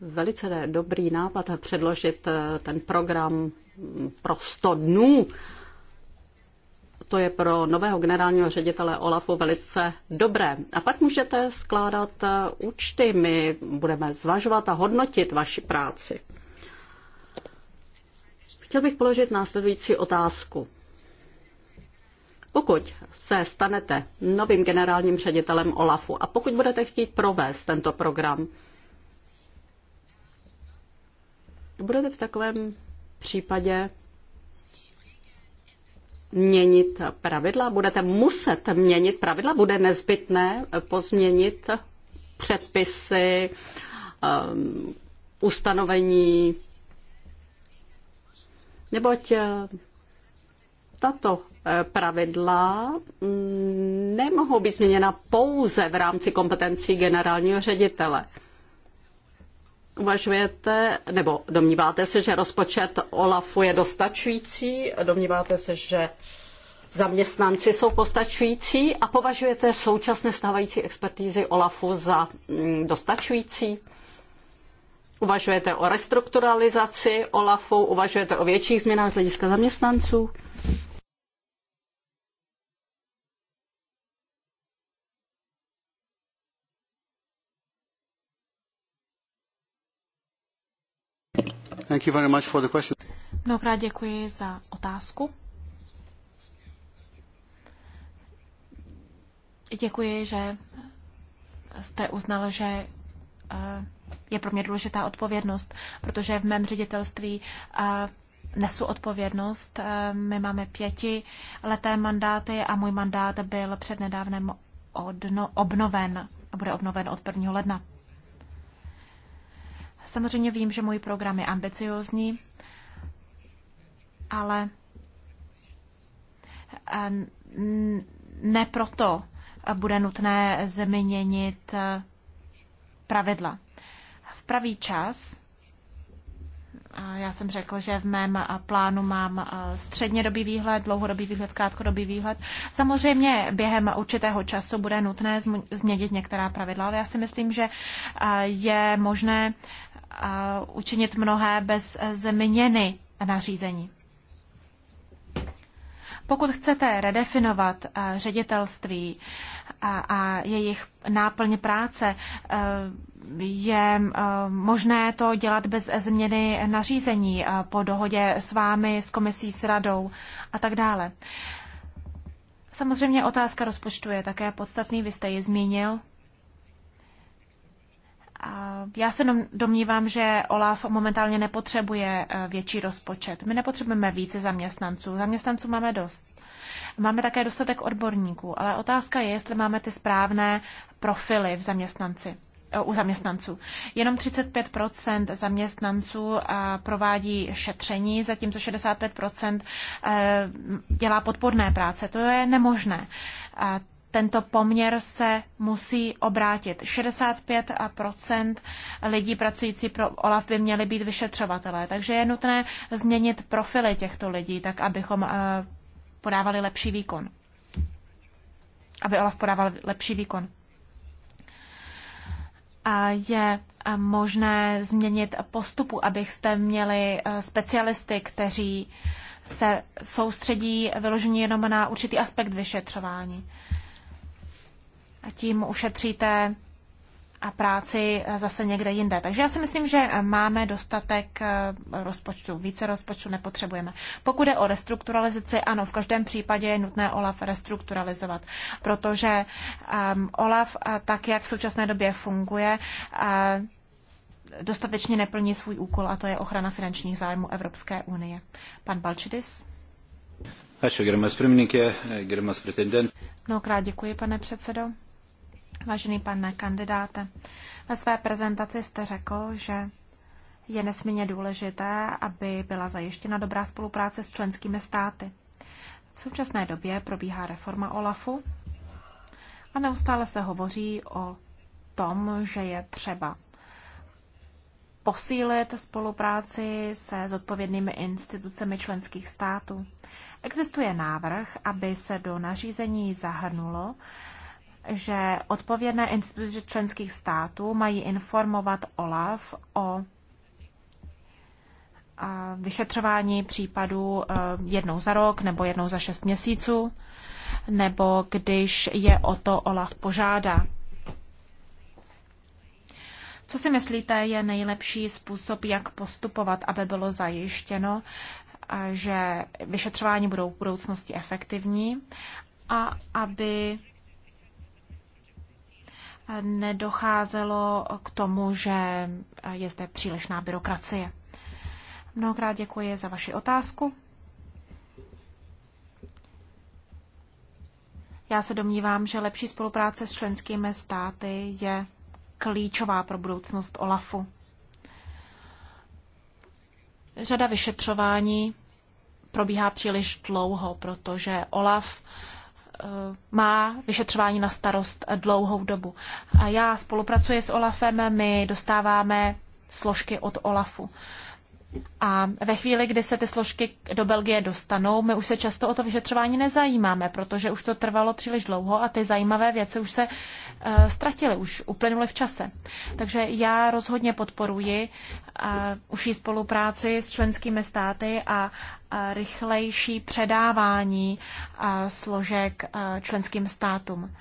velice dobrý nápad předložit eh, ten program pro 100 dnů. To je pro nového generálního ředitele Olafu velice dobré. A pak můžete skládat eh, účty. My budeme zvažovat a hodnotit vaši práci. Chtěl bych položit následující otázku. Pokud se stanete novým generálním ředitelem OLAFu a pokud budete chtít provést tento program, budete v takovém případě měnit pravidla? Budete muset měnit pravidla? Bude nezbytné pozměnit předpisy, um, ustanovení? Neboť eh, tato eh, pravidla mm, nemohou být změněna pouze v rámci kompetencí generálního ředitele. Uvažujete, nebo domníváte se, že rozpočet OLAFu je dostačující? Domníváte se, že zaměstnanci jsou postačující? A považujete současné stávající expertízy OLAFu za mm, dostačující? Uvažujete o restrukturalizaci OLAFu? Uvažujete o větších změnách z hlediska zaměstnanců? Thank you very much for the question. Mnohokrát děkuji za otázku. Děkuji, že jste uznal, že eh, je pro mě důležitá odpovědnost, protože v mém ředitelství eh, nesu odpovědnost. Eh, my máme pěti leté mandáty a můj mandát byl přednedávnem obnoven a bude obnoven od 1. ledna. Samozřejmě vím, že můj program je ambiciozní, ale eh, ne proto bude nutné změnit eh, pravidla. V pravý čas, já jsem řekl, že v mém eh, plánu mám střednědobý výhled, dlouhodobý výhled, krátkodobý výhled. Samozřejmě během určitého času bude nutné změnit některá pravidla, ale já si myslím, že je možné učinit mnohé bez změny nařízení. Pokud chcete redefinovat eh, ředitelství a, jejich náplň práce, eh, je eh, možné to dělat bez změny nařízení po dohodě s vámi, s komisí, s radou a tak dále. Samozřejmě otázka rozpočtu je také podstatný, vy jste ji zmínil. Já se domnívám, že OLAF momentálně nepotřebuje eh, větší rozpočet. My nepotřebujeme více zaměstnanců. Zaměstnanců máme dost. Máme také dostatek odborníků, ale otázka je, jestli máme ty správné profily v zaměstnanci eh, u zaměstnanců. Jenom 35 zaměstnanců eh, provádí šetření, zatímco 65 dělá podporné práce. To je nemožné tento poměr se musí obrátit. 65 lidí pracující pro OLAF by měly být vyšetřovatelé, takže je nutné změnit profily těchto lidí, tak abychom eh, podávali lepší výkon. Aby OLAF podával lepší výkon. A je eh, možné změnit postupu, abyste měli eh, specialisty, kteří se soustředí vyloženě jenom na určitý aspekt vyšetřování a tím ušetříte a práci eh, zase někde jinde. Takže já si myslím, že eh, máme dostatek eh, rozpočtu, více rozpočtu nepotřebujeme. Pokud je o restrukturalizaci, ano, v každém případě je nutné OLAF restrukturalizovat, protože um, OLAF, tak jak v současné době funguje, uh, dostatečně neplní svůj úkol a to je ochrana finančních zájmů Evropské unie. Pan Balčidis? Ačiū, gerbiamas pretendent. Mnohokrát děkuji, pane předsedo. Vážený pane kandidáte, ve své prezentaci jste řekl, že je nesmírně důležité, aby byla zajištěna dobrá spolupráce s členskými státy. V současné době probíhá reforma OLAFu a neustále se hovoří o tom, že je třeba posílit spolupráci se zodpovědnými institucemi členských států. Existuje návrh, aby se do nařízení zahrnulo, že odpovědné instituce členských států mají informovat OLAF o vyšetřování případů e, jednou za rok nebo jednou za šest měsíců, nebo když je o to OLAF požádá. Co si myslíte, je nejlepší způsob, jak postupovat, aby bylo zajištěno, e, že vyšetřování budou v budoucnosti efektivní a aby nedocházelo k tomu, že je zde přílišná byrokracie. Mnohokrát děkuji za vaši otázku. Já se domnívám, že lepší spolupráce s členskými státy je klíčová pro budoucnost OLAFu. Řada vyšetřování probíhá příliš dlouho, protože OLAF má vyšetřování na starost dlouhou dobu. A já spolupracuji s Olafem, my dostáváme složky od Olafu. A ve chvíli, kdy se ty složky do Belgie dostanou, my už se často o to vyšetřování nezajímáme, protože už to trvalo příliš dlouho a ty zajímavé věci už se uh, ztratily, už uplynuly v čase. Takže já rozhodně podporuji uh, užší spolupráci s členskými státy a rychlejší předávání složek členským státům.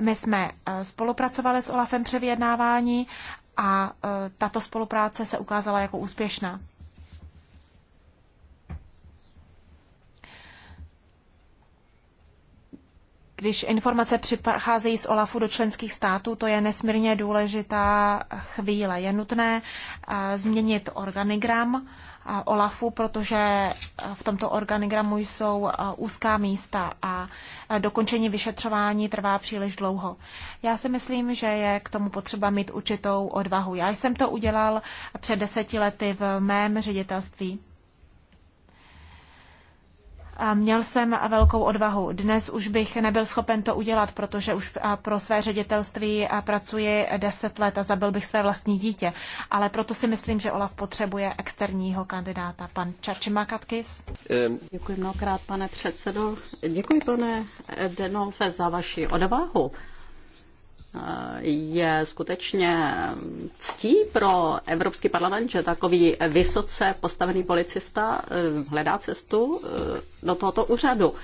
My jsme spolupracovali s OLAFem při vyjednávání a tato spolupráce se ukázala jako úspěšná. Když informace přicházejí z OLAFu do členských států, to je nesmírně důležitá chvíle. Je nutné změnit organigram Eh, OLAFu, protože eh, v tomto organigramu jsou eh, úzká místa a dokončení vyšetřování trvá příliš dlouho. Já si myslím, že je k tomu potřeba mít určitou odvahu. Já jsem to udělal před deseti lety v mém ředitelství. Měl jsem velkou odvahu. Dnes už bych nebyl schopen to udělat, protože už pro své ředitelství pracuji deset let a zabil bych své vlastní dítě. Ale proto si myslím, že Olaf potřebuje externího kandidáta. Pan Čarčimakatkis. Děkuji mnohokrát, pane předsedo. Děkuji, pane Denolfe, za vaši odvahu je skutečně ctí pro Evropský parlament, že takový vysoce postavený policista eh, hledá cestu eh, do tohoto úřadu.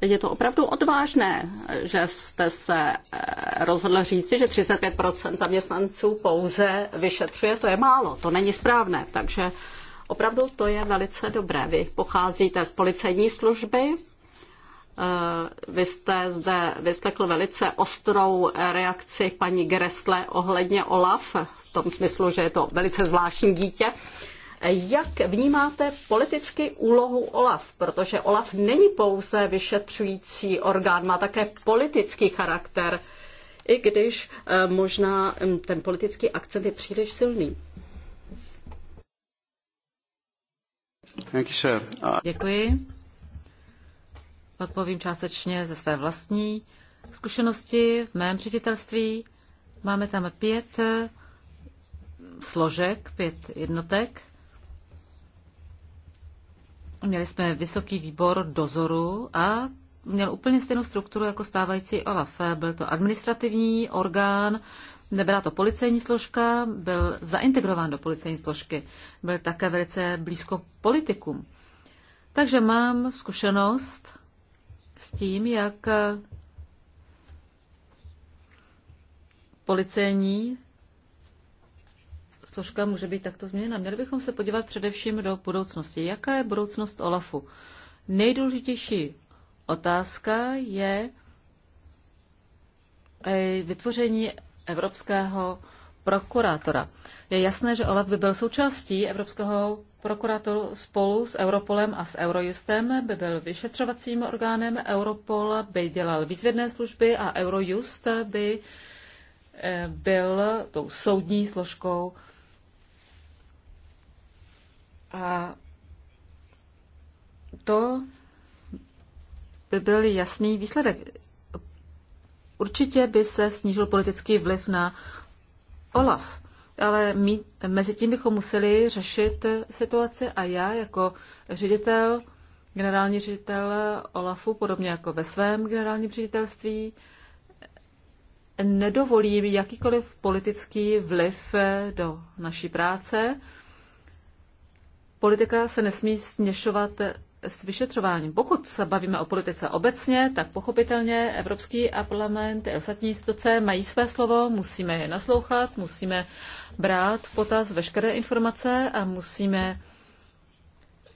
Je to opravdu odvážné, že jste se eh, rozhodl říci, že 35% zaměstnanců pouze vyšetřuje, to je málo, to není správné, takže opravdu to je velice dobré. Vy pocházíte z policejní služby, Eh, vy jste zde vyslekl velice ostrou reakci paní Gresle ohledně OLAF, v tom smyslu, že je to velice zvláštní dítě. Jak vnímáte politicky úlohu OLAF? Protože OLAF není pouze vyšetřující orgán, má také politický charakter, i když eh, možná hm, ten politický akcent je příliš silný. Uh, Děkuji odpovím částečně ze své vlastní zkušenosti v mém ředitelství. Máme tam pět eh, složek, pět jednotek. Měli jsme vysoký výbor dozoru a měl úplně stejnou strukturu jako stávající OLAF. Eh, byl to administrativní orgán, nebyla to policejní složka, byl zaintegrován do policejní složky, byl také velice blízko politikům. Takže mám zkušenost s tím, jak policejní složka může být takto změněna. Měli bychom se podívat především do budoucnosti. Jaká je budoucnost OLAFu? Nejdůležitější otázka je eh, vytvoření evropského prokurátora. Je jasné, že OLAF by byl součástí Evropského prokurátoru spolu s Europolem a s Eurojustem, by byl vyšetřovacím orgánem, Europol by dělal výzvědné služby a Eurojust by eh, byl tou soudní složkou. A to by byl jasný výsledek. Určitě by se snížil politický vliv na OLAF ale my, mezi tím bychom museli řešit situaci a já jako ředitel, generální ředitel OLAFu, podobně jako ve svém generálním ředitelství, nedovolím jakýkoliv politický vliv do naší práce. Politika se nesmí směšovat s vyšetřováním. Pokud se bavíme o politice obecně, tak pochopitelně Evropský parlament i ostatní instituce mají své slovo, musíme je naslouchat, musíme brát v potaz veškeré informace a musíme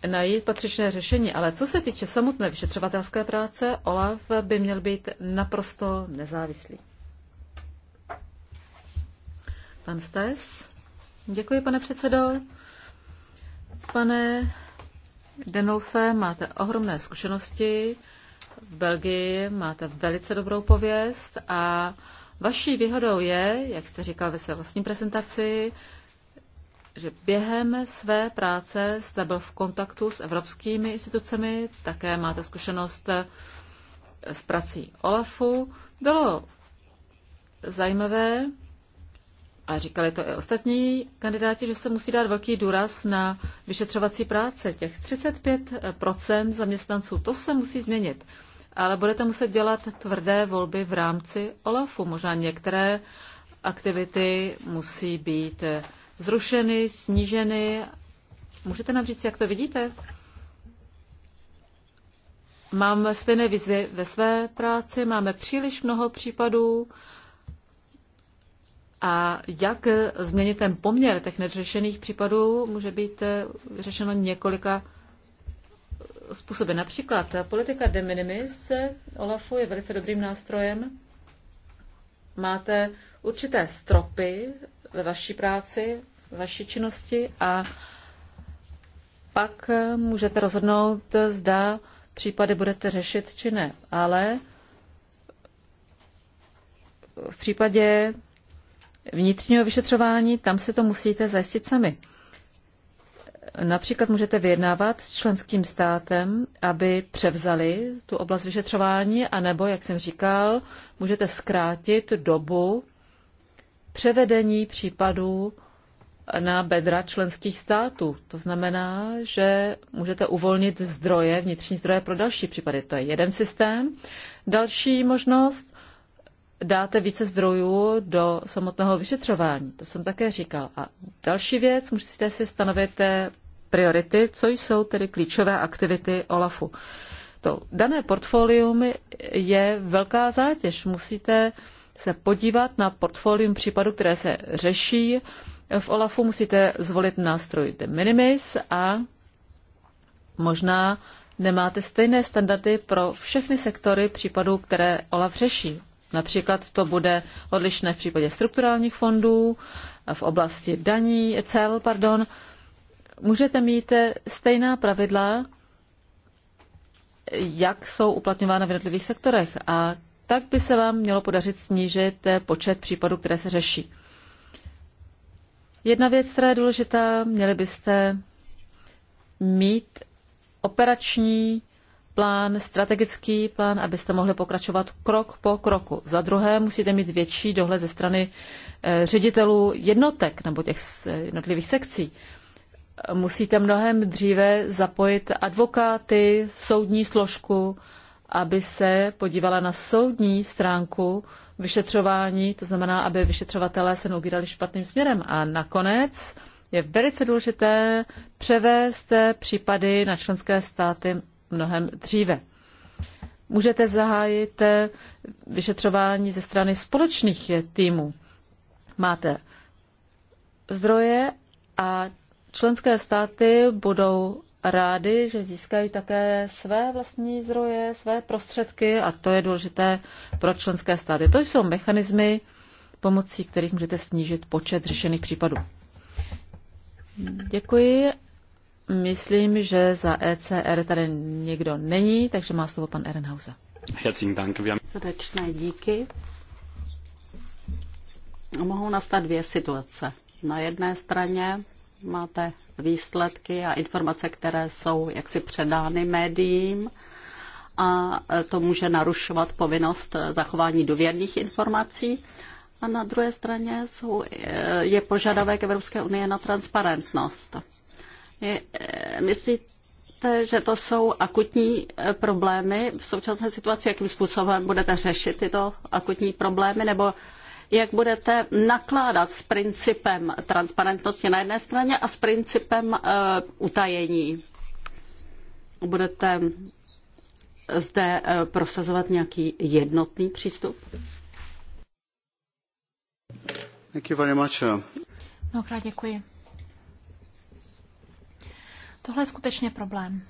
najít patřičné řešení. Ale co se týče samotné vyšetřovatelské práce, OLAF by měl být naprosto nezávislý. Pan Stes. Děkuji, pane předsedo. Pane Denolfe, máte ohromné zkušenosti. V Belgii máte velice dobrou pověst a Vaší výhodou je, jak jste říkal ve své vlastní prezentaci, že během své práce jste byl v kontaktu s evropskými institucemi, také máte zkušenost eh, s prací OLAFu. Bylo zajímavé, a říkali to i ostatní kandidáti, že se musí dát velký důraz na vyšetřovací práce. Těch 35 zaměstnanců, to se musí změnit ale budete muset dělat tvrdé volby v rámci OLAFu. Možná některé aktivity musí být zrušeny, sníženy. Můžete nám říct, jak to vidíte? Mám stejné výzvy ve své práci, máme příliš mnoho případů. A jak změnit ten poměr těch neřešených případů, může být eh, řešeno několika způsoby. Například politika de minimis OLAFu je velice dobrým nástrojem. Máte určité stropy ve vaší práci, ve vaší činnosti a pak můžete rozhodnout, zda případy budete řešit či ne. Ale v případě vnitřního vyšetřování, tam si to musíte zajistit sami. Například můžete vyjednávat s členským státem, aby převzali tu oblast vyšetřování, anebo, jak jsem říkal, můžete zkrátit dobu převedení případů na bedra členských států. To znamená, že můžete uvolnit zdroje, vnitřní zdroje pro další případy. To je jeden systém. Další možnost, dáte více zdrojů do samotného vyšetřování. To jsem také říkal. A další věc, musíte si stanovit eh, priority, co jsou tedy klíčové aktivity OLAFu. To dané portfolium je velká zátěž. Musíte se podívat na portfolium případů, které se řeší. V OLAFu musíte zvolit nástroj de minimis a možná nemáte stejné standardy pro všechny sektory případů, které OLAF řeší. Například to bude odlišné v případě strukturálních fondů, v oblasti daní, cel, pardon můžete mít eh, stejná pravidla, jak jsou uplatňována v jednotlivých sektorech a tak by se vám mělo podařit snížit eh, počet případů, které se řeší. Jedna věc, která je důležitá, měli byste mít operační plán, strategický plán, abyste mohli pokračovat krok po kroku. Za druhé musíte mít větší dohled ze strany eh, ředitelů jednotek nebo těch jednotlivých sekcí musíte mnohem dříve zapojit advokáty, soudní složku, aby se podívala na soudní stránku vyšetřování, to znamená, aby vyšetřovatelé se neubírali špatným směrem. A nakonec je velice důležité převést případy na členské státy mnohem dříve. Můžete zahájit vyšetřování ze strany společných týmů. Máte zdroje a Členské státy budou rády, že získají také své vlastní zdroje, své prostředky a to je důležité pro členské státy. To jsou mechanismy, pomocí kterých můžete snížit počet řešených případů. Děkuji. Myslím, že za ECR tady někdo není, takže má slovo pan Ehrenhauser. Herzlichen Dank. Srdečné díky. Mohou nastat dvě situace. Na jedné straně máte výsledky a informace, které jsou jaksi předány médiím a to může narušovat povinnost zachování důvěrných informací. A na druhé straně jsou, je požadavek Evropské unie na transparentnost. Je, eh, myslíte, že to jsou akutní eh, problémy v současné situaci? Jakým způsobem budete řešit tyto akutní problémy? Nebo jak budete nakládat s principem transparentnosti na jedné straně a s principem eh, utajení. Budete zde eh, prosazovat nějaký jednotný přístup? Thank you very much. Mnohokrát děkuji. Tohle je skutečně problém.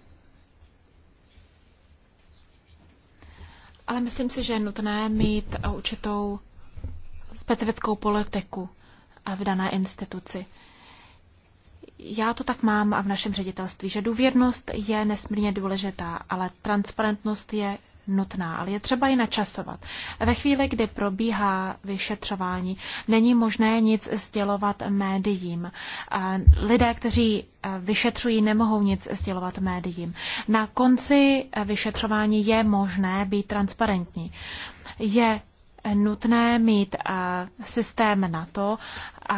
Ale myslím si, že je nutné mít určitou specifickou politiku v dané instituci. Já to tak mám a v našem ředitelství, že důvěrnost je nesmírně důležitá, ale transparentnost je nutná, ale je třeba ji načasovat. Ve chvíli, kdy probíhá vyšetřování, není možné nic sdělovat médiím. Lidé, kteří e, vyšetřují, nemohou nic sdělovat médiím. Na konci e, vyšetřování je možné být transparentní. Je nutné mít eh, systém na to,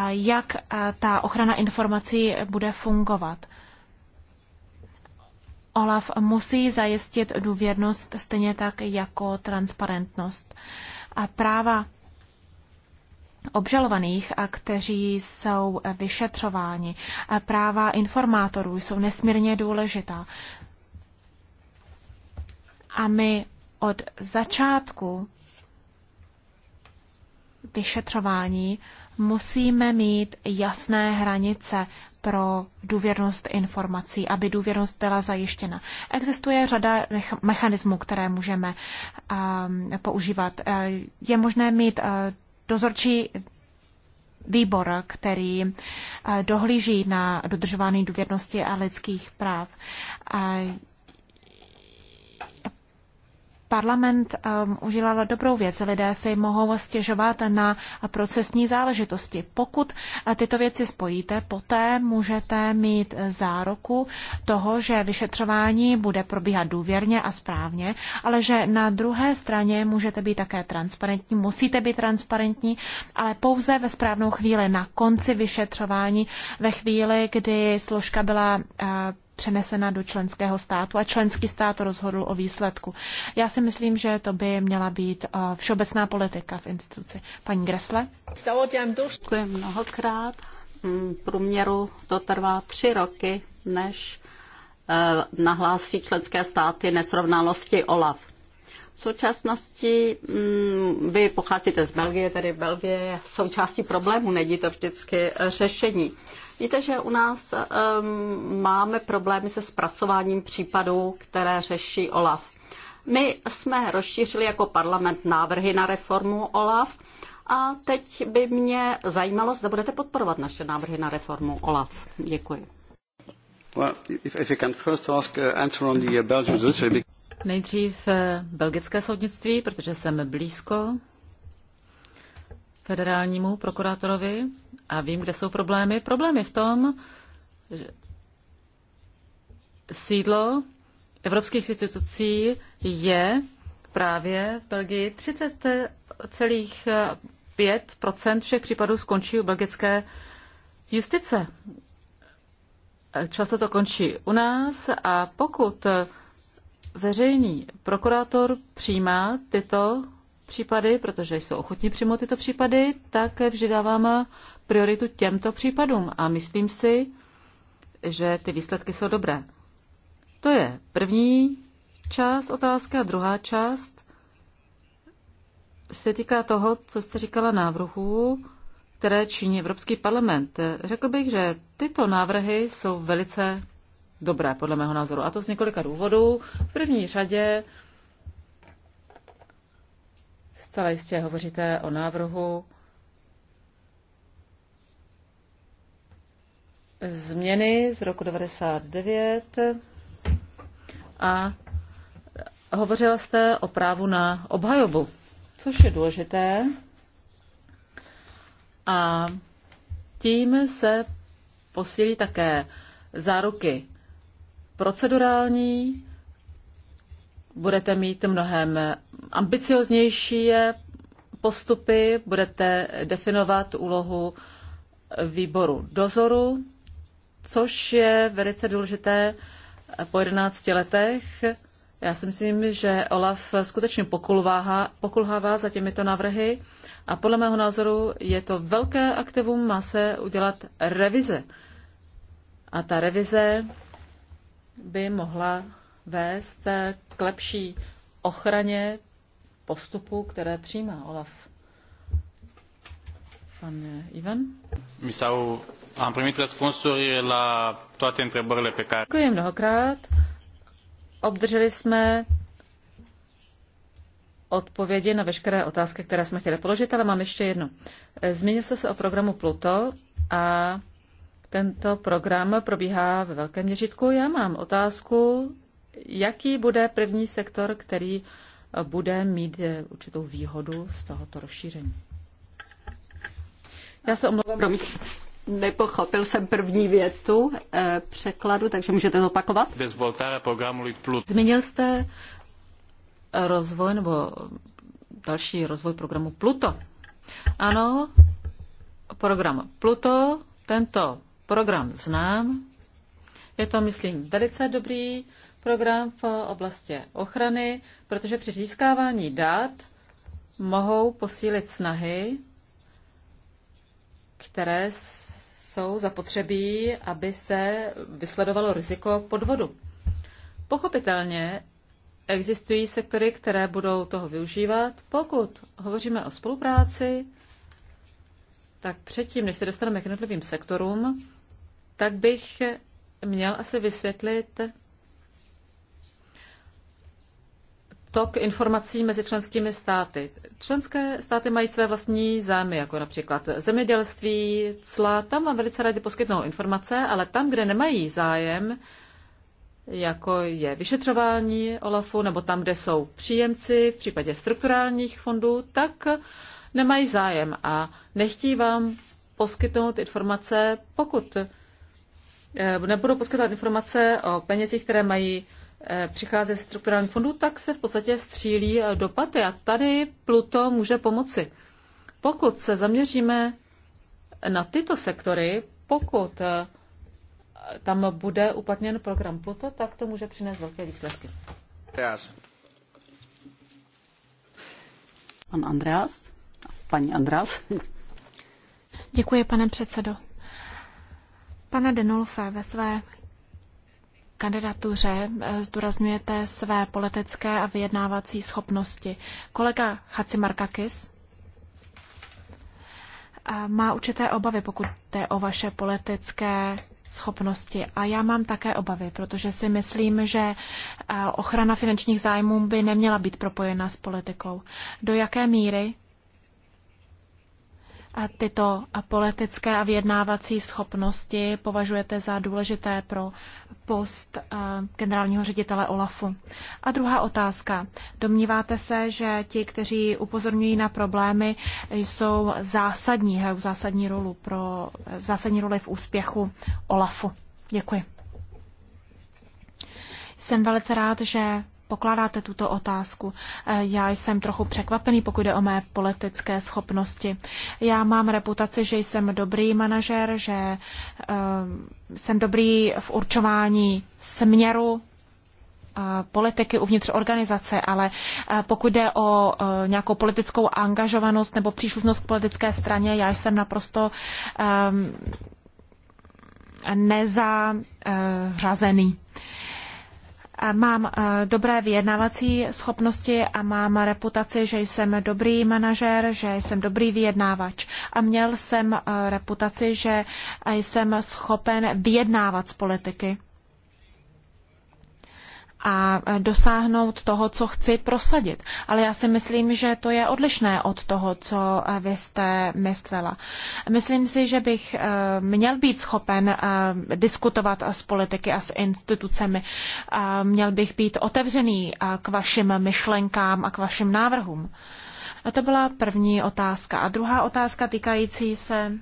jak eh, ta ochrana informací bude fungovat. Olaf musí zajistit důvěrnost stejně tak jako transparentnost. A práva obžalovaných, a eh, kteří jsou vyšetřováni, a práva informátorů jsou nesmírně důležitá. A my od začátku vyšetřování musíme mít jasné hranice pro důvěrnost informací, aby důvěrnost byla zajištěna. Existuje řada mechanismů, které můžeme um, používat. Eh, je možné mít uh, dozorčí výbor, který uh, dohlíží na dodržování důvěrnosti a lidských práv. Uh, parlament užilal um, dobrou věc. Lidé si mohou stěžovat na procesní záležitosti. Pokud eh, tyto věci spojíte, poté můžete mít eh, zároku toho, že vyšetřování bude probíhat důvěrně a správně, ale že na druhé straně můžete být také transparentní, musíte být transparentní, ale pouze ve správnou chvíli, na konci vyšetřování, ve chvíli, kdy složka byla eh, přenesena do členského státu a členský stát rozhodl o výsledku. Já si myslím, že to by měla být eh, všeobecná politika v instituci. Paní Gresle? Děkuji mnohokrát. Hmm, v průměru to trvá tři roky, než eh, nahlásí členské státy nesrovnalosti OLAF. V současnosti hmm, vy pocházíte z Belgie, tedy Belgie je součástí problému, není to vždycky řešení. Víte, že u nás um, máme problémy se zpracováním případů, které řeší OLAF. My jsme rozšířili jako parlament návrhy na reformu OLAF a teď by mě zajímalo, zda budete podporovat naše návrhy na reformu OLAF. Děkuji. Uh, uh, Nejdřív uh, belgické soudnictví, protože jsem blízko federálnímu prokurátorovi a vím, kde jsou problémy. Problém je v tom, že sídlo evropských institucí je právě v Belgii 30,5 všech případů skončí u belgické justice. Často to končí u nás a pokud veřejný prokurátor přijímá tyto případy, protože jsou ochotní přijmout tyto případy, tak vždy dáváme prioritu těmto případům a myslím si, že ty výsledky jsou dobré. To je první část otázky a druhá část se týká toho, co jste říkala návrhů, které činí Evropský parlament. Řekl bych, že tyto návrhy jsou velice dobré, podle mého názoru, a to z několika důvodů. V první řadě stále jistě hovoříte o návrhu změny z roku 99 a hovořila jste o právu na obhajobu, což je důležité. A tím se posílí také záruky procedurální, budete mít mnohem ambicioznější postupy, budete definovat úlohu výboru dozoru což je velice důležité po 11 letech. Já si myslím, že Olaf skutečně pokulhává za těmito návrhy a podle mého názoru je to velké aktivum, má se udělat revize. A ta revize by mohla vést k lepší ochraně postupu, které přijímá Olaf. Pan eh, Ivan? Mi s-au, am primit răspunsuri la toate întrebările pe care... Děkuji mnohokrát. Obdrželi jsme odpovědi na veškeré otázky, které jsme chtěli položit, ale mám ještě jednu. Eh, zmínil jste se o programu Pluto a tento program probíhá ve velkém měřitku. Já mám otázku, jaký bude první sektor, který eh, bude mít určitou výhodu z tohoto rozšíření. Já se omlouvám, Promiň. nepochopil jsem první větu eh, překladu, takže můžete zopakovat. Zmínil jste rozvoj nebo další rozvoj programu Pluto. Ano, program Pluto, tento program znám. Je to, myslím, velice dobrý program v oblasti ochrany, protože při získávání dat mohou posílit snahy které jsou zapotřebí, aby se vysledovalo riziko podvodu. Pochopitelně existují sektory, které budou toho využívat. Pokud hovoříme o spolupráci, tak předtím, než se dostaneme k jednotlivým sektorům, tak bych měl asi vysvětlit, tok informací mezi členskými státy. Členské státy mají své vlastní zájmy, jako například zemědělství, cla, tam vám velice rádi poskytnou informace, ale tam, kde nemají zájem, jako je vyšetřování OLAFu, nebo tam, kde jsou příjemci v případě strukturálních fondů, tak nemají zájem a nechtí vám poskytnout informace, pokud eh, nebudou poskytovat informace o penězích, které mají Eh, přicházet z strukturálních fondů, tak se v podstatě střílí eh, do paty a tady Pluto může pomoci. Pokud se zaměříme na tyto sektory, pokud eh, tam bude uplatněn program Pluto, tak to může přinést velké výsledky. Andreas. Pan Andreas? Paní Andreas? Děkuji, pane předsedo. Pane Denolfe, ve své kandidatuře eh, zdůrazňujete své politické a vyjednávací schopnosti. Kolega Hacimarkakis eh, má určité obavy, pokud jde o vaše politické schopnosti. A já mám také obavy, protože si myslím, že eh, ochrana finančních zájmů by neměla být propojena s politikou. Do jaké míry a tyto politické a vyjednávací schopnosti považujete za důležité pro post eh, generálního ředitele OLAFu? A druhá otázka. Domníváte se, že ti, kteří upozorňují na problémy, jsou zásadní, hrajou zásadní roli, pro, zásadní roli v úspěchu OLAFu? Děkuji. Jsem velice rád, že pokládáte tuto otázku. Eh, já jsem trochu překvapený, pokud jde o mé politické schopnosti. Já mám reputaci, že jsem dobrý manažer, že eh, jsem dobrý v určování směru eh, politiky uvnitř organizace, ale pokud jde o nějakou politickou angažovanost nebo příslušnost k politické straně, já jsem naprosto nezařazený. Mám eh, dobré vyjednávací schopnosti a mám reputaci, že jsem dobrý manažer, že jsem dobrý vyjednávač. A měl jsem eh, reputaci, že eh, jsem schopen vyjednávat z politiky a dosáhnout toho, co chci prosadit. Ale já si myslím, že to je odlišné od toho, co vy jste myslela. Myslím si, že bych eh, měl být schopen eh, diskutovat s politiky a s institucemi. Eh, měl bych být otevřený k vašim myšlenkám a k vašim návrhům. A to byla první otázka. A druhá otázka týkající se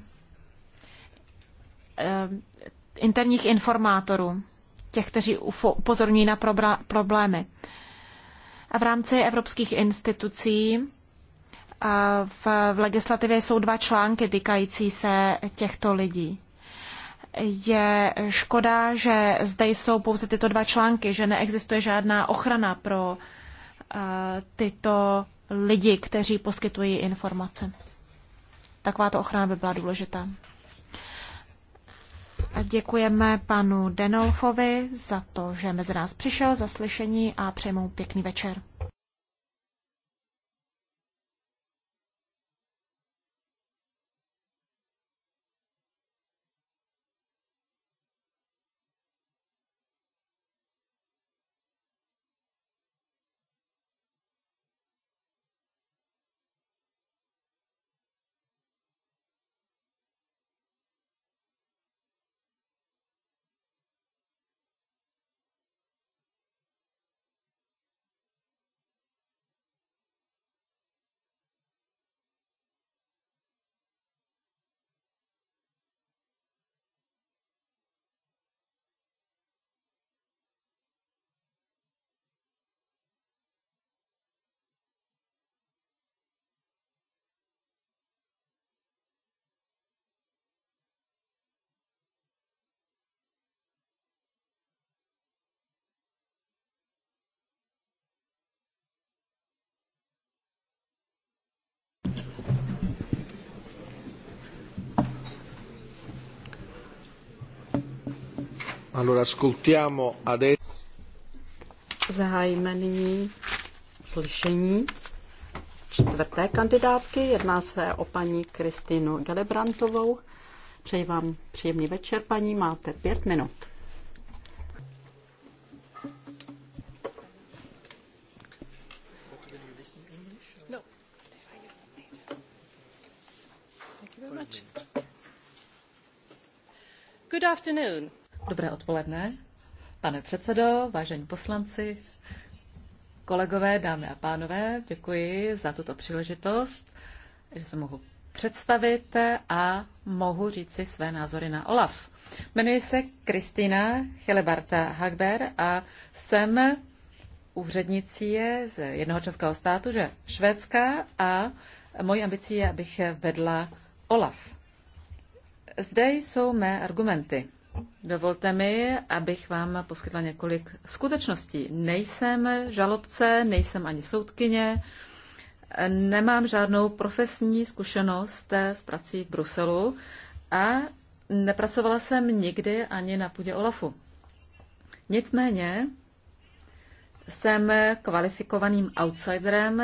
interních informátorů těch, kteří upozorňují na problémy. A v rámci evropských institucí v, v legislativě jsou dva články týkající se těchto lidí. Je škoda, že zde jsou pouze tyto dva články, že neexistuje žádná ochrana pro tyto lidi, kteří poskytují informace. Takováto ochrana by byla důležitá. A děkujeme panu Denolfovi za to, že mezi nás přišel za slyšení a přejmu pěkný večer. Allora, ascoltiamo adesso. Zahájíme nyní slyšení čtvrté kandidátky. Jedná se o paní Kristýnu Gelebrantovou. Přeji vám příjemný večer, paní. Máte pět minut. Good afternoon. Dobré odpoledne, pane předsedo, vážení poslanci, kolegové, dámy a pánové, děkuji za tuto příležitost, že se mohu představit a mohu říct si své názory na OLAF. Jmenuji se Kristýna Chelebarta Hagber a jsem úřednicí z jednoho českého státu, že Švédska a mojí ambicí je, abych vedla OLAF. Zde jsou mé argumenty. Dovolte mi, abych vám poskytla několik skutečností. Nejsem žalobce, nejsem ani soudkyně, nemám žádnou profesní zkušenost s prací v Bruselu a nepracovala jsem nikdy ani na půdě OLAFu. Nicméně jsem kvalifikovaným outsiderem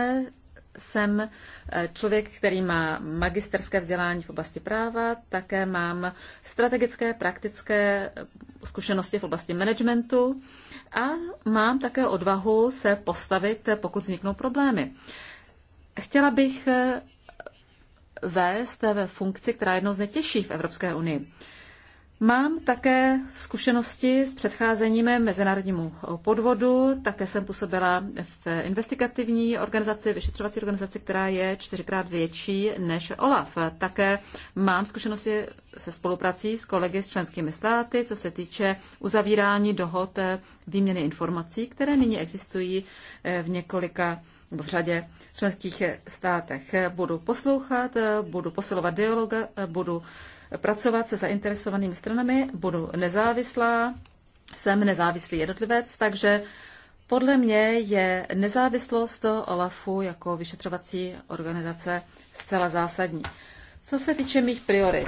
jsem eh, člověk, který má magisterské vzdělání v oblasti práva, také mám strategické, praktické eh, zkušenosti v oblasti managementu a mám také odvahu se postavit, eh, pokud vzniknou problémy. Chtěla bych vést ve funkci, která je jednou z nejtěžších v Evropské unii. Mám také zkušenosti s předcházením mezinárodnímu podvodu. Také jsem působila v investigativní organizaci, vyšetřovací organizaci, která je čtyřikrát větší než OLAF. Také mám zkušenosti se spoluprací s kolegy s členskými státy, co se týče uzavírání dohod eh, výměny informací, které nyní existují eh, v několika v řadě členských státech. Budu poslouchat, eh, budu posilovat dialog, budu pracovat se zainteresovanými stranami, budu nezávislá, jsem nezávislý jednotlivec, takže podle mě je nezávislost OLAFu jako vyšetřovací organizace zcela zásadní. Co se týče mých priorit,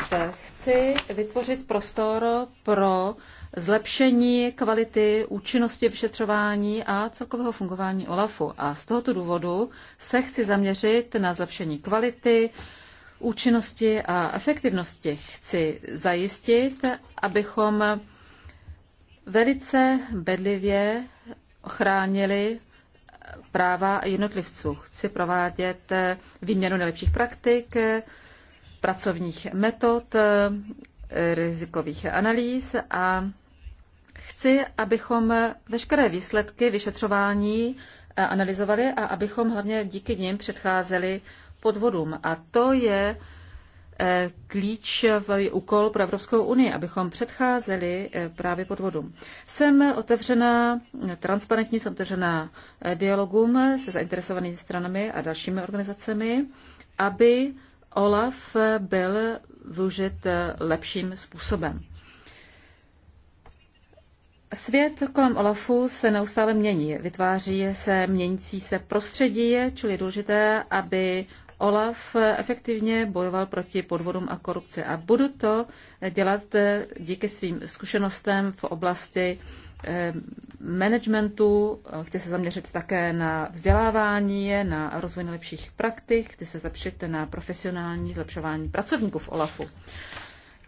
chci vytvořit prostor pro zlepšení kvality, účinnosti vyšetřování a celkového fungování OLAFu. A z tohoto důvodu se chci zaměřit na zlepšení kvality, účinnosti a efektivnosti. Chci zajistit, abychom velice bedlivě ochránili práva jednotlivců. Chci provádět výměnu nejlepších praktik, pracovních metod, rizikových analýz a chci, abychom veškeré výsledky vyšetřování analyzovali a abychom hlavně díky nim předcházeli podvodům. A to je eh, klíčový úkol pro Evropskou unii, abychom předcházeli eh, právě podvodům. Jsem otevřená, transparentní, jsem otevřená eh, dialogům se zainteresovanými stranami a dalšími organizacemi, aby OLAF byl využit lepším způsobem. Svět kolem Olafu se neustále mění. Vytváří se měnící se prostředí, čili je důležité, aby OLAF efektivně bojoval proti podvodům a korupci a budu to dělat eh, díky svým zkušenostem v oblasti eh, managementu, eh, chci se zaměřit také na vzdělávání, na rozvoj nejlepších praktik, chci se zapřít na profesionální zlepšování pracovníků v OLAFu.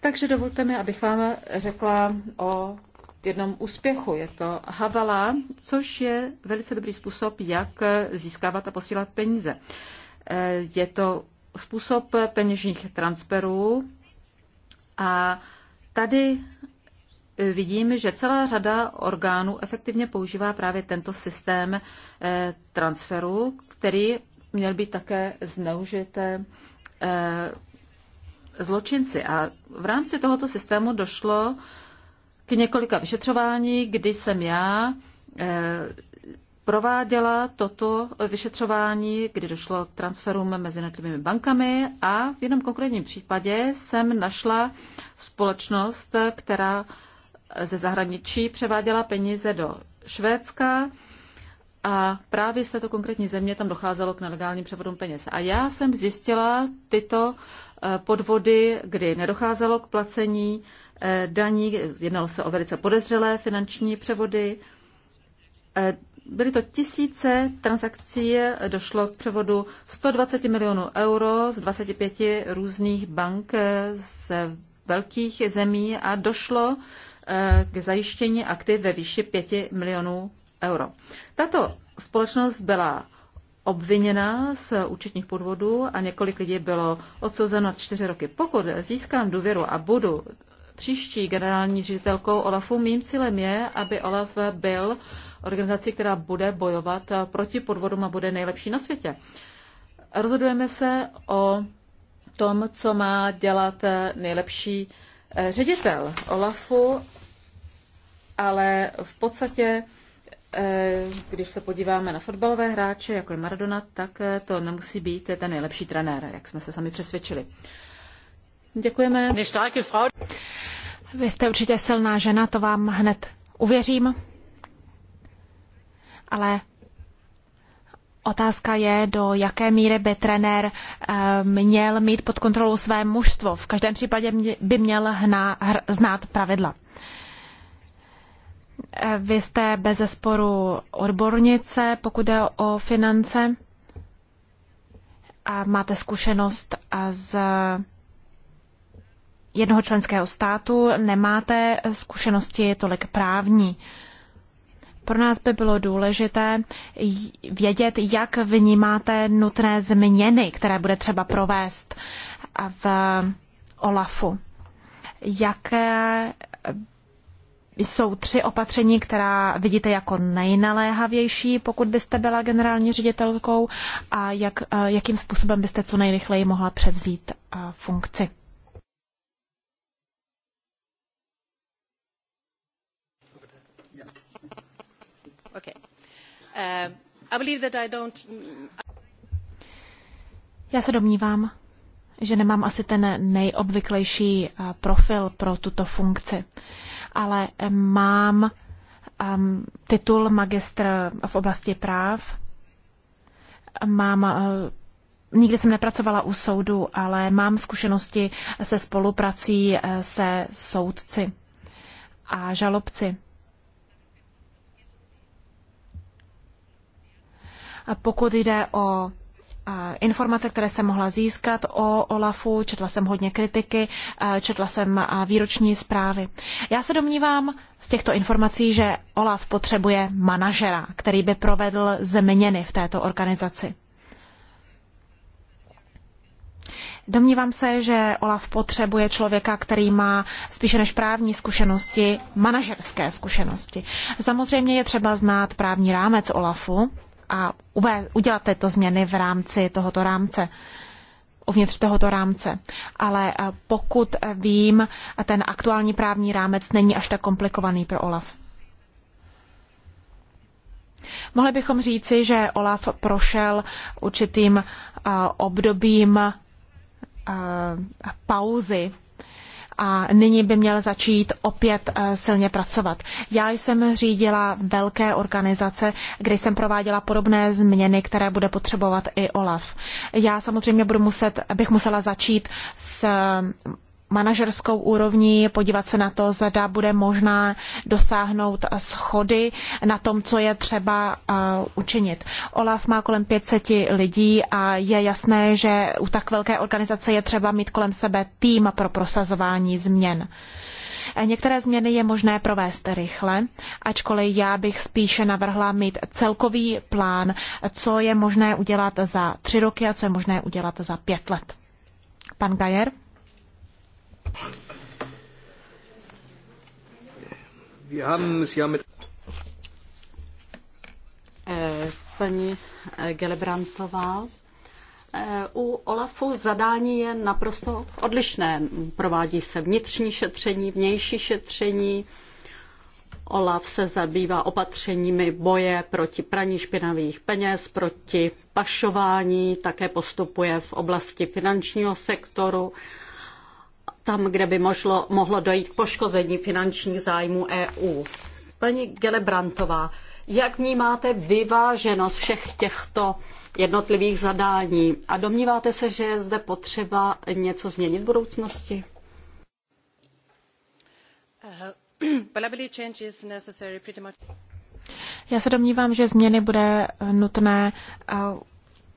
Takže dovolte mi, abych vám řekla o jednom úspěchu. Je to Havala, což je velice dobrý způsob, jak získávat a posílat peníze. Eh, je to způsob peněžních transferů a tady vidím, že celá řada orgánů efektivně používá právě tento systém eh, transferu, který měl být také zneužit eh, zločinci. A v rámci tohoto systému došlo k několika vyšetřování, kdy jsem já prováděla toto vyšetřování, kdy došlo k transferům mezi jednotlivými bankami a v jednom konkrétním případě jsem našla společnost, která ze zahraničí převáděla peníze do Švédska a právě z této konkrétní země tam docházelo k nelegálním převodům peněz. A já jsem zjistila tyto eh, podvody, kdy nedocházelo k placení eh, daní, jednalo se o velice podezřelé finanční převody, eh, byly to tisíce transakcí, došlo k převodu 120 milionů euro z 25 různých bank eh, z velkých zemí a došlo eh, k zajištění aktiv ve výši 5 milionů euro. Tato společnost byla obviněna z účetních podvodů a několik lidí bylo odsouzeno na čtyři roky. Pokud získám důvěru a budu příští generální ředitelkou OLAFu. Mým cílem je, aby OLAF byl organizací, která bude bojovat proti podvodům a bude nejlepší na světě. Rozhodujeme se o tom, co má dělat nejlepší eh, ředitel OLAFu, ale v podstatě eh, když se podíváme na fotbalové hráče, jako je Maradona, tak eh, to nemusí být ten nejlepší trenér, jak jsme se sami přesvědčili. Děkujeme. Vy jste určitě silná žena, to vám hned uvěřím. Ale otázka je, do jaké míry by trenér eh, měl mít pod kontrolou své mužstvo. V každém případě by měl hna, hr, znát pravidla. Eh, vy jste bez zesporu odbornice, pokud jde o finance. A máte zkušenost eh, z jednoho členského státu nemáte zkušenosti tolik právní. Pro nás by bylo důležité vědět, jak vnímáte nutné změny, které bude třeba provést v OLAFu. Jaké jsou tři opatření, která vidíte jako nejnaléhavější, pokud byste byla generální ředitelkou a jak, jakým způsobem byste co nejrychleji mohla převzít funkci. Uh, Já se domnívám, že nemám asi ten nejobvyklejší eh, profil pro tuto funkci, ale eh, mám um, titul magistr v oblasti práv. Mám, uh, nikdy jsem nepracovala u soudu, ale mám zkušenosti se spoluprací se soudci a žalobci. Pokud jde o informace, které jsem mohla získat o Olafu, četla jsem hodně kritiky, četla jsem výroční zprávy. Já se domnívám z těchto informací, že Olaf potřebuje manažera, který by provedl změny v této organizaci. Domnívám se, že Olaf potřebuje člověka, který má spíše než právní zkušenosti, manažerské zkušenosti. Samozřejmě je třeba znát právní rámec Olafu, a udělat tyto změny v rámci tohoto rámce uvnitř tohoto rámce. Ale eh, pokud eh, vím, ten aktuální právní rámec není až tak komplikovaný pro OLAF. Mohli bychom říci, že OLAF prošel určitým eh, obdobím pauzy a nyní by měl začít opět eh, silně pracovat. Já jsem řídila velké organizace, kde jsem prováděla podobné změny, které bude potřebovat i OLAF. Já samozřejmě budu muset, bych musela začít s manažerskou úrovni, podívat se na to, zda bude možná dosáhnout schody na tom, co je třeba eh, učinit. Olaf má kolem 500 lidí a je jasné, že u tak velké organizace je třeba mít kolem sebe tým pro prosazování změn. Eh, některé změny je možné provést rychle, ačkoliv já bych spíše navrhla mít celkový plán, co je možné udělat za tři roky a co je možné udělat za pět let. Pan Gajer? Eh, paní eh, Gelebrantová, eh, u OLAFu zadání je naprosto odlišné. Provádí se vnitřní šetření, vnější šetření. OLAF se zabývá opatřeními boje proti praní špinavých peněz, proti pašování, také postupuje v oblasti finančního sektoru tam, kde by možlo, mohlo dojít k poškození finančních zájmů EU. Paní Gelebrantová, jak vnímáte vyváženost všech těchto jednotlivých zadání a domníváte se, že je zde potřeba něco změnit v budoucnosti? Já se domnívám, že změny bude nutné eh,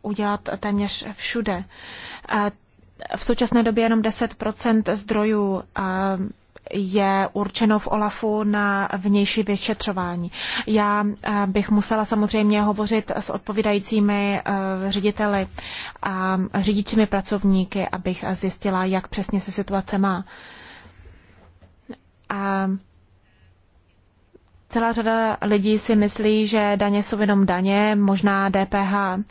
udělat téměř všude. Eh, v současné době jenom 10 zdrojů eh, je určeno v OLAFu na vnější vyšetřování. Já eh, bych musela samozřejmě hovořit s odpovídajícími eh, řediteli a řidičími pracovníky, abych zjistila, jak přesně se situace má. A celá řada lidí si myslí, že daně jsou jenom daně, možná DPH,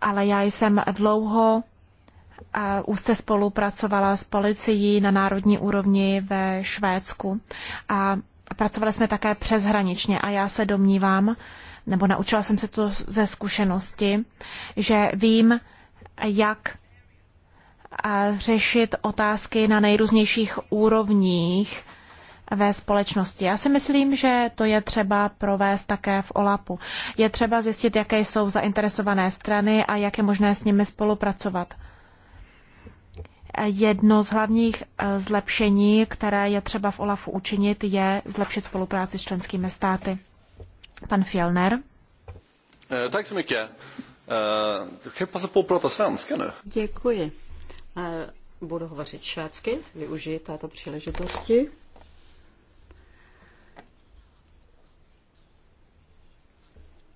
ale já jsem dlouho úzce spolupracovala s policií na národní úrovni ve Švédsku a pracovali jsme také přeshraničně a já se domnívám, nebo naučila jsem se to ze zkušenosti, že vím, jak řešit otázky na nejrůznějších úrovních ve společnosti. Já si myslím, že to je třeba provést také v OLAPu. Je třeba zjistit, jaké jsou zainteresované strany a jak je možné s nimi spolupracovat. Jedno z hlavních eh, zlepšení, které je třeba v OLAFu učinit, je zlepšit spolupráci s členskými státy. Pan Fjellner. Eh, tak eh, Děkuji. Budu hovořit švédsky, využiji této příležitosti.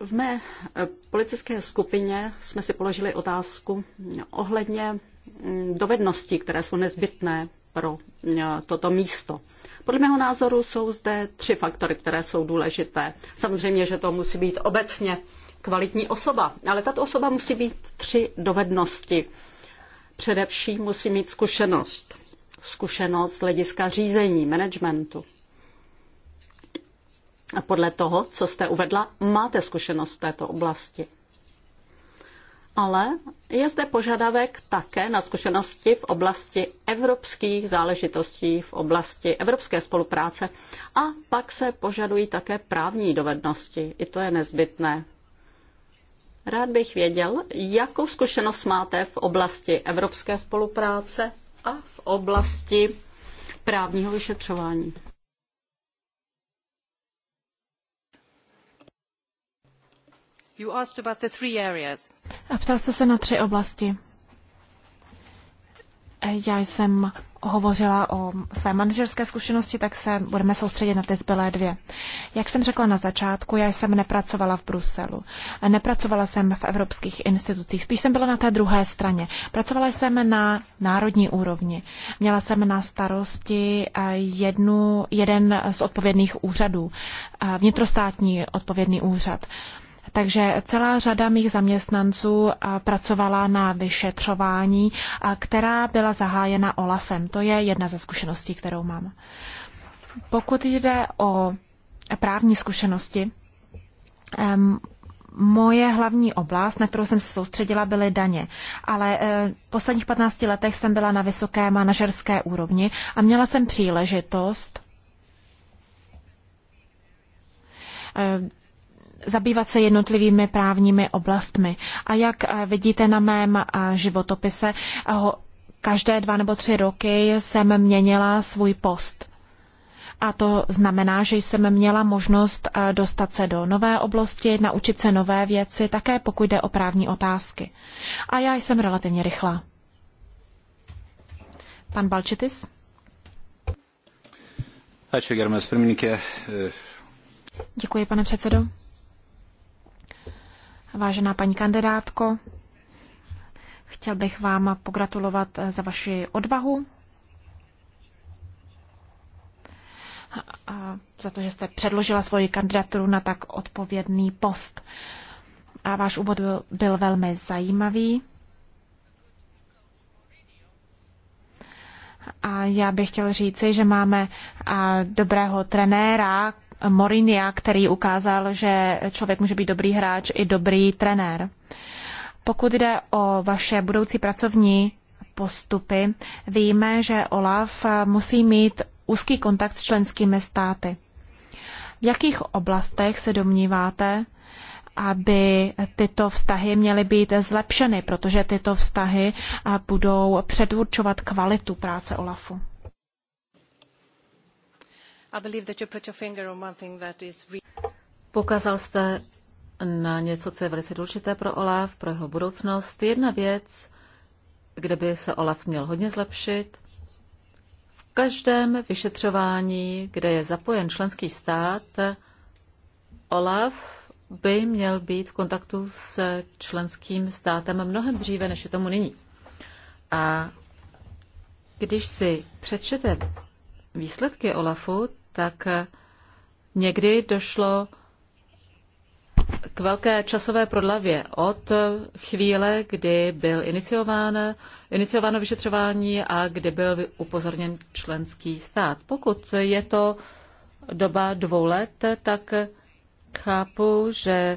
V mé eh, politické skupině jsme si položili otázku ohledně mm, dovedností, které jsou nezbytné pro eh, toto místo. Podle mého názoru jsou zde tři faktory, které jsou důležité. Samozřejmě, že to musí být obecně kvalitní osoba, ale tato osoba musí být tři dovednosti. Především musí mít zkušenost. Zkušenost z hlediska řízení, managementu. A podle toho, co jste uvedla, máte zkušenost v této oblasti. Ale je zde požadavek také na zkušenosti v oblasti evropských záležitostí, v oblasti evropské spolupráce a pak se požadují také právní dovednosti. I to je nezbytné. Rád bych věděl, jakou zkušenost máte v oblasti evropské spolupráce a v oblasti právního vyšetřování. You asked about the three areas. A ptal jste se na tři oblasti. E, já jsem hovořila o své manažerské zkušenosti, tak se budeme soustředit na ty zbylé dvě. Jak jsem řekla na začátku, já jsem nepracovala v Bruselu. Nepracovala jsem v evropských institucích, spíš jsem byla na té druhé straně. Pracovala jsem na národní úrovni. Měla jsem na starosti e, jednu, jeden z odpovědných úřadů, e, vnitrostátní odpovědný úřad. Takže celá řada mých zaměstnanců pracovala na vyšetřování, která byla zahájena OLAFem. To je jedna ze zkušeností, kterou mám. Pokud jde o právní zkušenosti, Moje hlavní oblast, na kterou jsem se soustředila, byly daně. Ale e, v posledních 15 letech jsem byla na vysoké manažerské úrovni a měla jsem příležitost e, zabývat se jednotlivými právními oblastmi. A jak eh, vidíte na mém eh, životopise, eh, každé dva nebo tři roky jsem měnila svůj post. A to znamená, že jsem měla možnost dostat se do nové oblasti, naučit se nové věci, také pokud jde o právní otázky. A já jsem relativně rychlá. Pan Balčitis? Děkuji, pane předsedo. Vážená paní kandidátko, chtěl bych vám pogratulovat za vaši odvahu, za to, že jste předložila svoji kandidaturu na tak odpovědný post. A váš úvod byl, byl velmi zajímavý. A já bych chtěl říci, že máme dobrého trenéra, Morinia, který ukázal, že člověk může být dobrý hráč i dobrý trenér. Pokud jde o vaše budoucí pracovní postupy, víme, že OLAF musí mít úzký kontakt s členskými státy. V jakých oblastech se domníváte, aby tyto vztahy měly být zlepšeny, protože tyto vztahy budou předurčovat kvalitu práce OLAFu? Pokazal jste na něco, co je velice důležité pro Olaf, pro jeho budoucnost. Jedna věc, kde by se Olaf měl hodně zlepšit, v každém vyšetřování, kde je zapojen členský stát, Olaf by měl být v kontaktu s členským státem mnohem dříve, než je tomu nyní. A když si přečtete výsledky Olafu, tak eh, někdy došlo k velké časové prodlavě od eh, chvíle, kdy byl iniciováno, iniciováno vyšetřování a kdy byl upozorněn členský stát. Pokud je to doba dvou let, tak chápu, že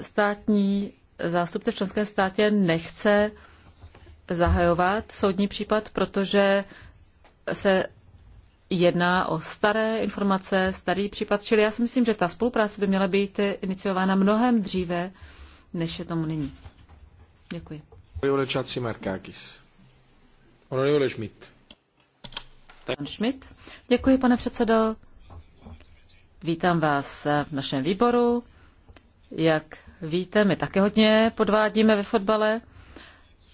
státní zástupce v členském státě nechce zahajovat soudní případ, protože se jedná o staré informace, starý případ, čili já si myslím, že ta spolupráce by měla být iniciována mnohem dříve, než je tomu nyní. Děkuji. Onorevole Markakis. Onorevole Schmidt. Pan Schmidt. Děkuji, pane předsedo. Vítám vás v našem výboru. Jak víte, my také hodně podvádíme ve fotbale.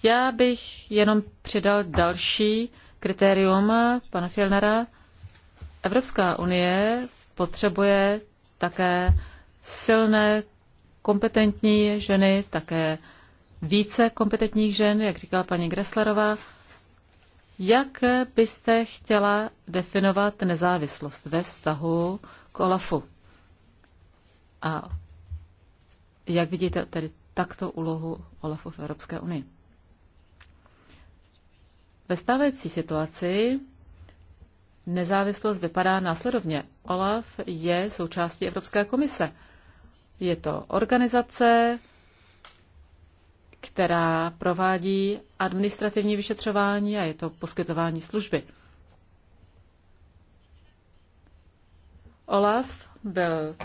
Já bych jenom přidal další kritérium pana Filnera. Evropská unie potřebuje také silné, kompetentní ženy, také více kompetentních žen, jak říkala paní Greslerová. Jak byste chtěla definovat nezávislost ve vztahu k Olafu? A jak vidíte tedy takto úlohu Olafu v Evropské unii? Ve stávající situaci nezávislost vypadá následovně. OLAF je součástí Evropské komise. Je to organizace, která provádí administrativní vyšetřování a je to poskytování služby. OLAF byl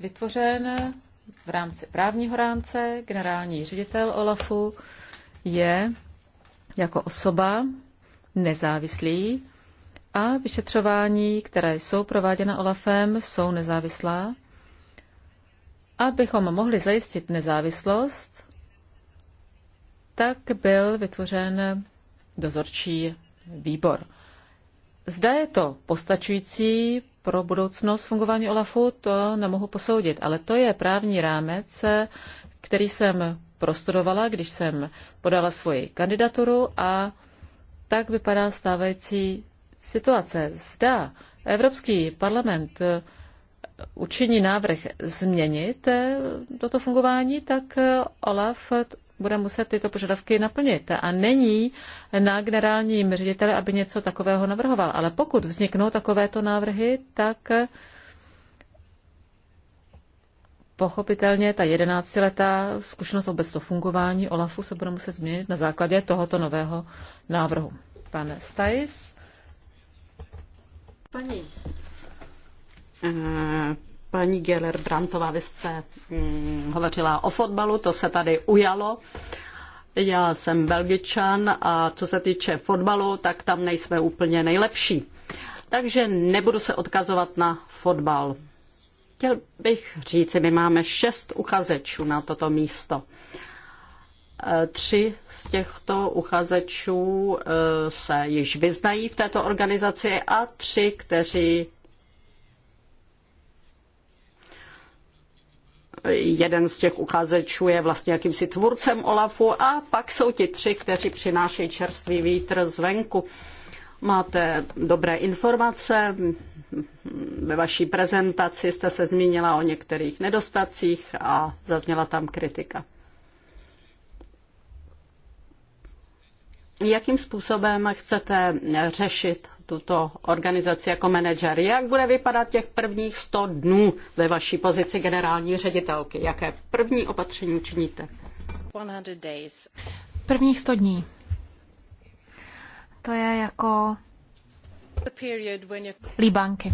vytvořen v rámci právního rámce. Generální ředitel OLAFu je jako osoba nezávislý a vyšetřování, které jsou prováděna OLAFem, jsou nezávislá. Abychom mohli zajistit nezávislost, tak byl vytvořen dozorčí výbor. Zda je to postačující pro budoucnost fungování OLAFu, to nemohu posoudit, ale to je právní rámec, který jsem prostudovala, když jsem podala svoji kandidaturu a tak vypadá stávající situace. Zda Evropský parlament eh, učiní návrh změnit eh, toto fungování, tak eh, Olaf bude muset tyto požadavky naplnit. A není na generálním řediteli, aby něco takového navrhoval. Ale pokud vzniknou takovéto návrhy, tak pochopitelně ta jedenáctiletá zkušenost vůbec to fungování OLAFu se bude muset změnit na základě tohoto nového návrhu. Pane Stajs, Paní, eh, paní Geller Brantová, vy jste hm, hovořila o fotbalu, to se tady ujalo. Já jsem belgičan a co se týče fotbalu, tak tam nejsme úplně nejlepší. Takže nebudu se odkazovat na fotbal. Chtěl bych říci, my máme šest uchazečů na toto místo. Uh, Tři z těchto uchazečů eh, se již vyznají v této organizaci a tři, kteří jeden z těch uchazečů je vlastně jakýmsi tvůrcem Olafu a pak jsou ti tři, kteří přinášejí čerstvý vítr zvenku. Máte dobré informace, ve vaší prezentaci jste se zmínila o některých nedostacích a zazněla tam kritika. jakým způsobem chcete řešit tuto organizaci jako manažer. Jak bude vypadat těch prvních 100 dnů ve vaší pozici generální ředitelky? Jaké první opatření učiníte? Prvních 100 dní. To je jako líbánky.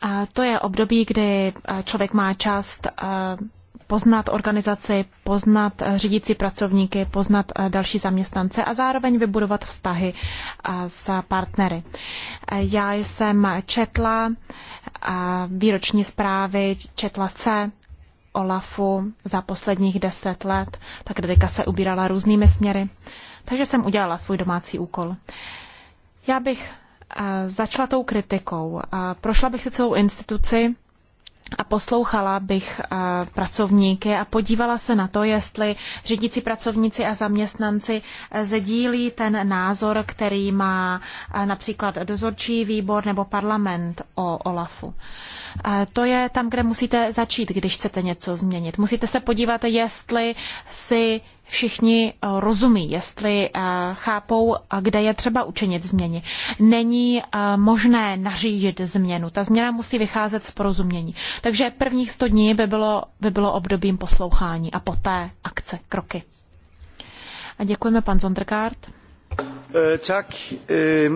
A to je období, kdy eh, člověk má část eh, poznat organizaci, poznat eh, řídící pracovníky, poznat eh, další zaměstnance a zároveň vybudovat vztahy eh, s partnery. Já jsem četla výroční zprávy, četla se Olafu za posledních deset let, ta kritika se ubírala různými směry, takže jsem udělala svůj domácí úkol. Já bych začala tou kritikou. Prošla bych si celou instituci, a poslouchala bych eh, pracovníky a podívala se na to, jestli řídící pracovníci a zaměstnanci eh, sdílí ten názor, který má eh, například dozorčí výbor nebo parlament o OLAFu. To je tam, kde musíte začít, když chcete něco změnit. Musíte se podívat, jestli si všichni eh, rozumí, jestli eh, chápou, kde je třeba učinit změny. Není eh, možné nařídit změnu. Ta změna musí vycházet z porozumění. Takže prvních 100 dní by bylo, by bylo obdobím poslouchání a poté akce, kroky. A děkujeme pan Zondergaard. Tak,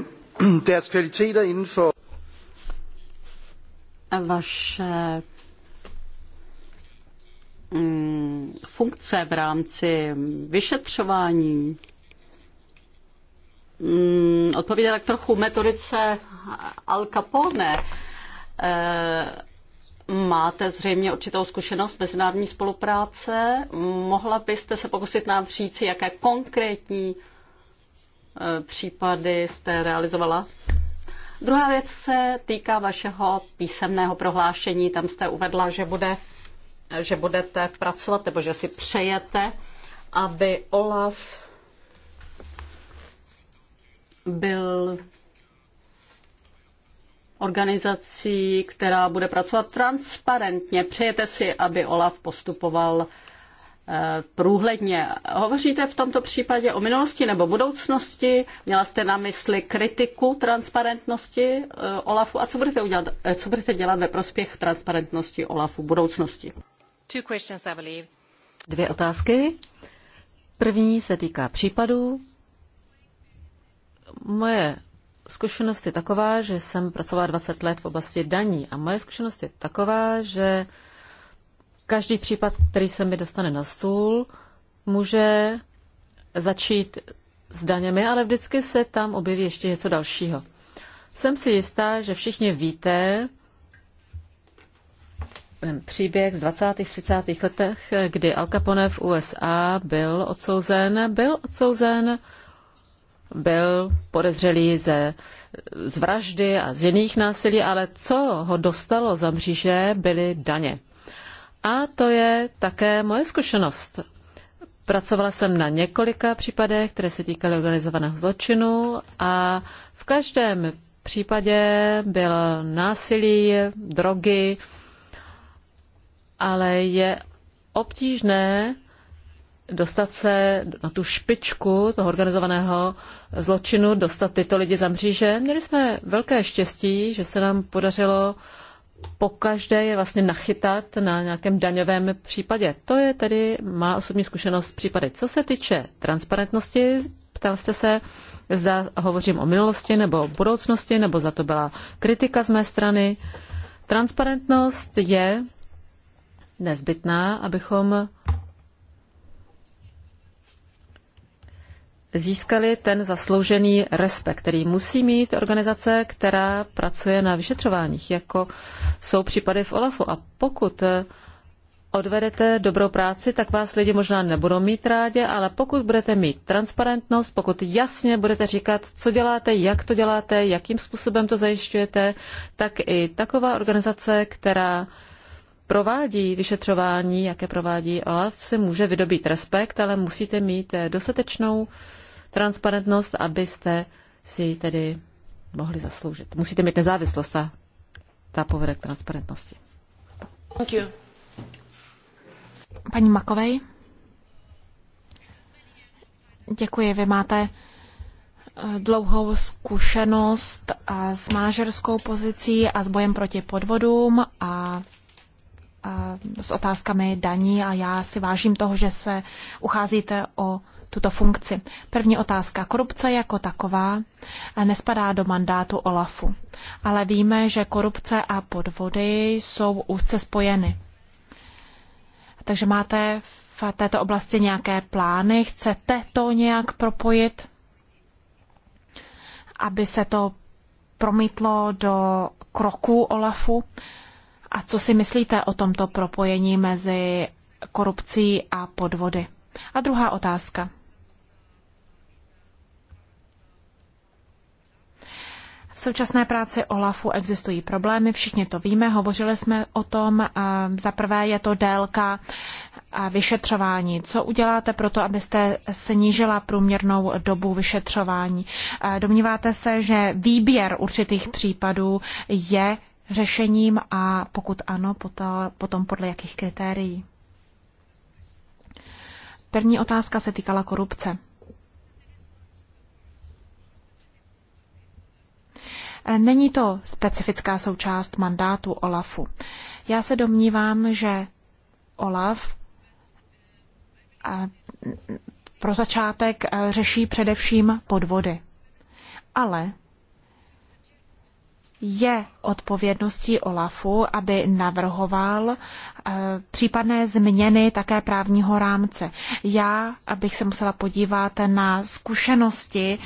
deres kvaliteter Vaše Mm, funkce v rámci vyšetřování mm, odpovídá tak trochu metodice Al Capone. Eh, máte zřejmě určitou zkušenost mezinárodní spolupráce. Mohla byste se pokusit nám říct, jaké konkrétní eh, případy jste realizovala? Druhá věc se týká vašeho písemného prohlášení. Tam jste uvedla, že bude že budete pracovat, nebo že si přejete, aby OLAF byl organizací, která bude pracovat transparentně. Přejete si, aby OLAF postupoval eh, průhledně. Hovoříte v tomto případě o minulosti nebo budoucnosti? Měla jste na mysli kritiku transparentnosti eh, OLAFu? A co budete, udělat, eh, co budete dělat ve prospěch transparentnosti OLAFu v budoucnosti? Dvě otázky. První se týká případů. Moje zkušenost je taková, že jsem pracovala 20 let v oblasti daní a moje zkušenost je taková, že každý případ, který se mi dostane na stůl, může začít s daněmi, ale vždycky se tam objeví ještě něco dalšího. Jsem si jistá, že všichni víte, příběh z 20. 30. letech, kdy Al Capone v USA byl odsouzen, byl odsouzen, byl podezřelý ze, z vraždy a z jiných násilí, ale co ho dostalo za mříže, byly daně. A to je také moje zkušenost. Pracovala jsem na několika případech, které se týkaly organizovaného zločinu a v každém případě bylo násilí, drogy, ale je obtížné dostat se na tu špičku toho organizovaného zločinu, dostat tyto lidi za mříže. Měli jsme velké štěstí, že se nám podařilo pokaždé je vlastně nachytat na nějakém daňovém případě. To je tedy má osobní zkušenost případy. Co se týče transparentnosti, ptal jste se, zda hovořím o minulosti nebo o budoucnosti, nebo za to byla kritika z mé strany. Transparentnost je nezbytná, abychom získali ten zasloužený respekt, který musí mít organizace, která pracuje na vyšetřováních, jako jsou případy v OLAFu. A pokud odvedete dobrou práci, tak vás lidi možná nebudou mít rádi, ale pokud budete mít transparentnost, pokud jasně budete říkat, co děláte, jak to děláte, jakým způsobem to zajišťujete, tak i taková organizace, která provádí vyšetřování, jaké provádí OLAF, se může vydobít respekt, ale musíte mít eh, dostatečnou transparentnost, abyste si tedy mohli zasloužit. Musíte mít nezávislost a ta povede k transparentnosti. Thank you. Paní Makovej. Děkuji, vy máte eh, dlouhou zkušenost eh, s manažerskou pozicí a s bojem proti podvodům a s otázkami daní a já si vážím toho, že se ucházíte o tuto funkci. První otázka. Korupce jako taková nespadá do mandátu OLAFu, ale víme, že korupce a podvody jsou úzce spojeny. Takže máte v této oblasti nějaké plány? Chcete to nějak propojit, aby se to promítlo do kroku OLAFu? A co si myslíte o tomto propojení mezi korupcí a podvody? A druhá otázka. V současné práci OLAFu existují problémy, všichni to víme, hovořili jsme o tom. Za prvé je to délka vyšetřování. Co uděláte pro to, abyste snížila průměrnou dobu vyšetřování? Domníváte se, že výběr určitých případů je řešením a pokud ano, potom podle jakých kritérií? První otázka se týkala korupce. Není to specifická součást mandátu OLAFu. Já se domnívám, že OLAF eh, pro začátek eh, řeší především podvody. Ale je odpovědností OLAFu, aby navrhoval eh, případné změny také právního rámce. Já bych se musela podívat na zkušenosti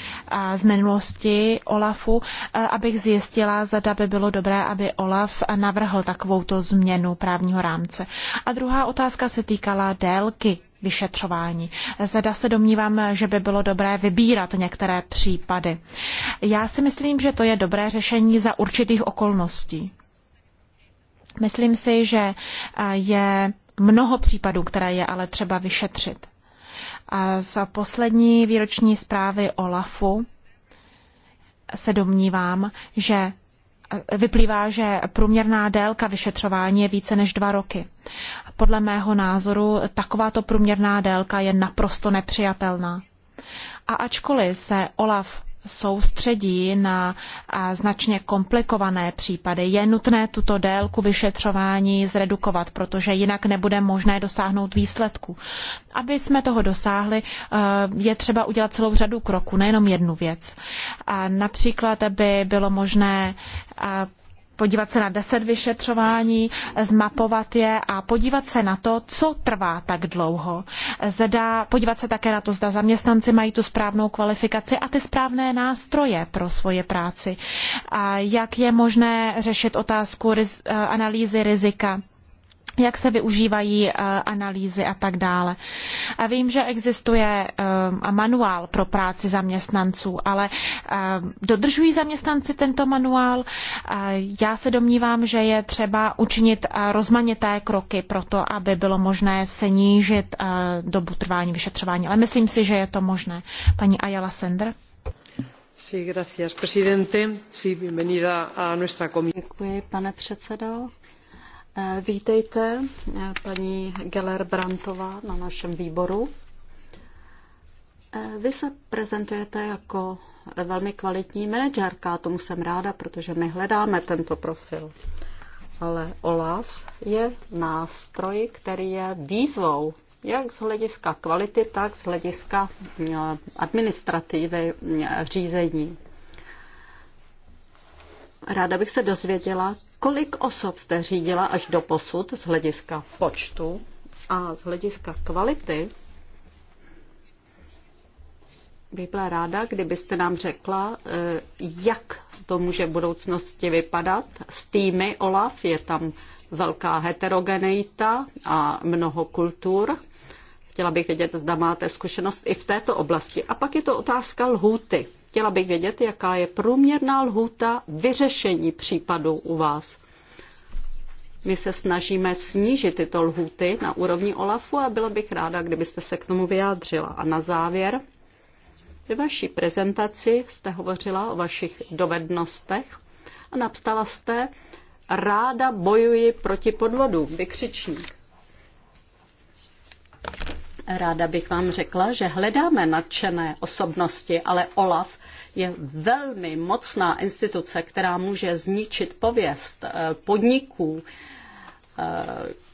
eh, z minulosti OLAFu, eh, abych zjistila, zda by bylo dobré, aby OLAF navrhl takovouto změnu právního rámce. A druhá otázka se týkala délky vyšetřování. Zda se domnívám, že by bylo dobré vybírat některé případy. Já si myslím, že to je dobré řešení za určitých okolností. Myslím si, že eh, je mnoho případů, které je ale třeba vyšetřit. A za poslední výroční zprávy o LAFu se domnívám, že vyplývá, že průměrná délka vyšetřování je více než dva roky. Podle mého názoru takováto průměrná délka je naprosto nepřijatelná. A ačkoliv se Olaf soustředí na značně komplikované případy. Je nutné tuto délku vyšetřování zredukovat, protože jinak nebude možné dosáhnout výsledku. Aby jsme toho dosáhli, e, je třeba udělat celou řadu kroků, nejenom jednu věc. Například by bylo možné podívat se na deset vyšetřování, zmapovat je a podívat se na to, co trvá tak dlouho. Zda, podívat se také na to, zda zaměstnanci mají tu správnou kvalifikaci a ty správné nástroje pro svoje práci. A jak je možné řešit otázku riz, eh, analýzy rizika jak se využívají eh, analýzy a tak dále. A vím, že existuje eh, manuál pro práci zaměstnanců, ale eh, dodržují zaměstnanci tento manuál? Já se domnívám, že je třeba učinit rozmanité kroky pro to, aby bylo možné snížit dobu trvání vyšetřování. Ale myslím si, že je to možné. Paní Ayala Sender. Sí, gracias, presidente. Sí, bienvenida a nuestra comisión. Děkuji, pane předsedo. Eh, vítejte, eh, paní Geller Brantová, na našem výboru. Eh, vy se prezentujete jako velmi kvalitní manažerka, tomu jsem ráda, protože my hledáme tento profil. Ale OLAF je nástroj, který je výzvou jak z hlediska kvality, tak z hlediska administrativy řízení. Ráda bych se dozvěděla, kolik osob jste řídila až do posud z hlediska počtu a z hlediska kvality. Bych byla ráda, kdybyste nám řekla, eh, jak to může v budoucnosti vypadat s týmy OLAF. Je tam velká heterogeneita a mnoho kultur. Chtěla bych vědět, zda máte zkušenost i v této oblasti. A pak je to otázka lhůty. Chtěla bych vědět, jaká je průměrná lhůta vyřešení případů u vás. My se snažíme snížit tyto lhůty na úrovni OLAFu a byla bych ráda, kdybyste se k tomu vyjádřila. A na závěr, ve vaší prezentaci jste hovořila o vašich dovednostech a napsala jste, ráda bojuji proti podvodům, vykřičník. Ráda bych vám řekla, že hledáme nadšené osobnosti, ale OLAF je velmi mocná instituce, která může zničit pověst eh, podniků. Eh,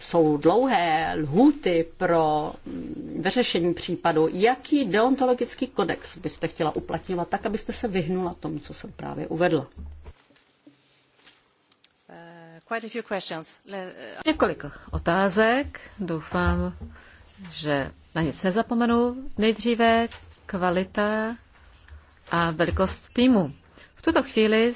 jsou dlouhé lhůty pro mm, vyřešení případu. Jaký deontologický kodex byste chtěla uplatňovat tak, abyste se vyhnula tomu, co jsem právě uvedla? Eh, Několik otázek, doufám, že na nic nezapomenu. Nejdříve kvalita a velikost týmu. V tuto chvíli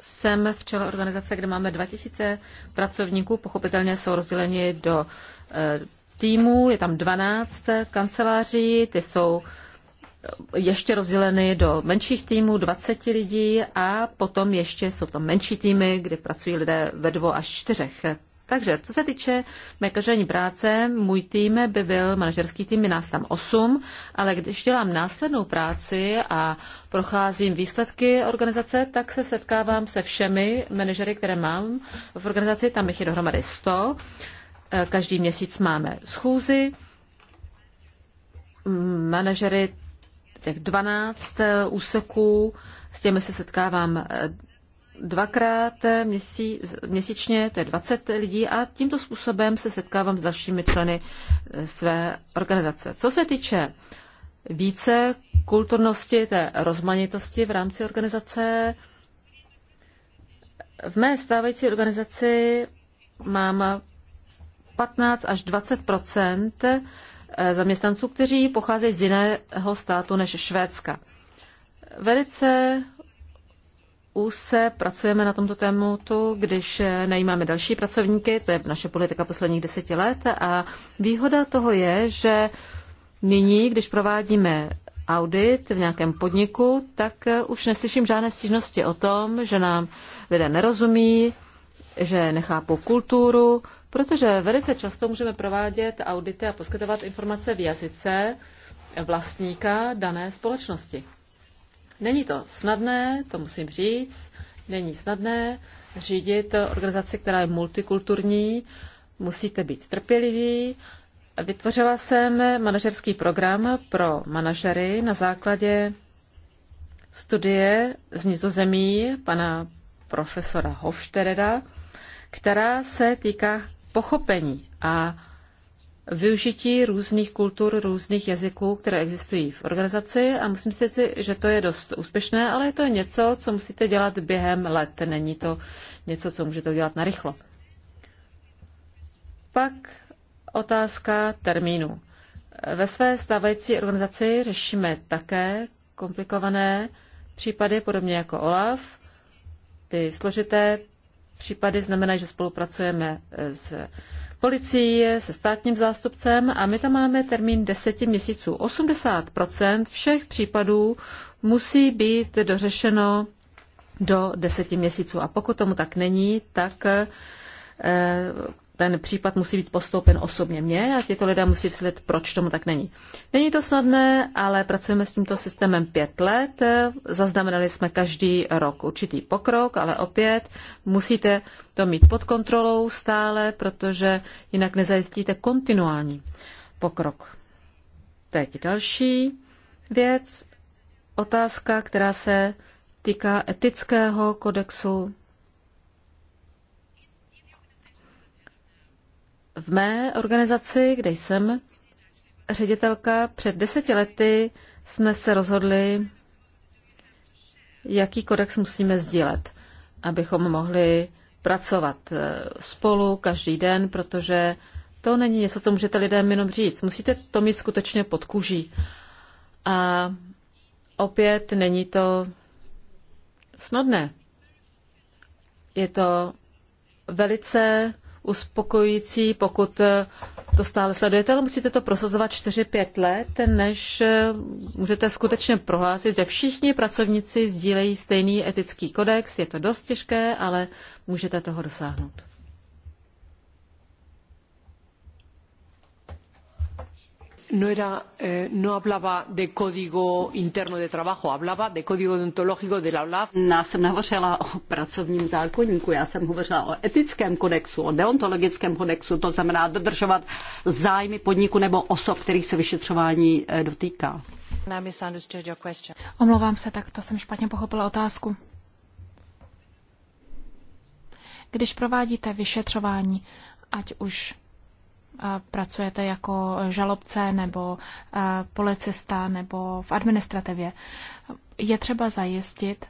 jsem v čele organizace, kde máme 2000 pracovníků. Pochopitelně jsou rozděleni do e, týmů, je tam 12 kanceláří, ty jsou e, ještě rozděleny do menších týmů, 20 lidí a potom ještě jsou tam menší týmy, kde pracují lidé ve dvou až čtyřech. Takže co se týče mé každodenní práce, můj tým by byl manažerský tým, je nás tam 8, ale když dělám následnou práci a procházím výsledky organizace, tak se setkávám se všemi manažery, které mám v organizaci, tam jich je dohromady 100. Eh, každý měsíc máme schůzi, manažery těch 12 eh, úseků, s těmi se setkávám eh, dvakrát měsí, měsíčně, to je 20 lidí a tímto způsobem se setkávám s dalšími členy eh, své organizace. Co se týče více kulturnosti, té rozmanitosti v rámci organizace, v mé stávající organizaci mám 15 až 20 eh, zaměstnanců, kteří pocházejí z jiného státu než Švédska. Velice úzce pracujeme na tomto tématu, když najímáme další pracovníky, to je naše politika posledních deseti let a výhoda toho je, že nyní, když provádíme audit v nějakém podniku, tak už neslyším žádné stížnosti o tom, že nám lidé nerozumí, že nechápou kulturu, protože velice často můžeme provádět audity a poskytovat informace v jazyce vlastníka dané společnosti. Není to snadné, to musím říct, není snadné řídit organizaci, která je multikulturní, musíte být trpěliví. Vytvořila jsem manažerský program pro manažery na základě studie z nizozemí pana profesora Hofstereda, která se týká pochopení a využití různých kultur, různých jazyků, které existují v organizaci a musím si říct, že to je dost úspěšné, ale je to něco, co musíte dělat během let. Není to něco, co můžete udělat narychlo. Pak otázka termínu. Ve své stávající organizaci řešíme také komplikované případy, podobně jako OLAF. Ty složité případy znamenají, že spolupracujeme s policií, se státním zástupcem a my tam máme termín 10 měsíců. 80% všech případů musí být dořešeno do 10 měsíců. A pokud tomu tak není, tak eh, ten případ musí být postoupen osobně mně a těto lidé musí vysvětlit, proč tomu tak není. Není to snadné, ale pracujeme s tímto systémem pět let. Zaznamenali jsme každý rok určitý pokrok, ale opět musíte to mít pod kontrolou stále, protože jinak nezajistíte kontinuální pokrok. Teď další věc. Otázka, která se týká etického kodexu V mé organizaci, kde jsem ředitelka, před deseti lety jsme se rozhodli, jaký kodex musíme sdílet, abychom mohli pracovat eh, spolu každý den, protože to není něco, co můžete lidem jenom říct. Musíte to mít skutečně pod kůží. A opět není to snadné. Je to velice uspokojující, pokud to stále sledujete, ale musíte to prosazovat 4-5 let, než eh, můžete skutečně prohlásit, že všichni pracovníci sdílejí stejný etický kodex. Je to dost těžké, ale můžete toho dosáhnout. No, eh, no, hablaba de código interno de trabajo, hablaba de código deontológico de la OLAF. No, já jsem nehovořila o pracovním zákonníku, já jsem hovořila o etickém kodexu, o deontologickém kodexu, to znamená dodržovat zájmy podniku nebo osob, kterých se vyšetřování eh, dotýká. Omlouvám se, tak to jsem špatně pochopila otázku. Když provádíte vyšetřování, ať už pracujete jako žalobce nebo policista nebo v administrativě. Je třeba zajistit,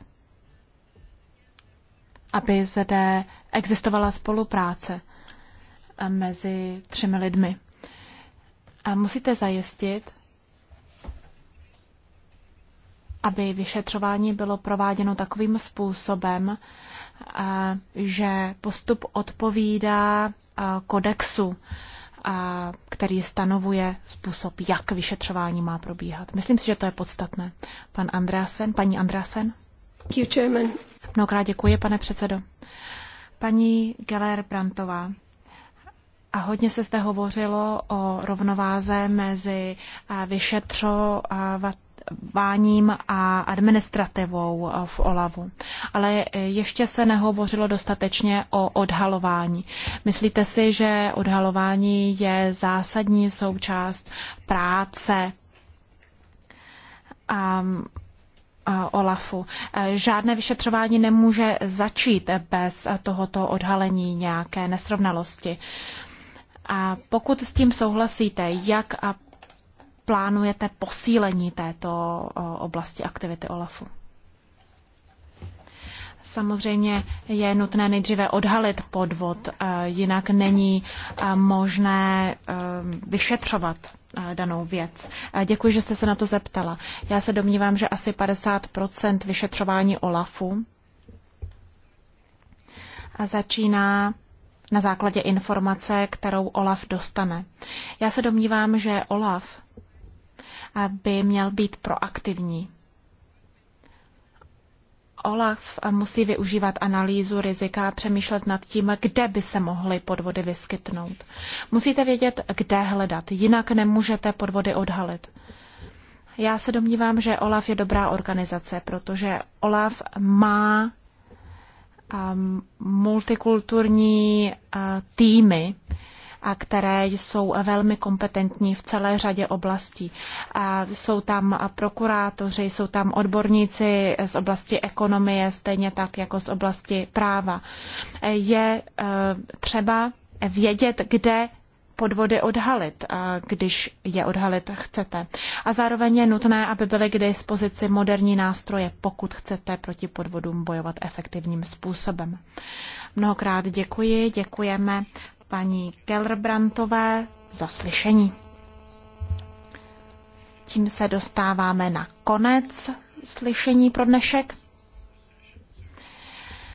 aby zde existovala spolupráce mezi třemi lidmi. A musíte zajistit, aby vyšetřování bylo prováděno takovým způsobem, že postup odpovídá kodexu a který stanovuje způsob, jak vyšetřování má probíhat. Myslím si, že to je podstatné. Pan Andrásen, paní Andrásen. Mnohokrát děkuji, pane předsedo. Paní Geller Brantová, a hodně se zde hovořilo o rovnováze mezi vyšetřovat váním a administrativou eh, v OLAVu. Ale eh, ještě se nehovořilo dostatečně o odhalování. Myslíte si, že odhalování je zásadní součást práce a ehm, eh, Olafu. Žádné vyšetřování nemůže začít bez tohoto odhalení nějaké nesrovnalosti. A pokud s tím souhlasíte, jak a plánujete posílení této oblasti aktivity OLAFu? Samozřejmě je nutné nejdříve odhalit podvod, e, jinak není e, možné e, vyšetřovat danou věc. Děkuji, že jste se na to zeptala. Já se domnívám, že asi 50 vyšetřování OLAFu začíná na základě informace, kterou OLAF dostane. Já se domnívám, že OLAF by měl být proaktivní. Olaf musí využívat analýzu rizika a přemýšlet nad tím, kde by se mohly podvody vyskytnout. Musíte vědět, kde hledat, jinak nemůžete podvody odhalit. Já se domnívám, že Olaf je dobrá organizace, protože Olaf má um, multikulturní uh, týmy, a které jsou velmi kompetentní v celé řadě oblastí. A jsou tam prokurátoři, jsou tam odborníci z oblasti ekonomie, stejně tak jako z oblasti práva. Je eh, třeba vědět, kde podvody odhalit, eh, když je odhalit chcete. A zároveň je nutné, aby byly k dispozici moderní nástroje, pokud chcete proti podvodům bojovat efektivním způsobem. Mnohokrát děkuji, děkujeme paní Kellerbrantové za slyšení. Tím se dostáváme na konec slyšení pro dnešek.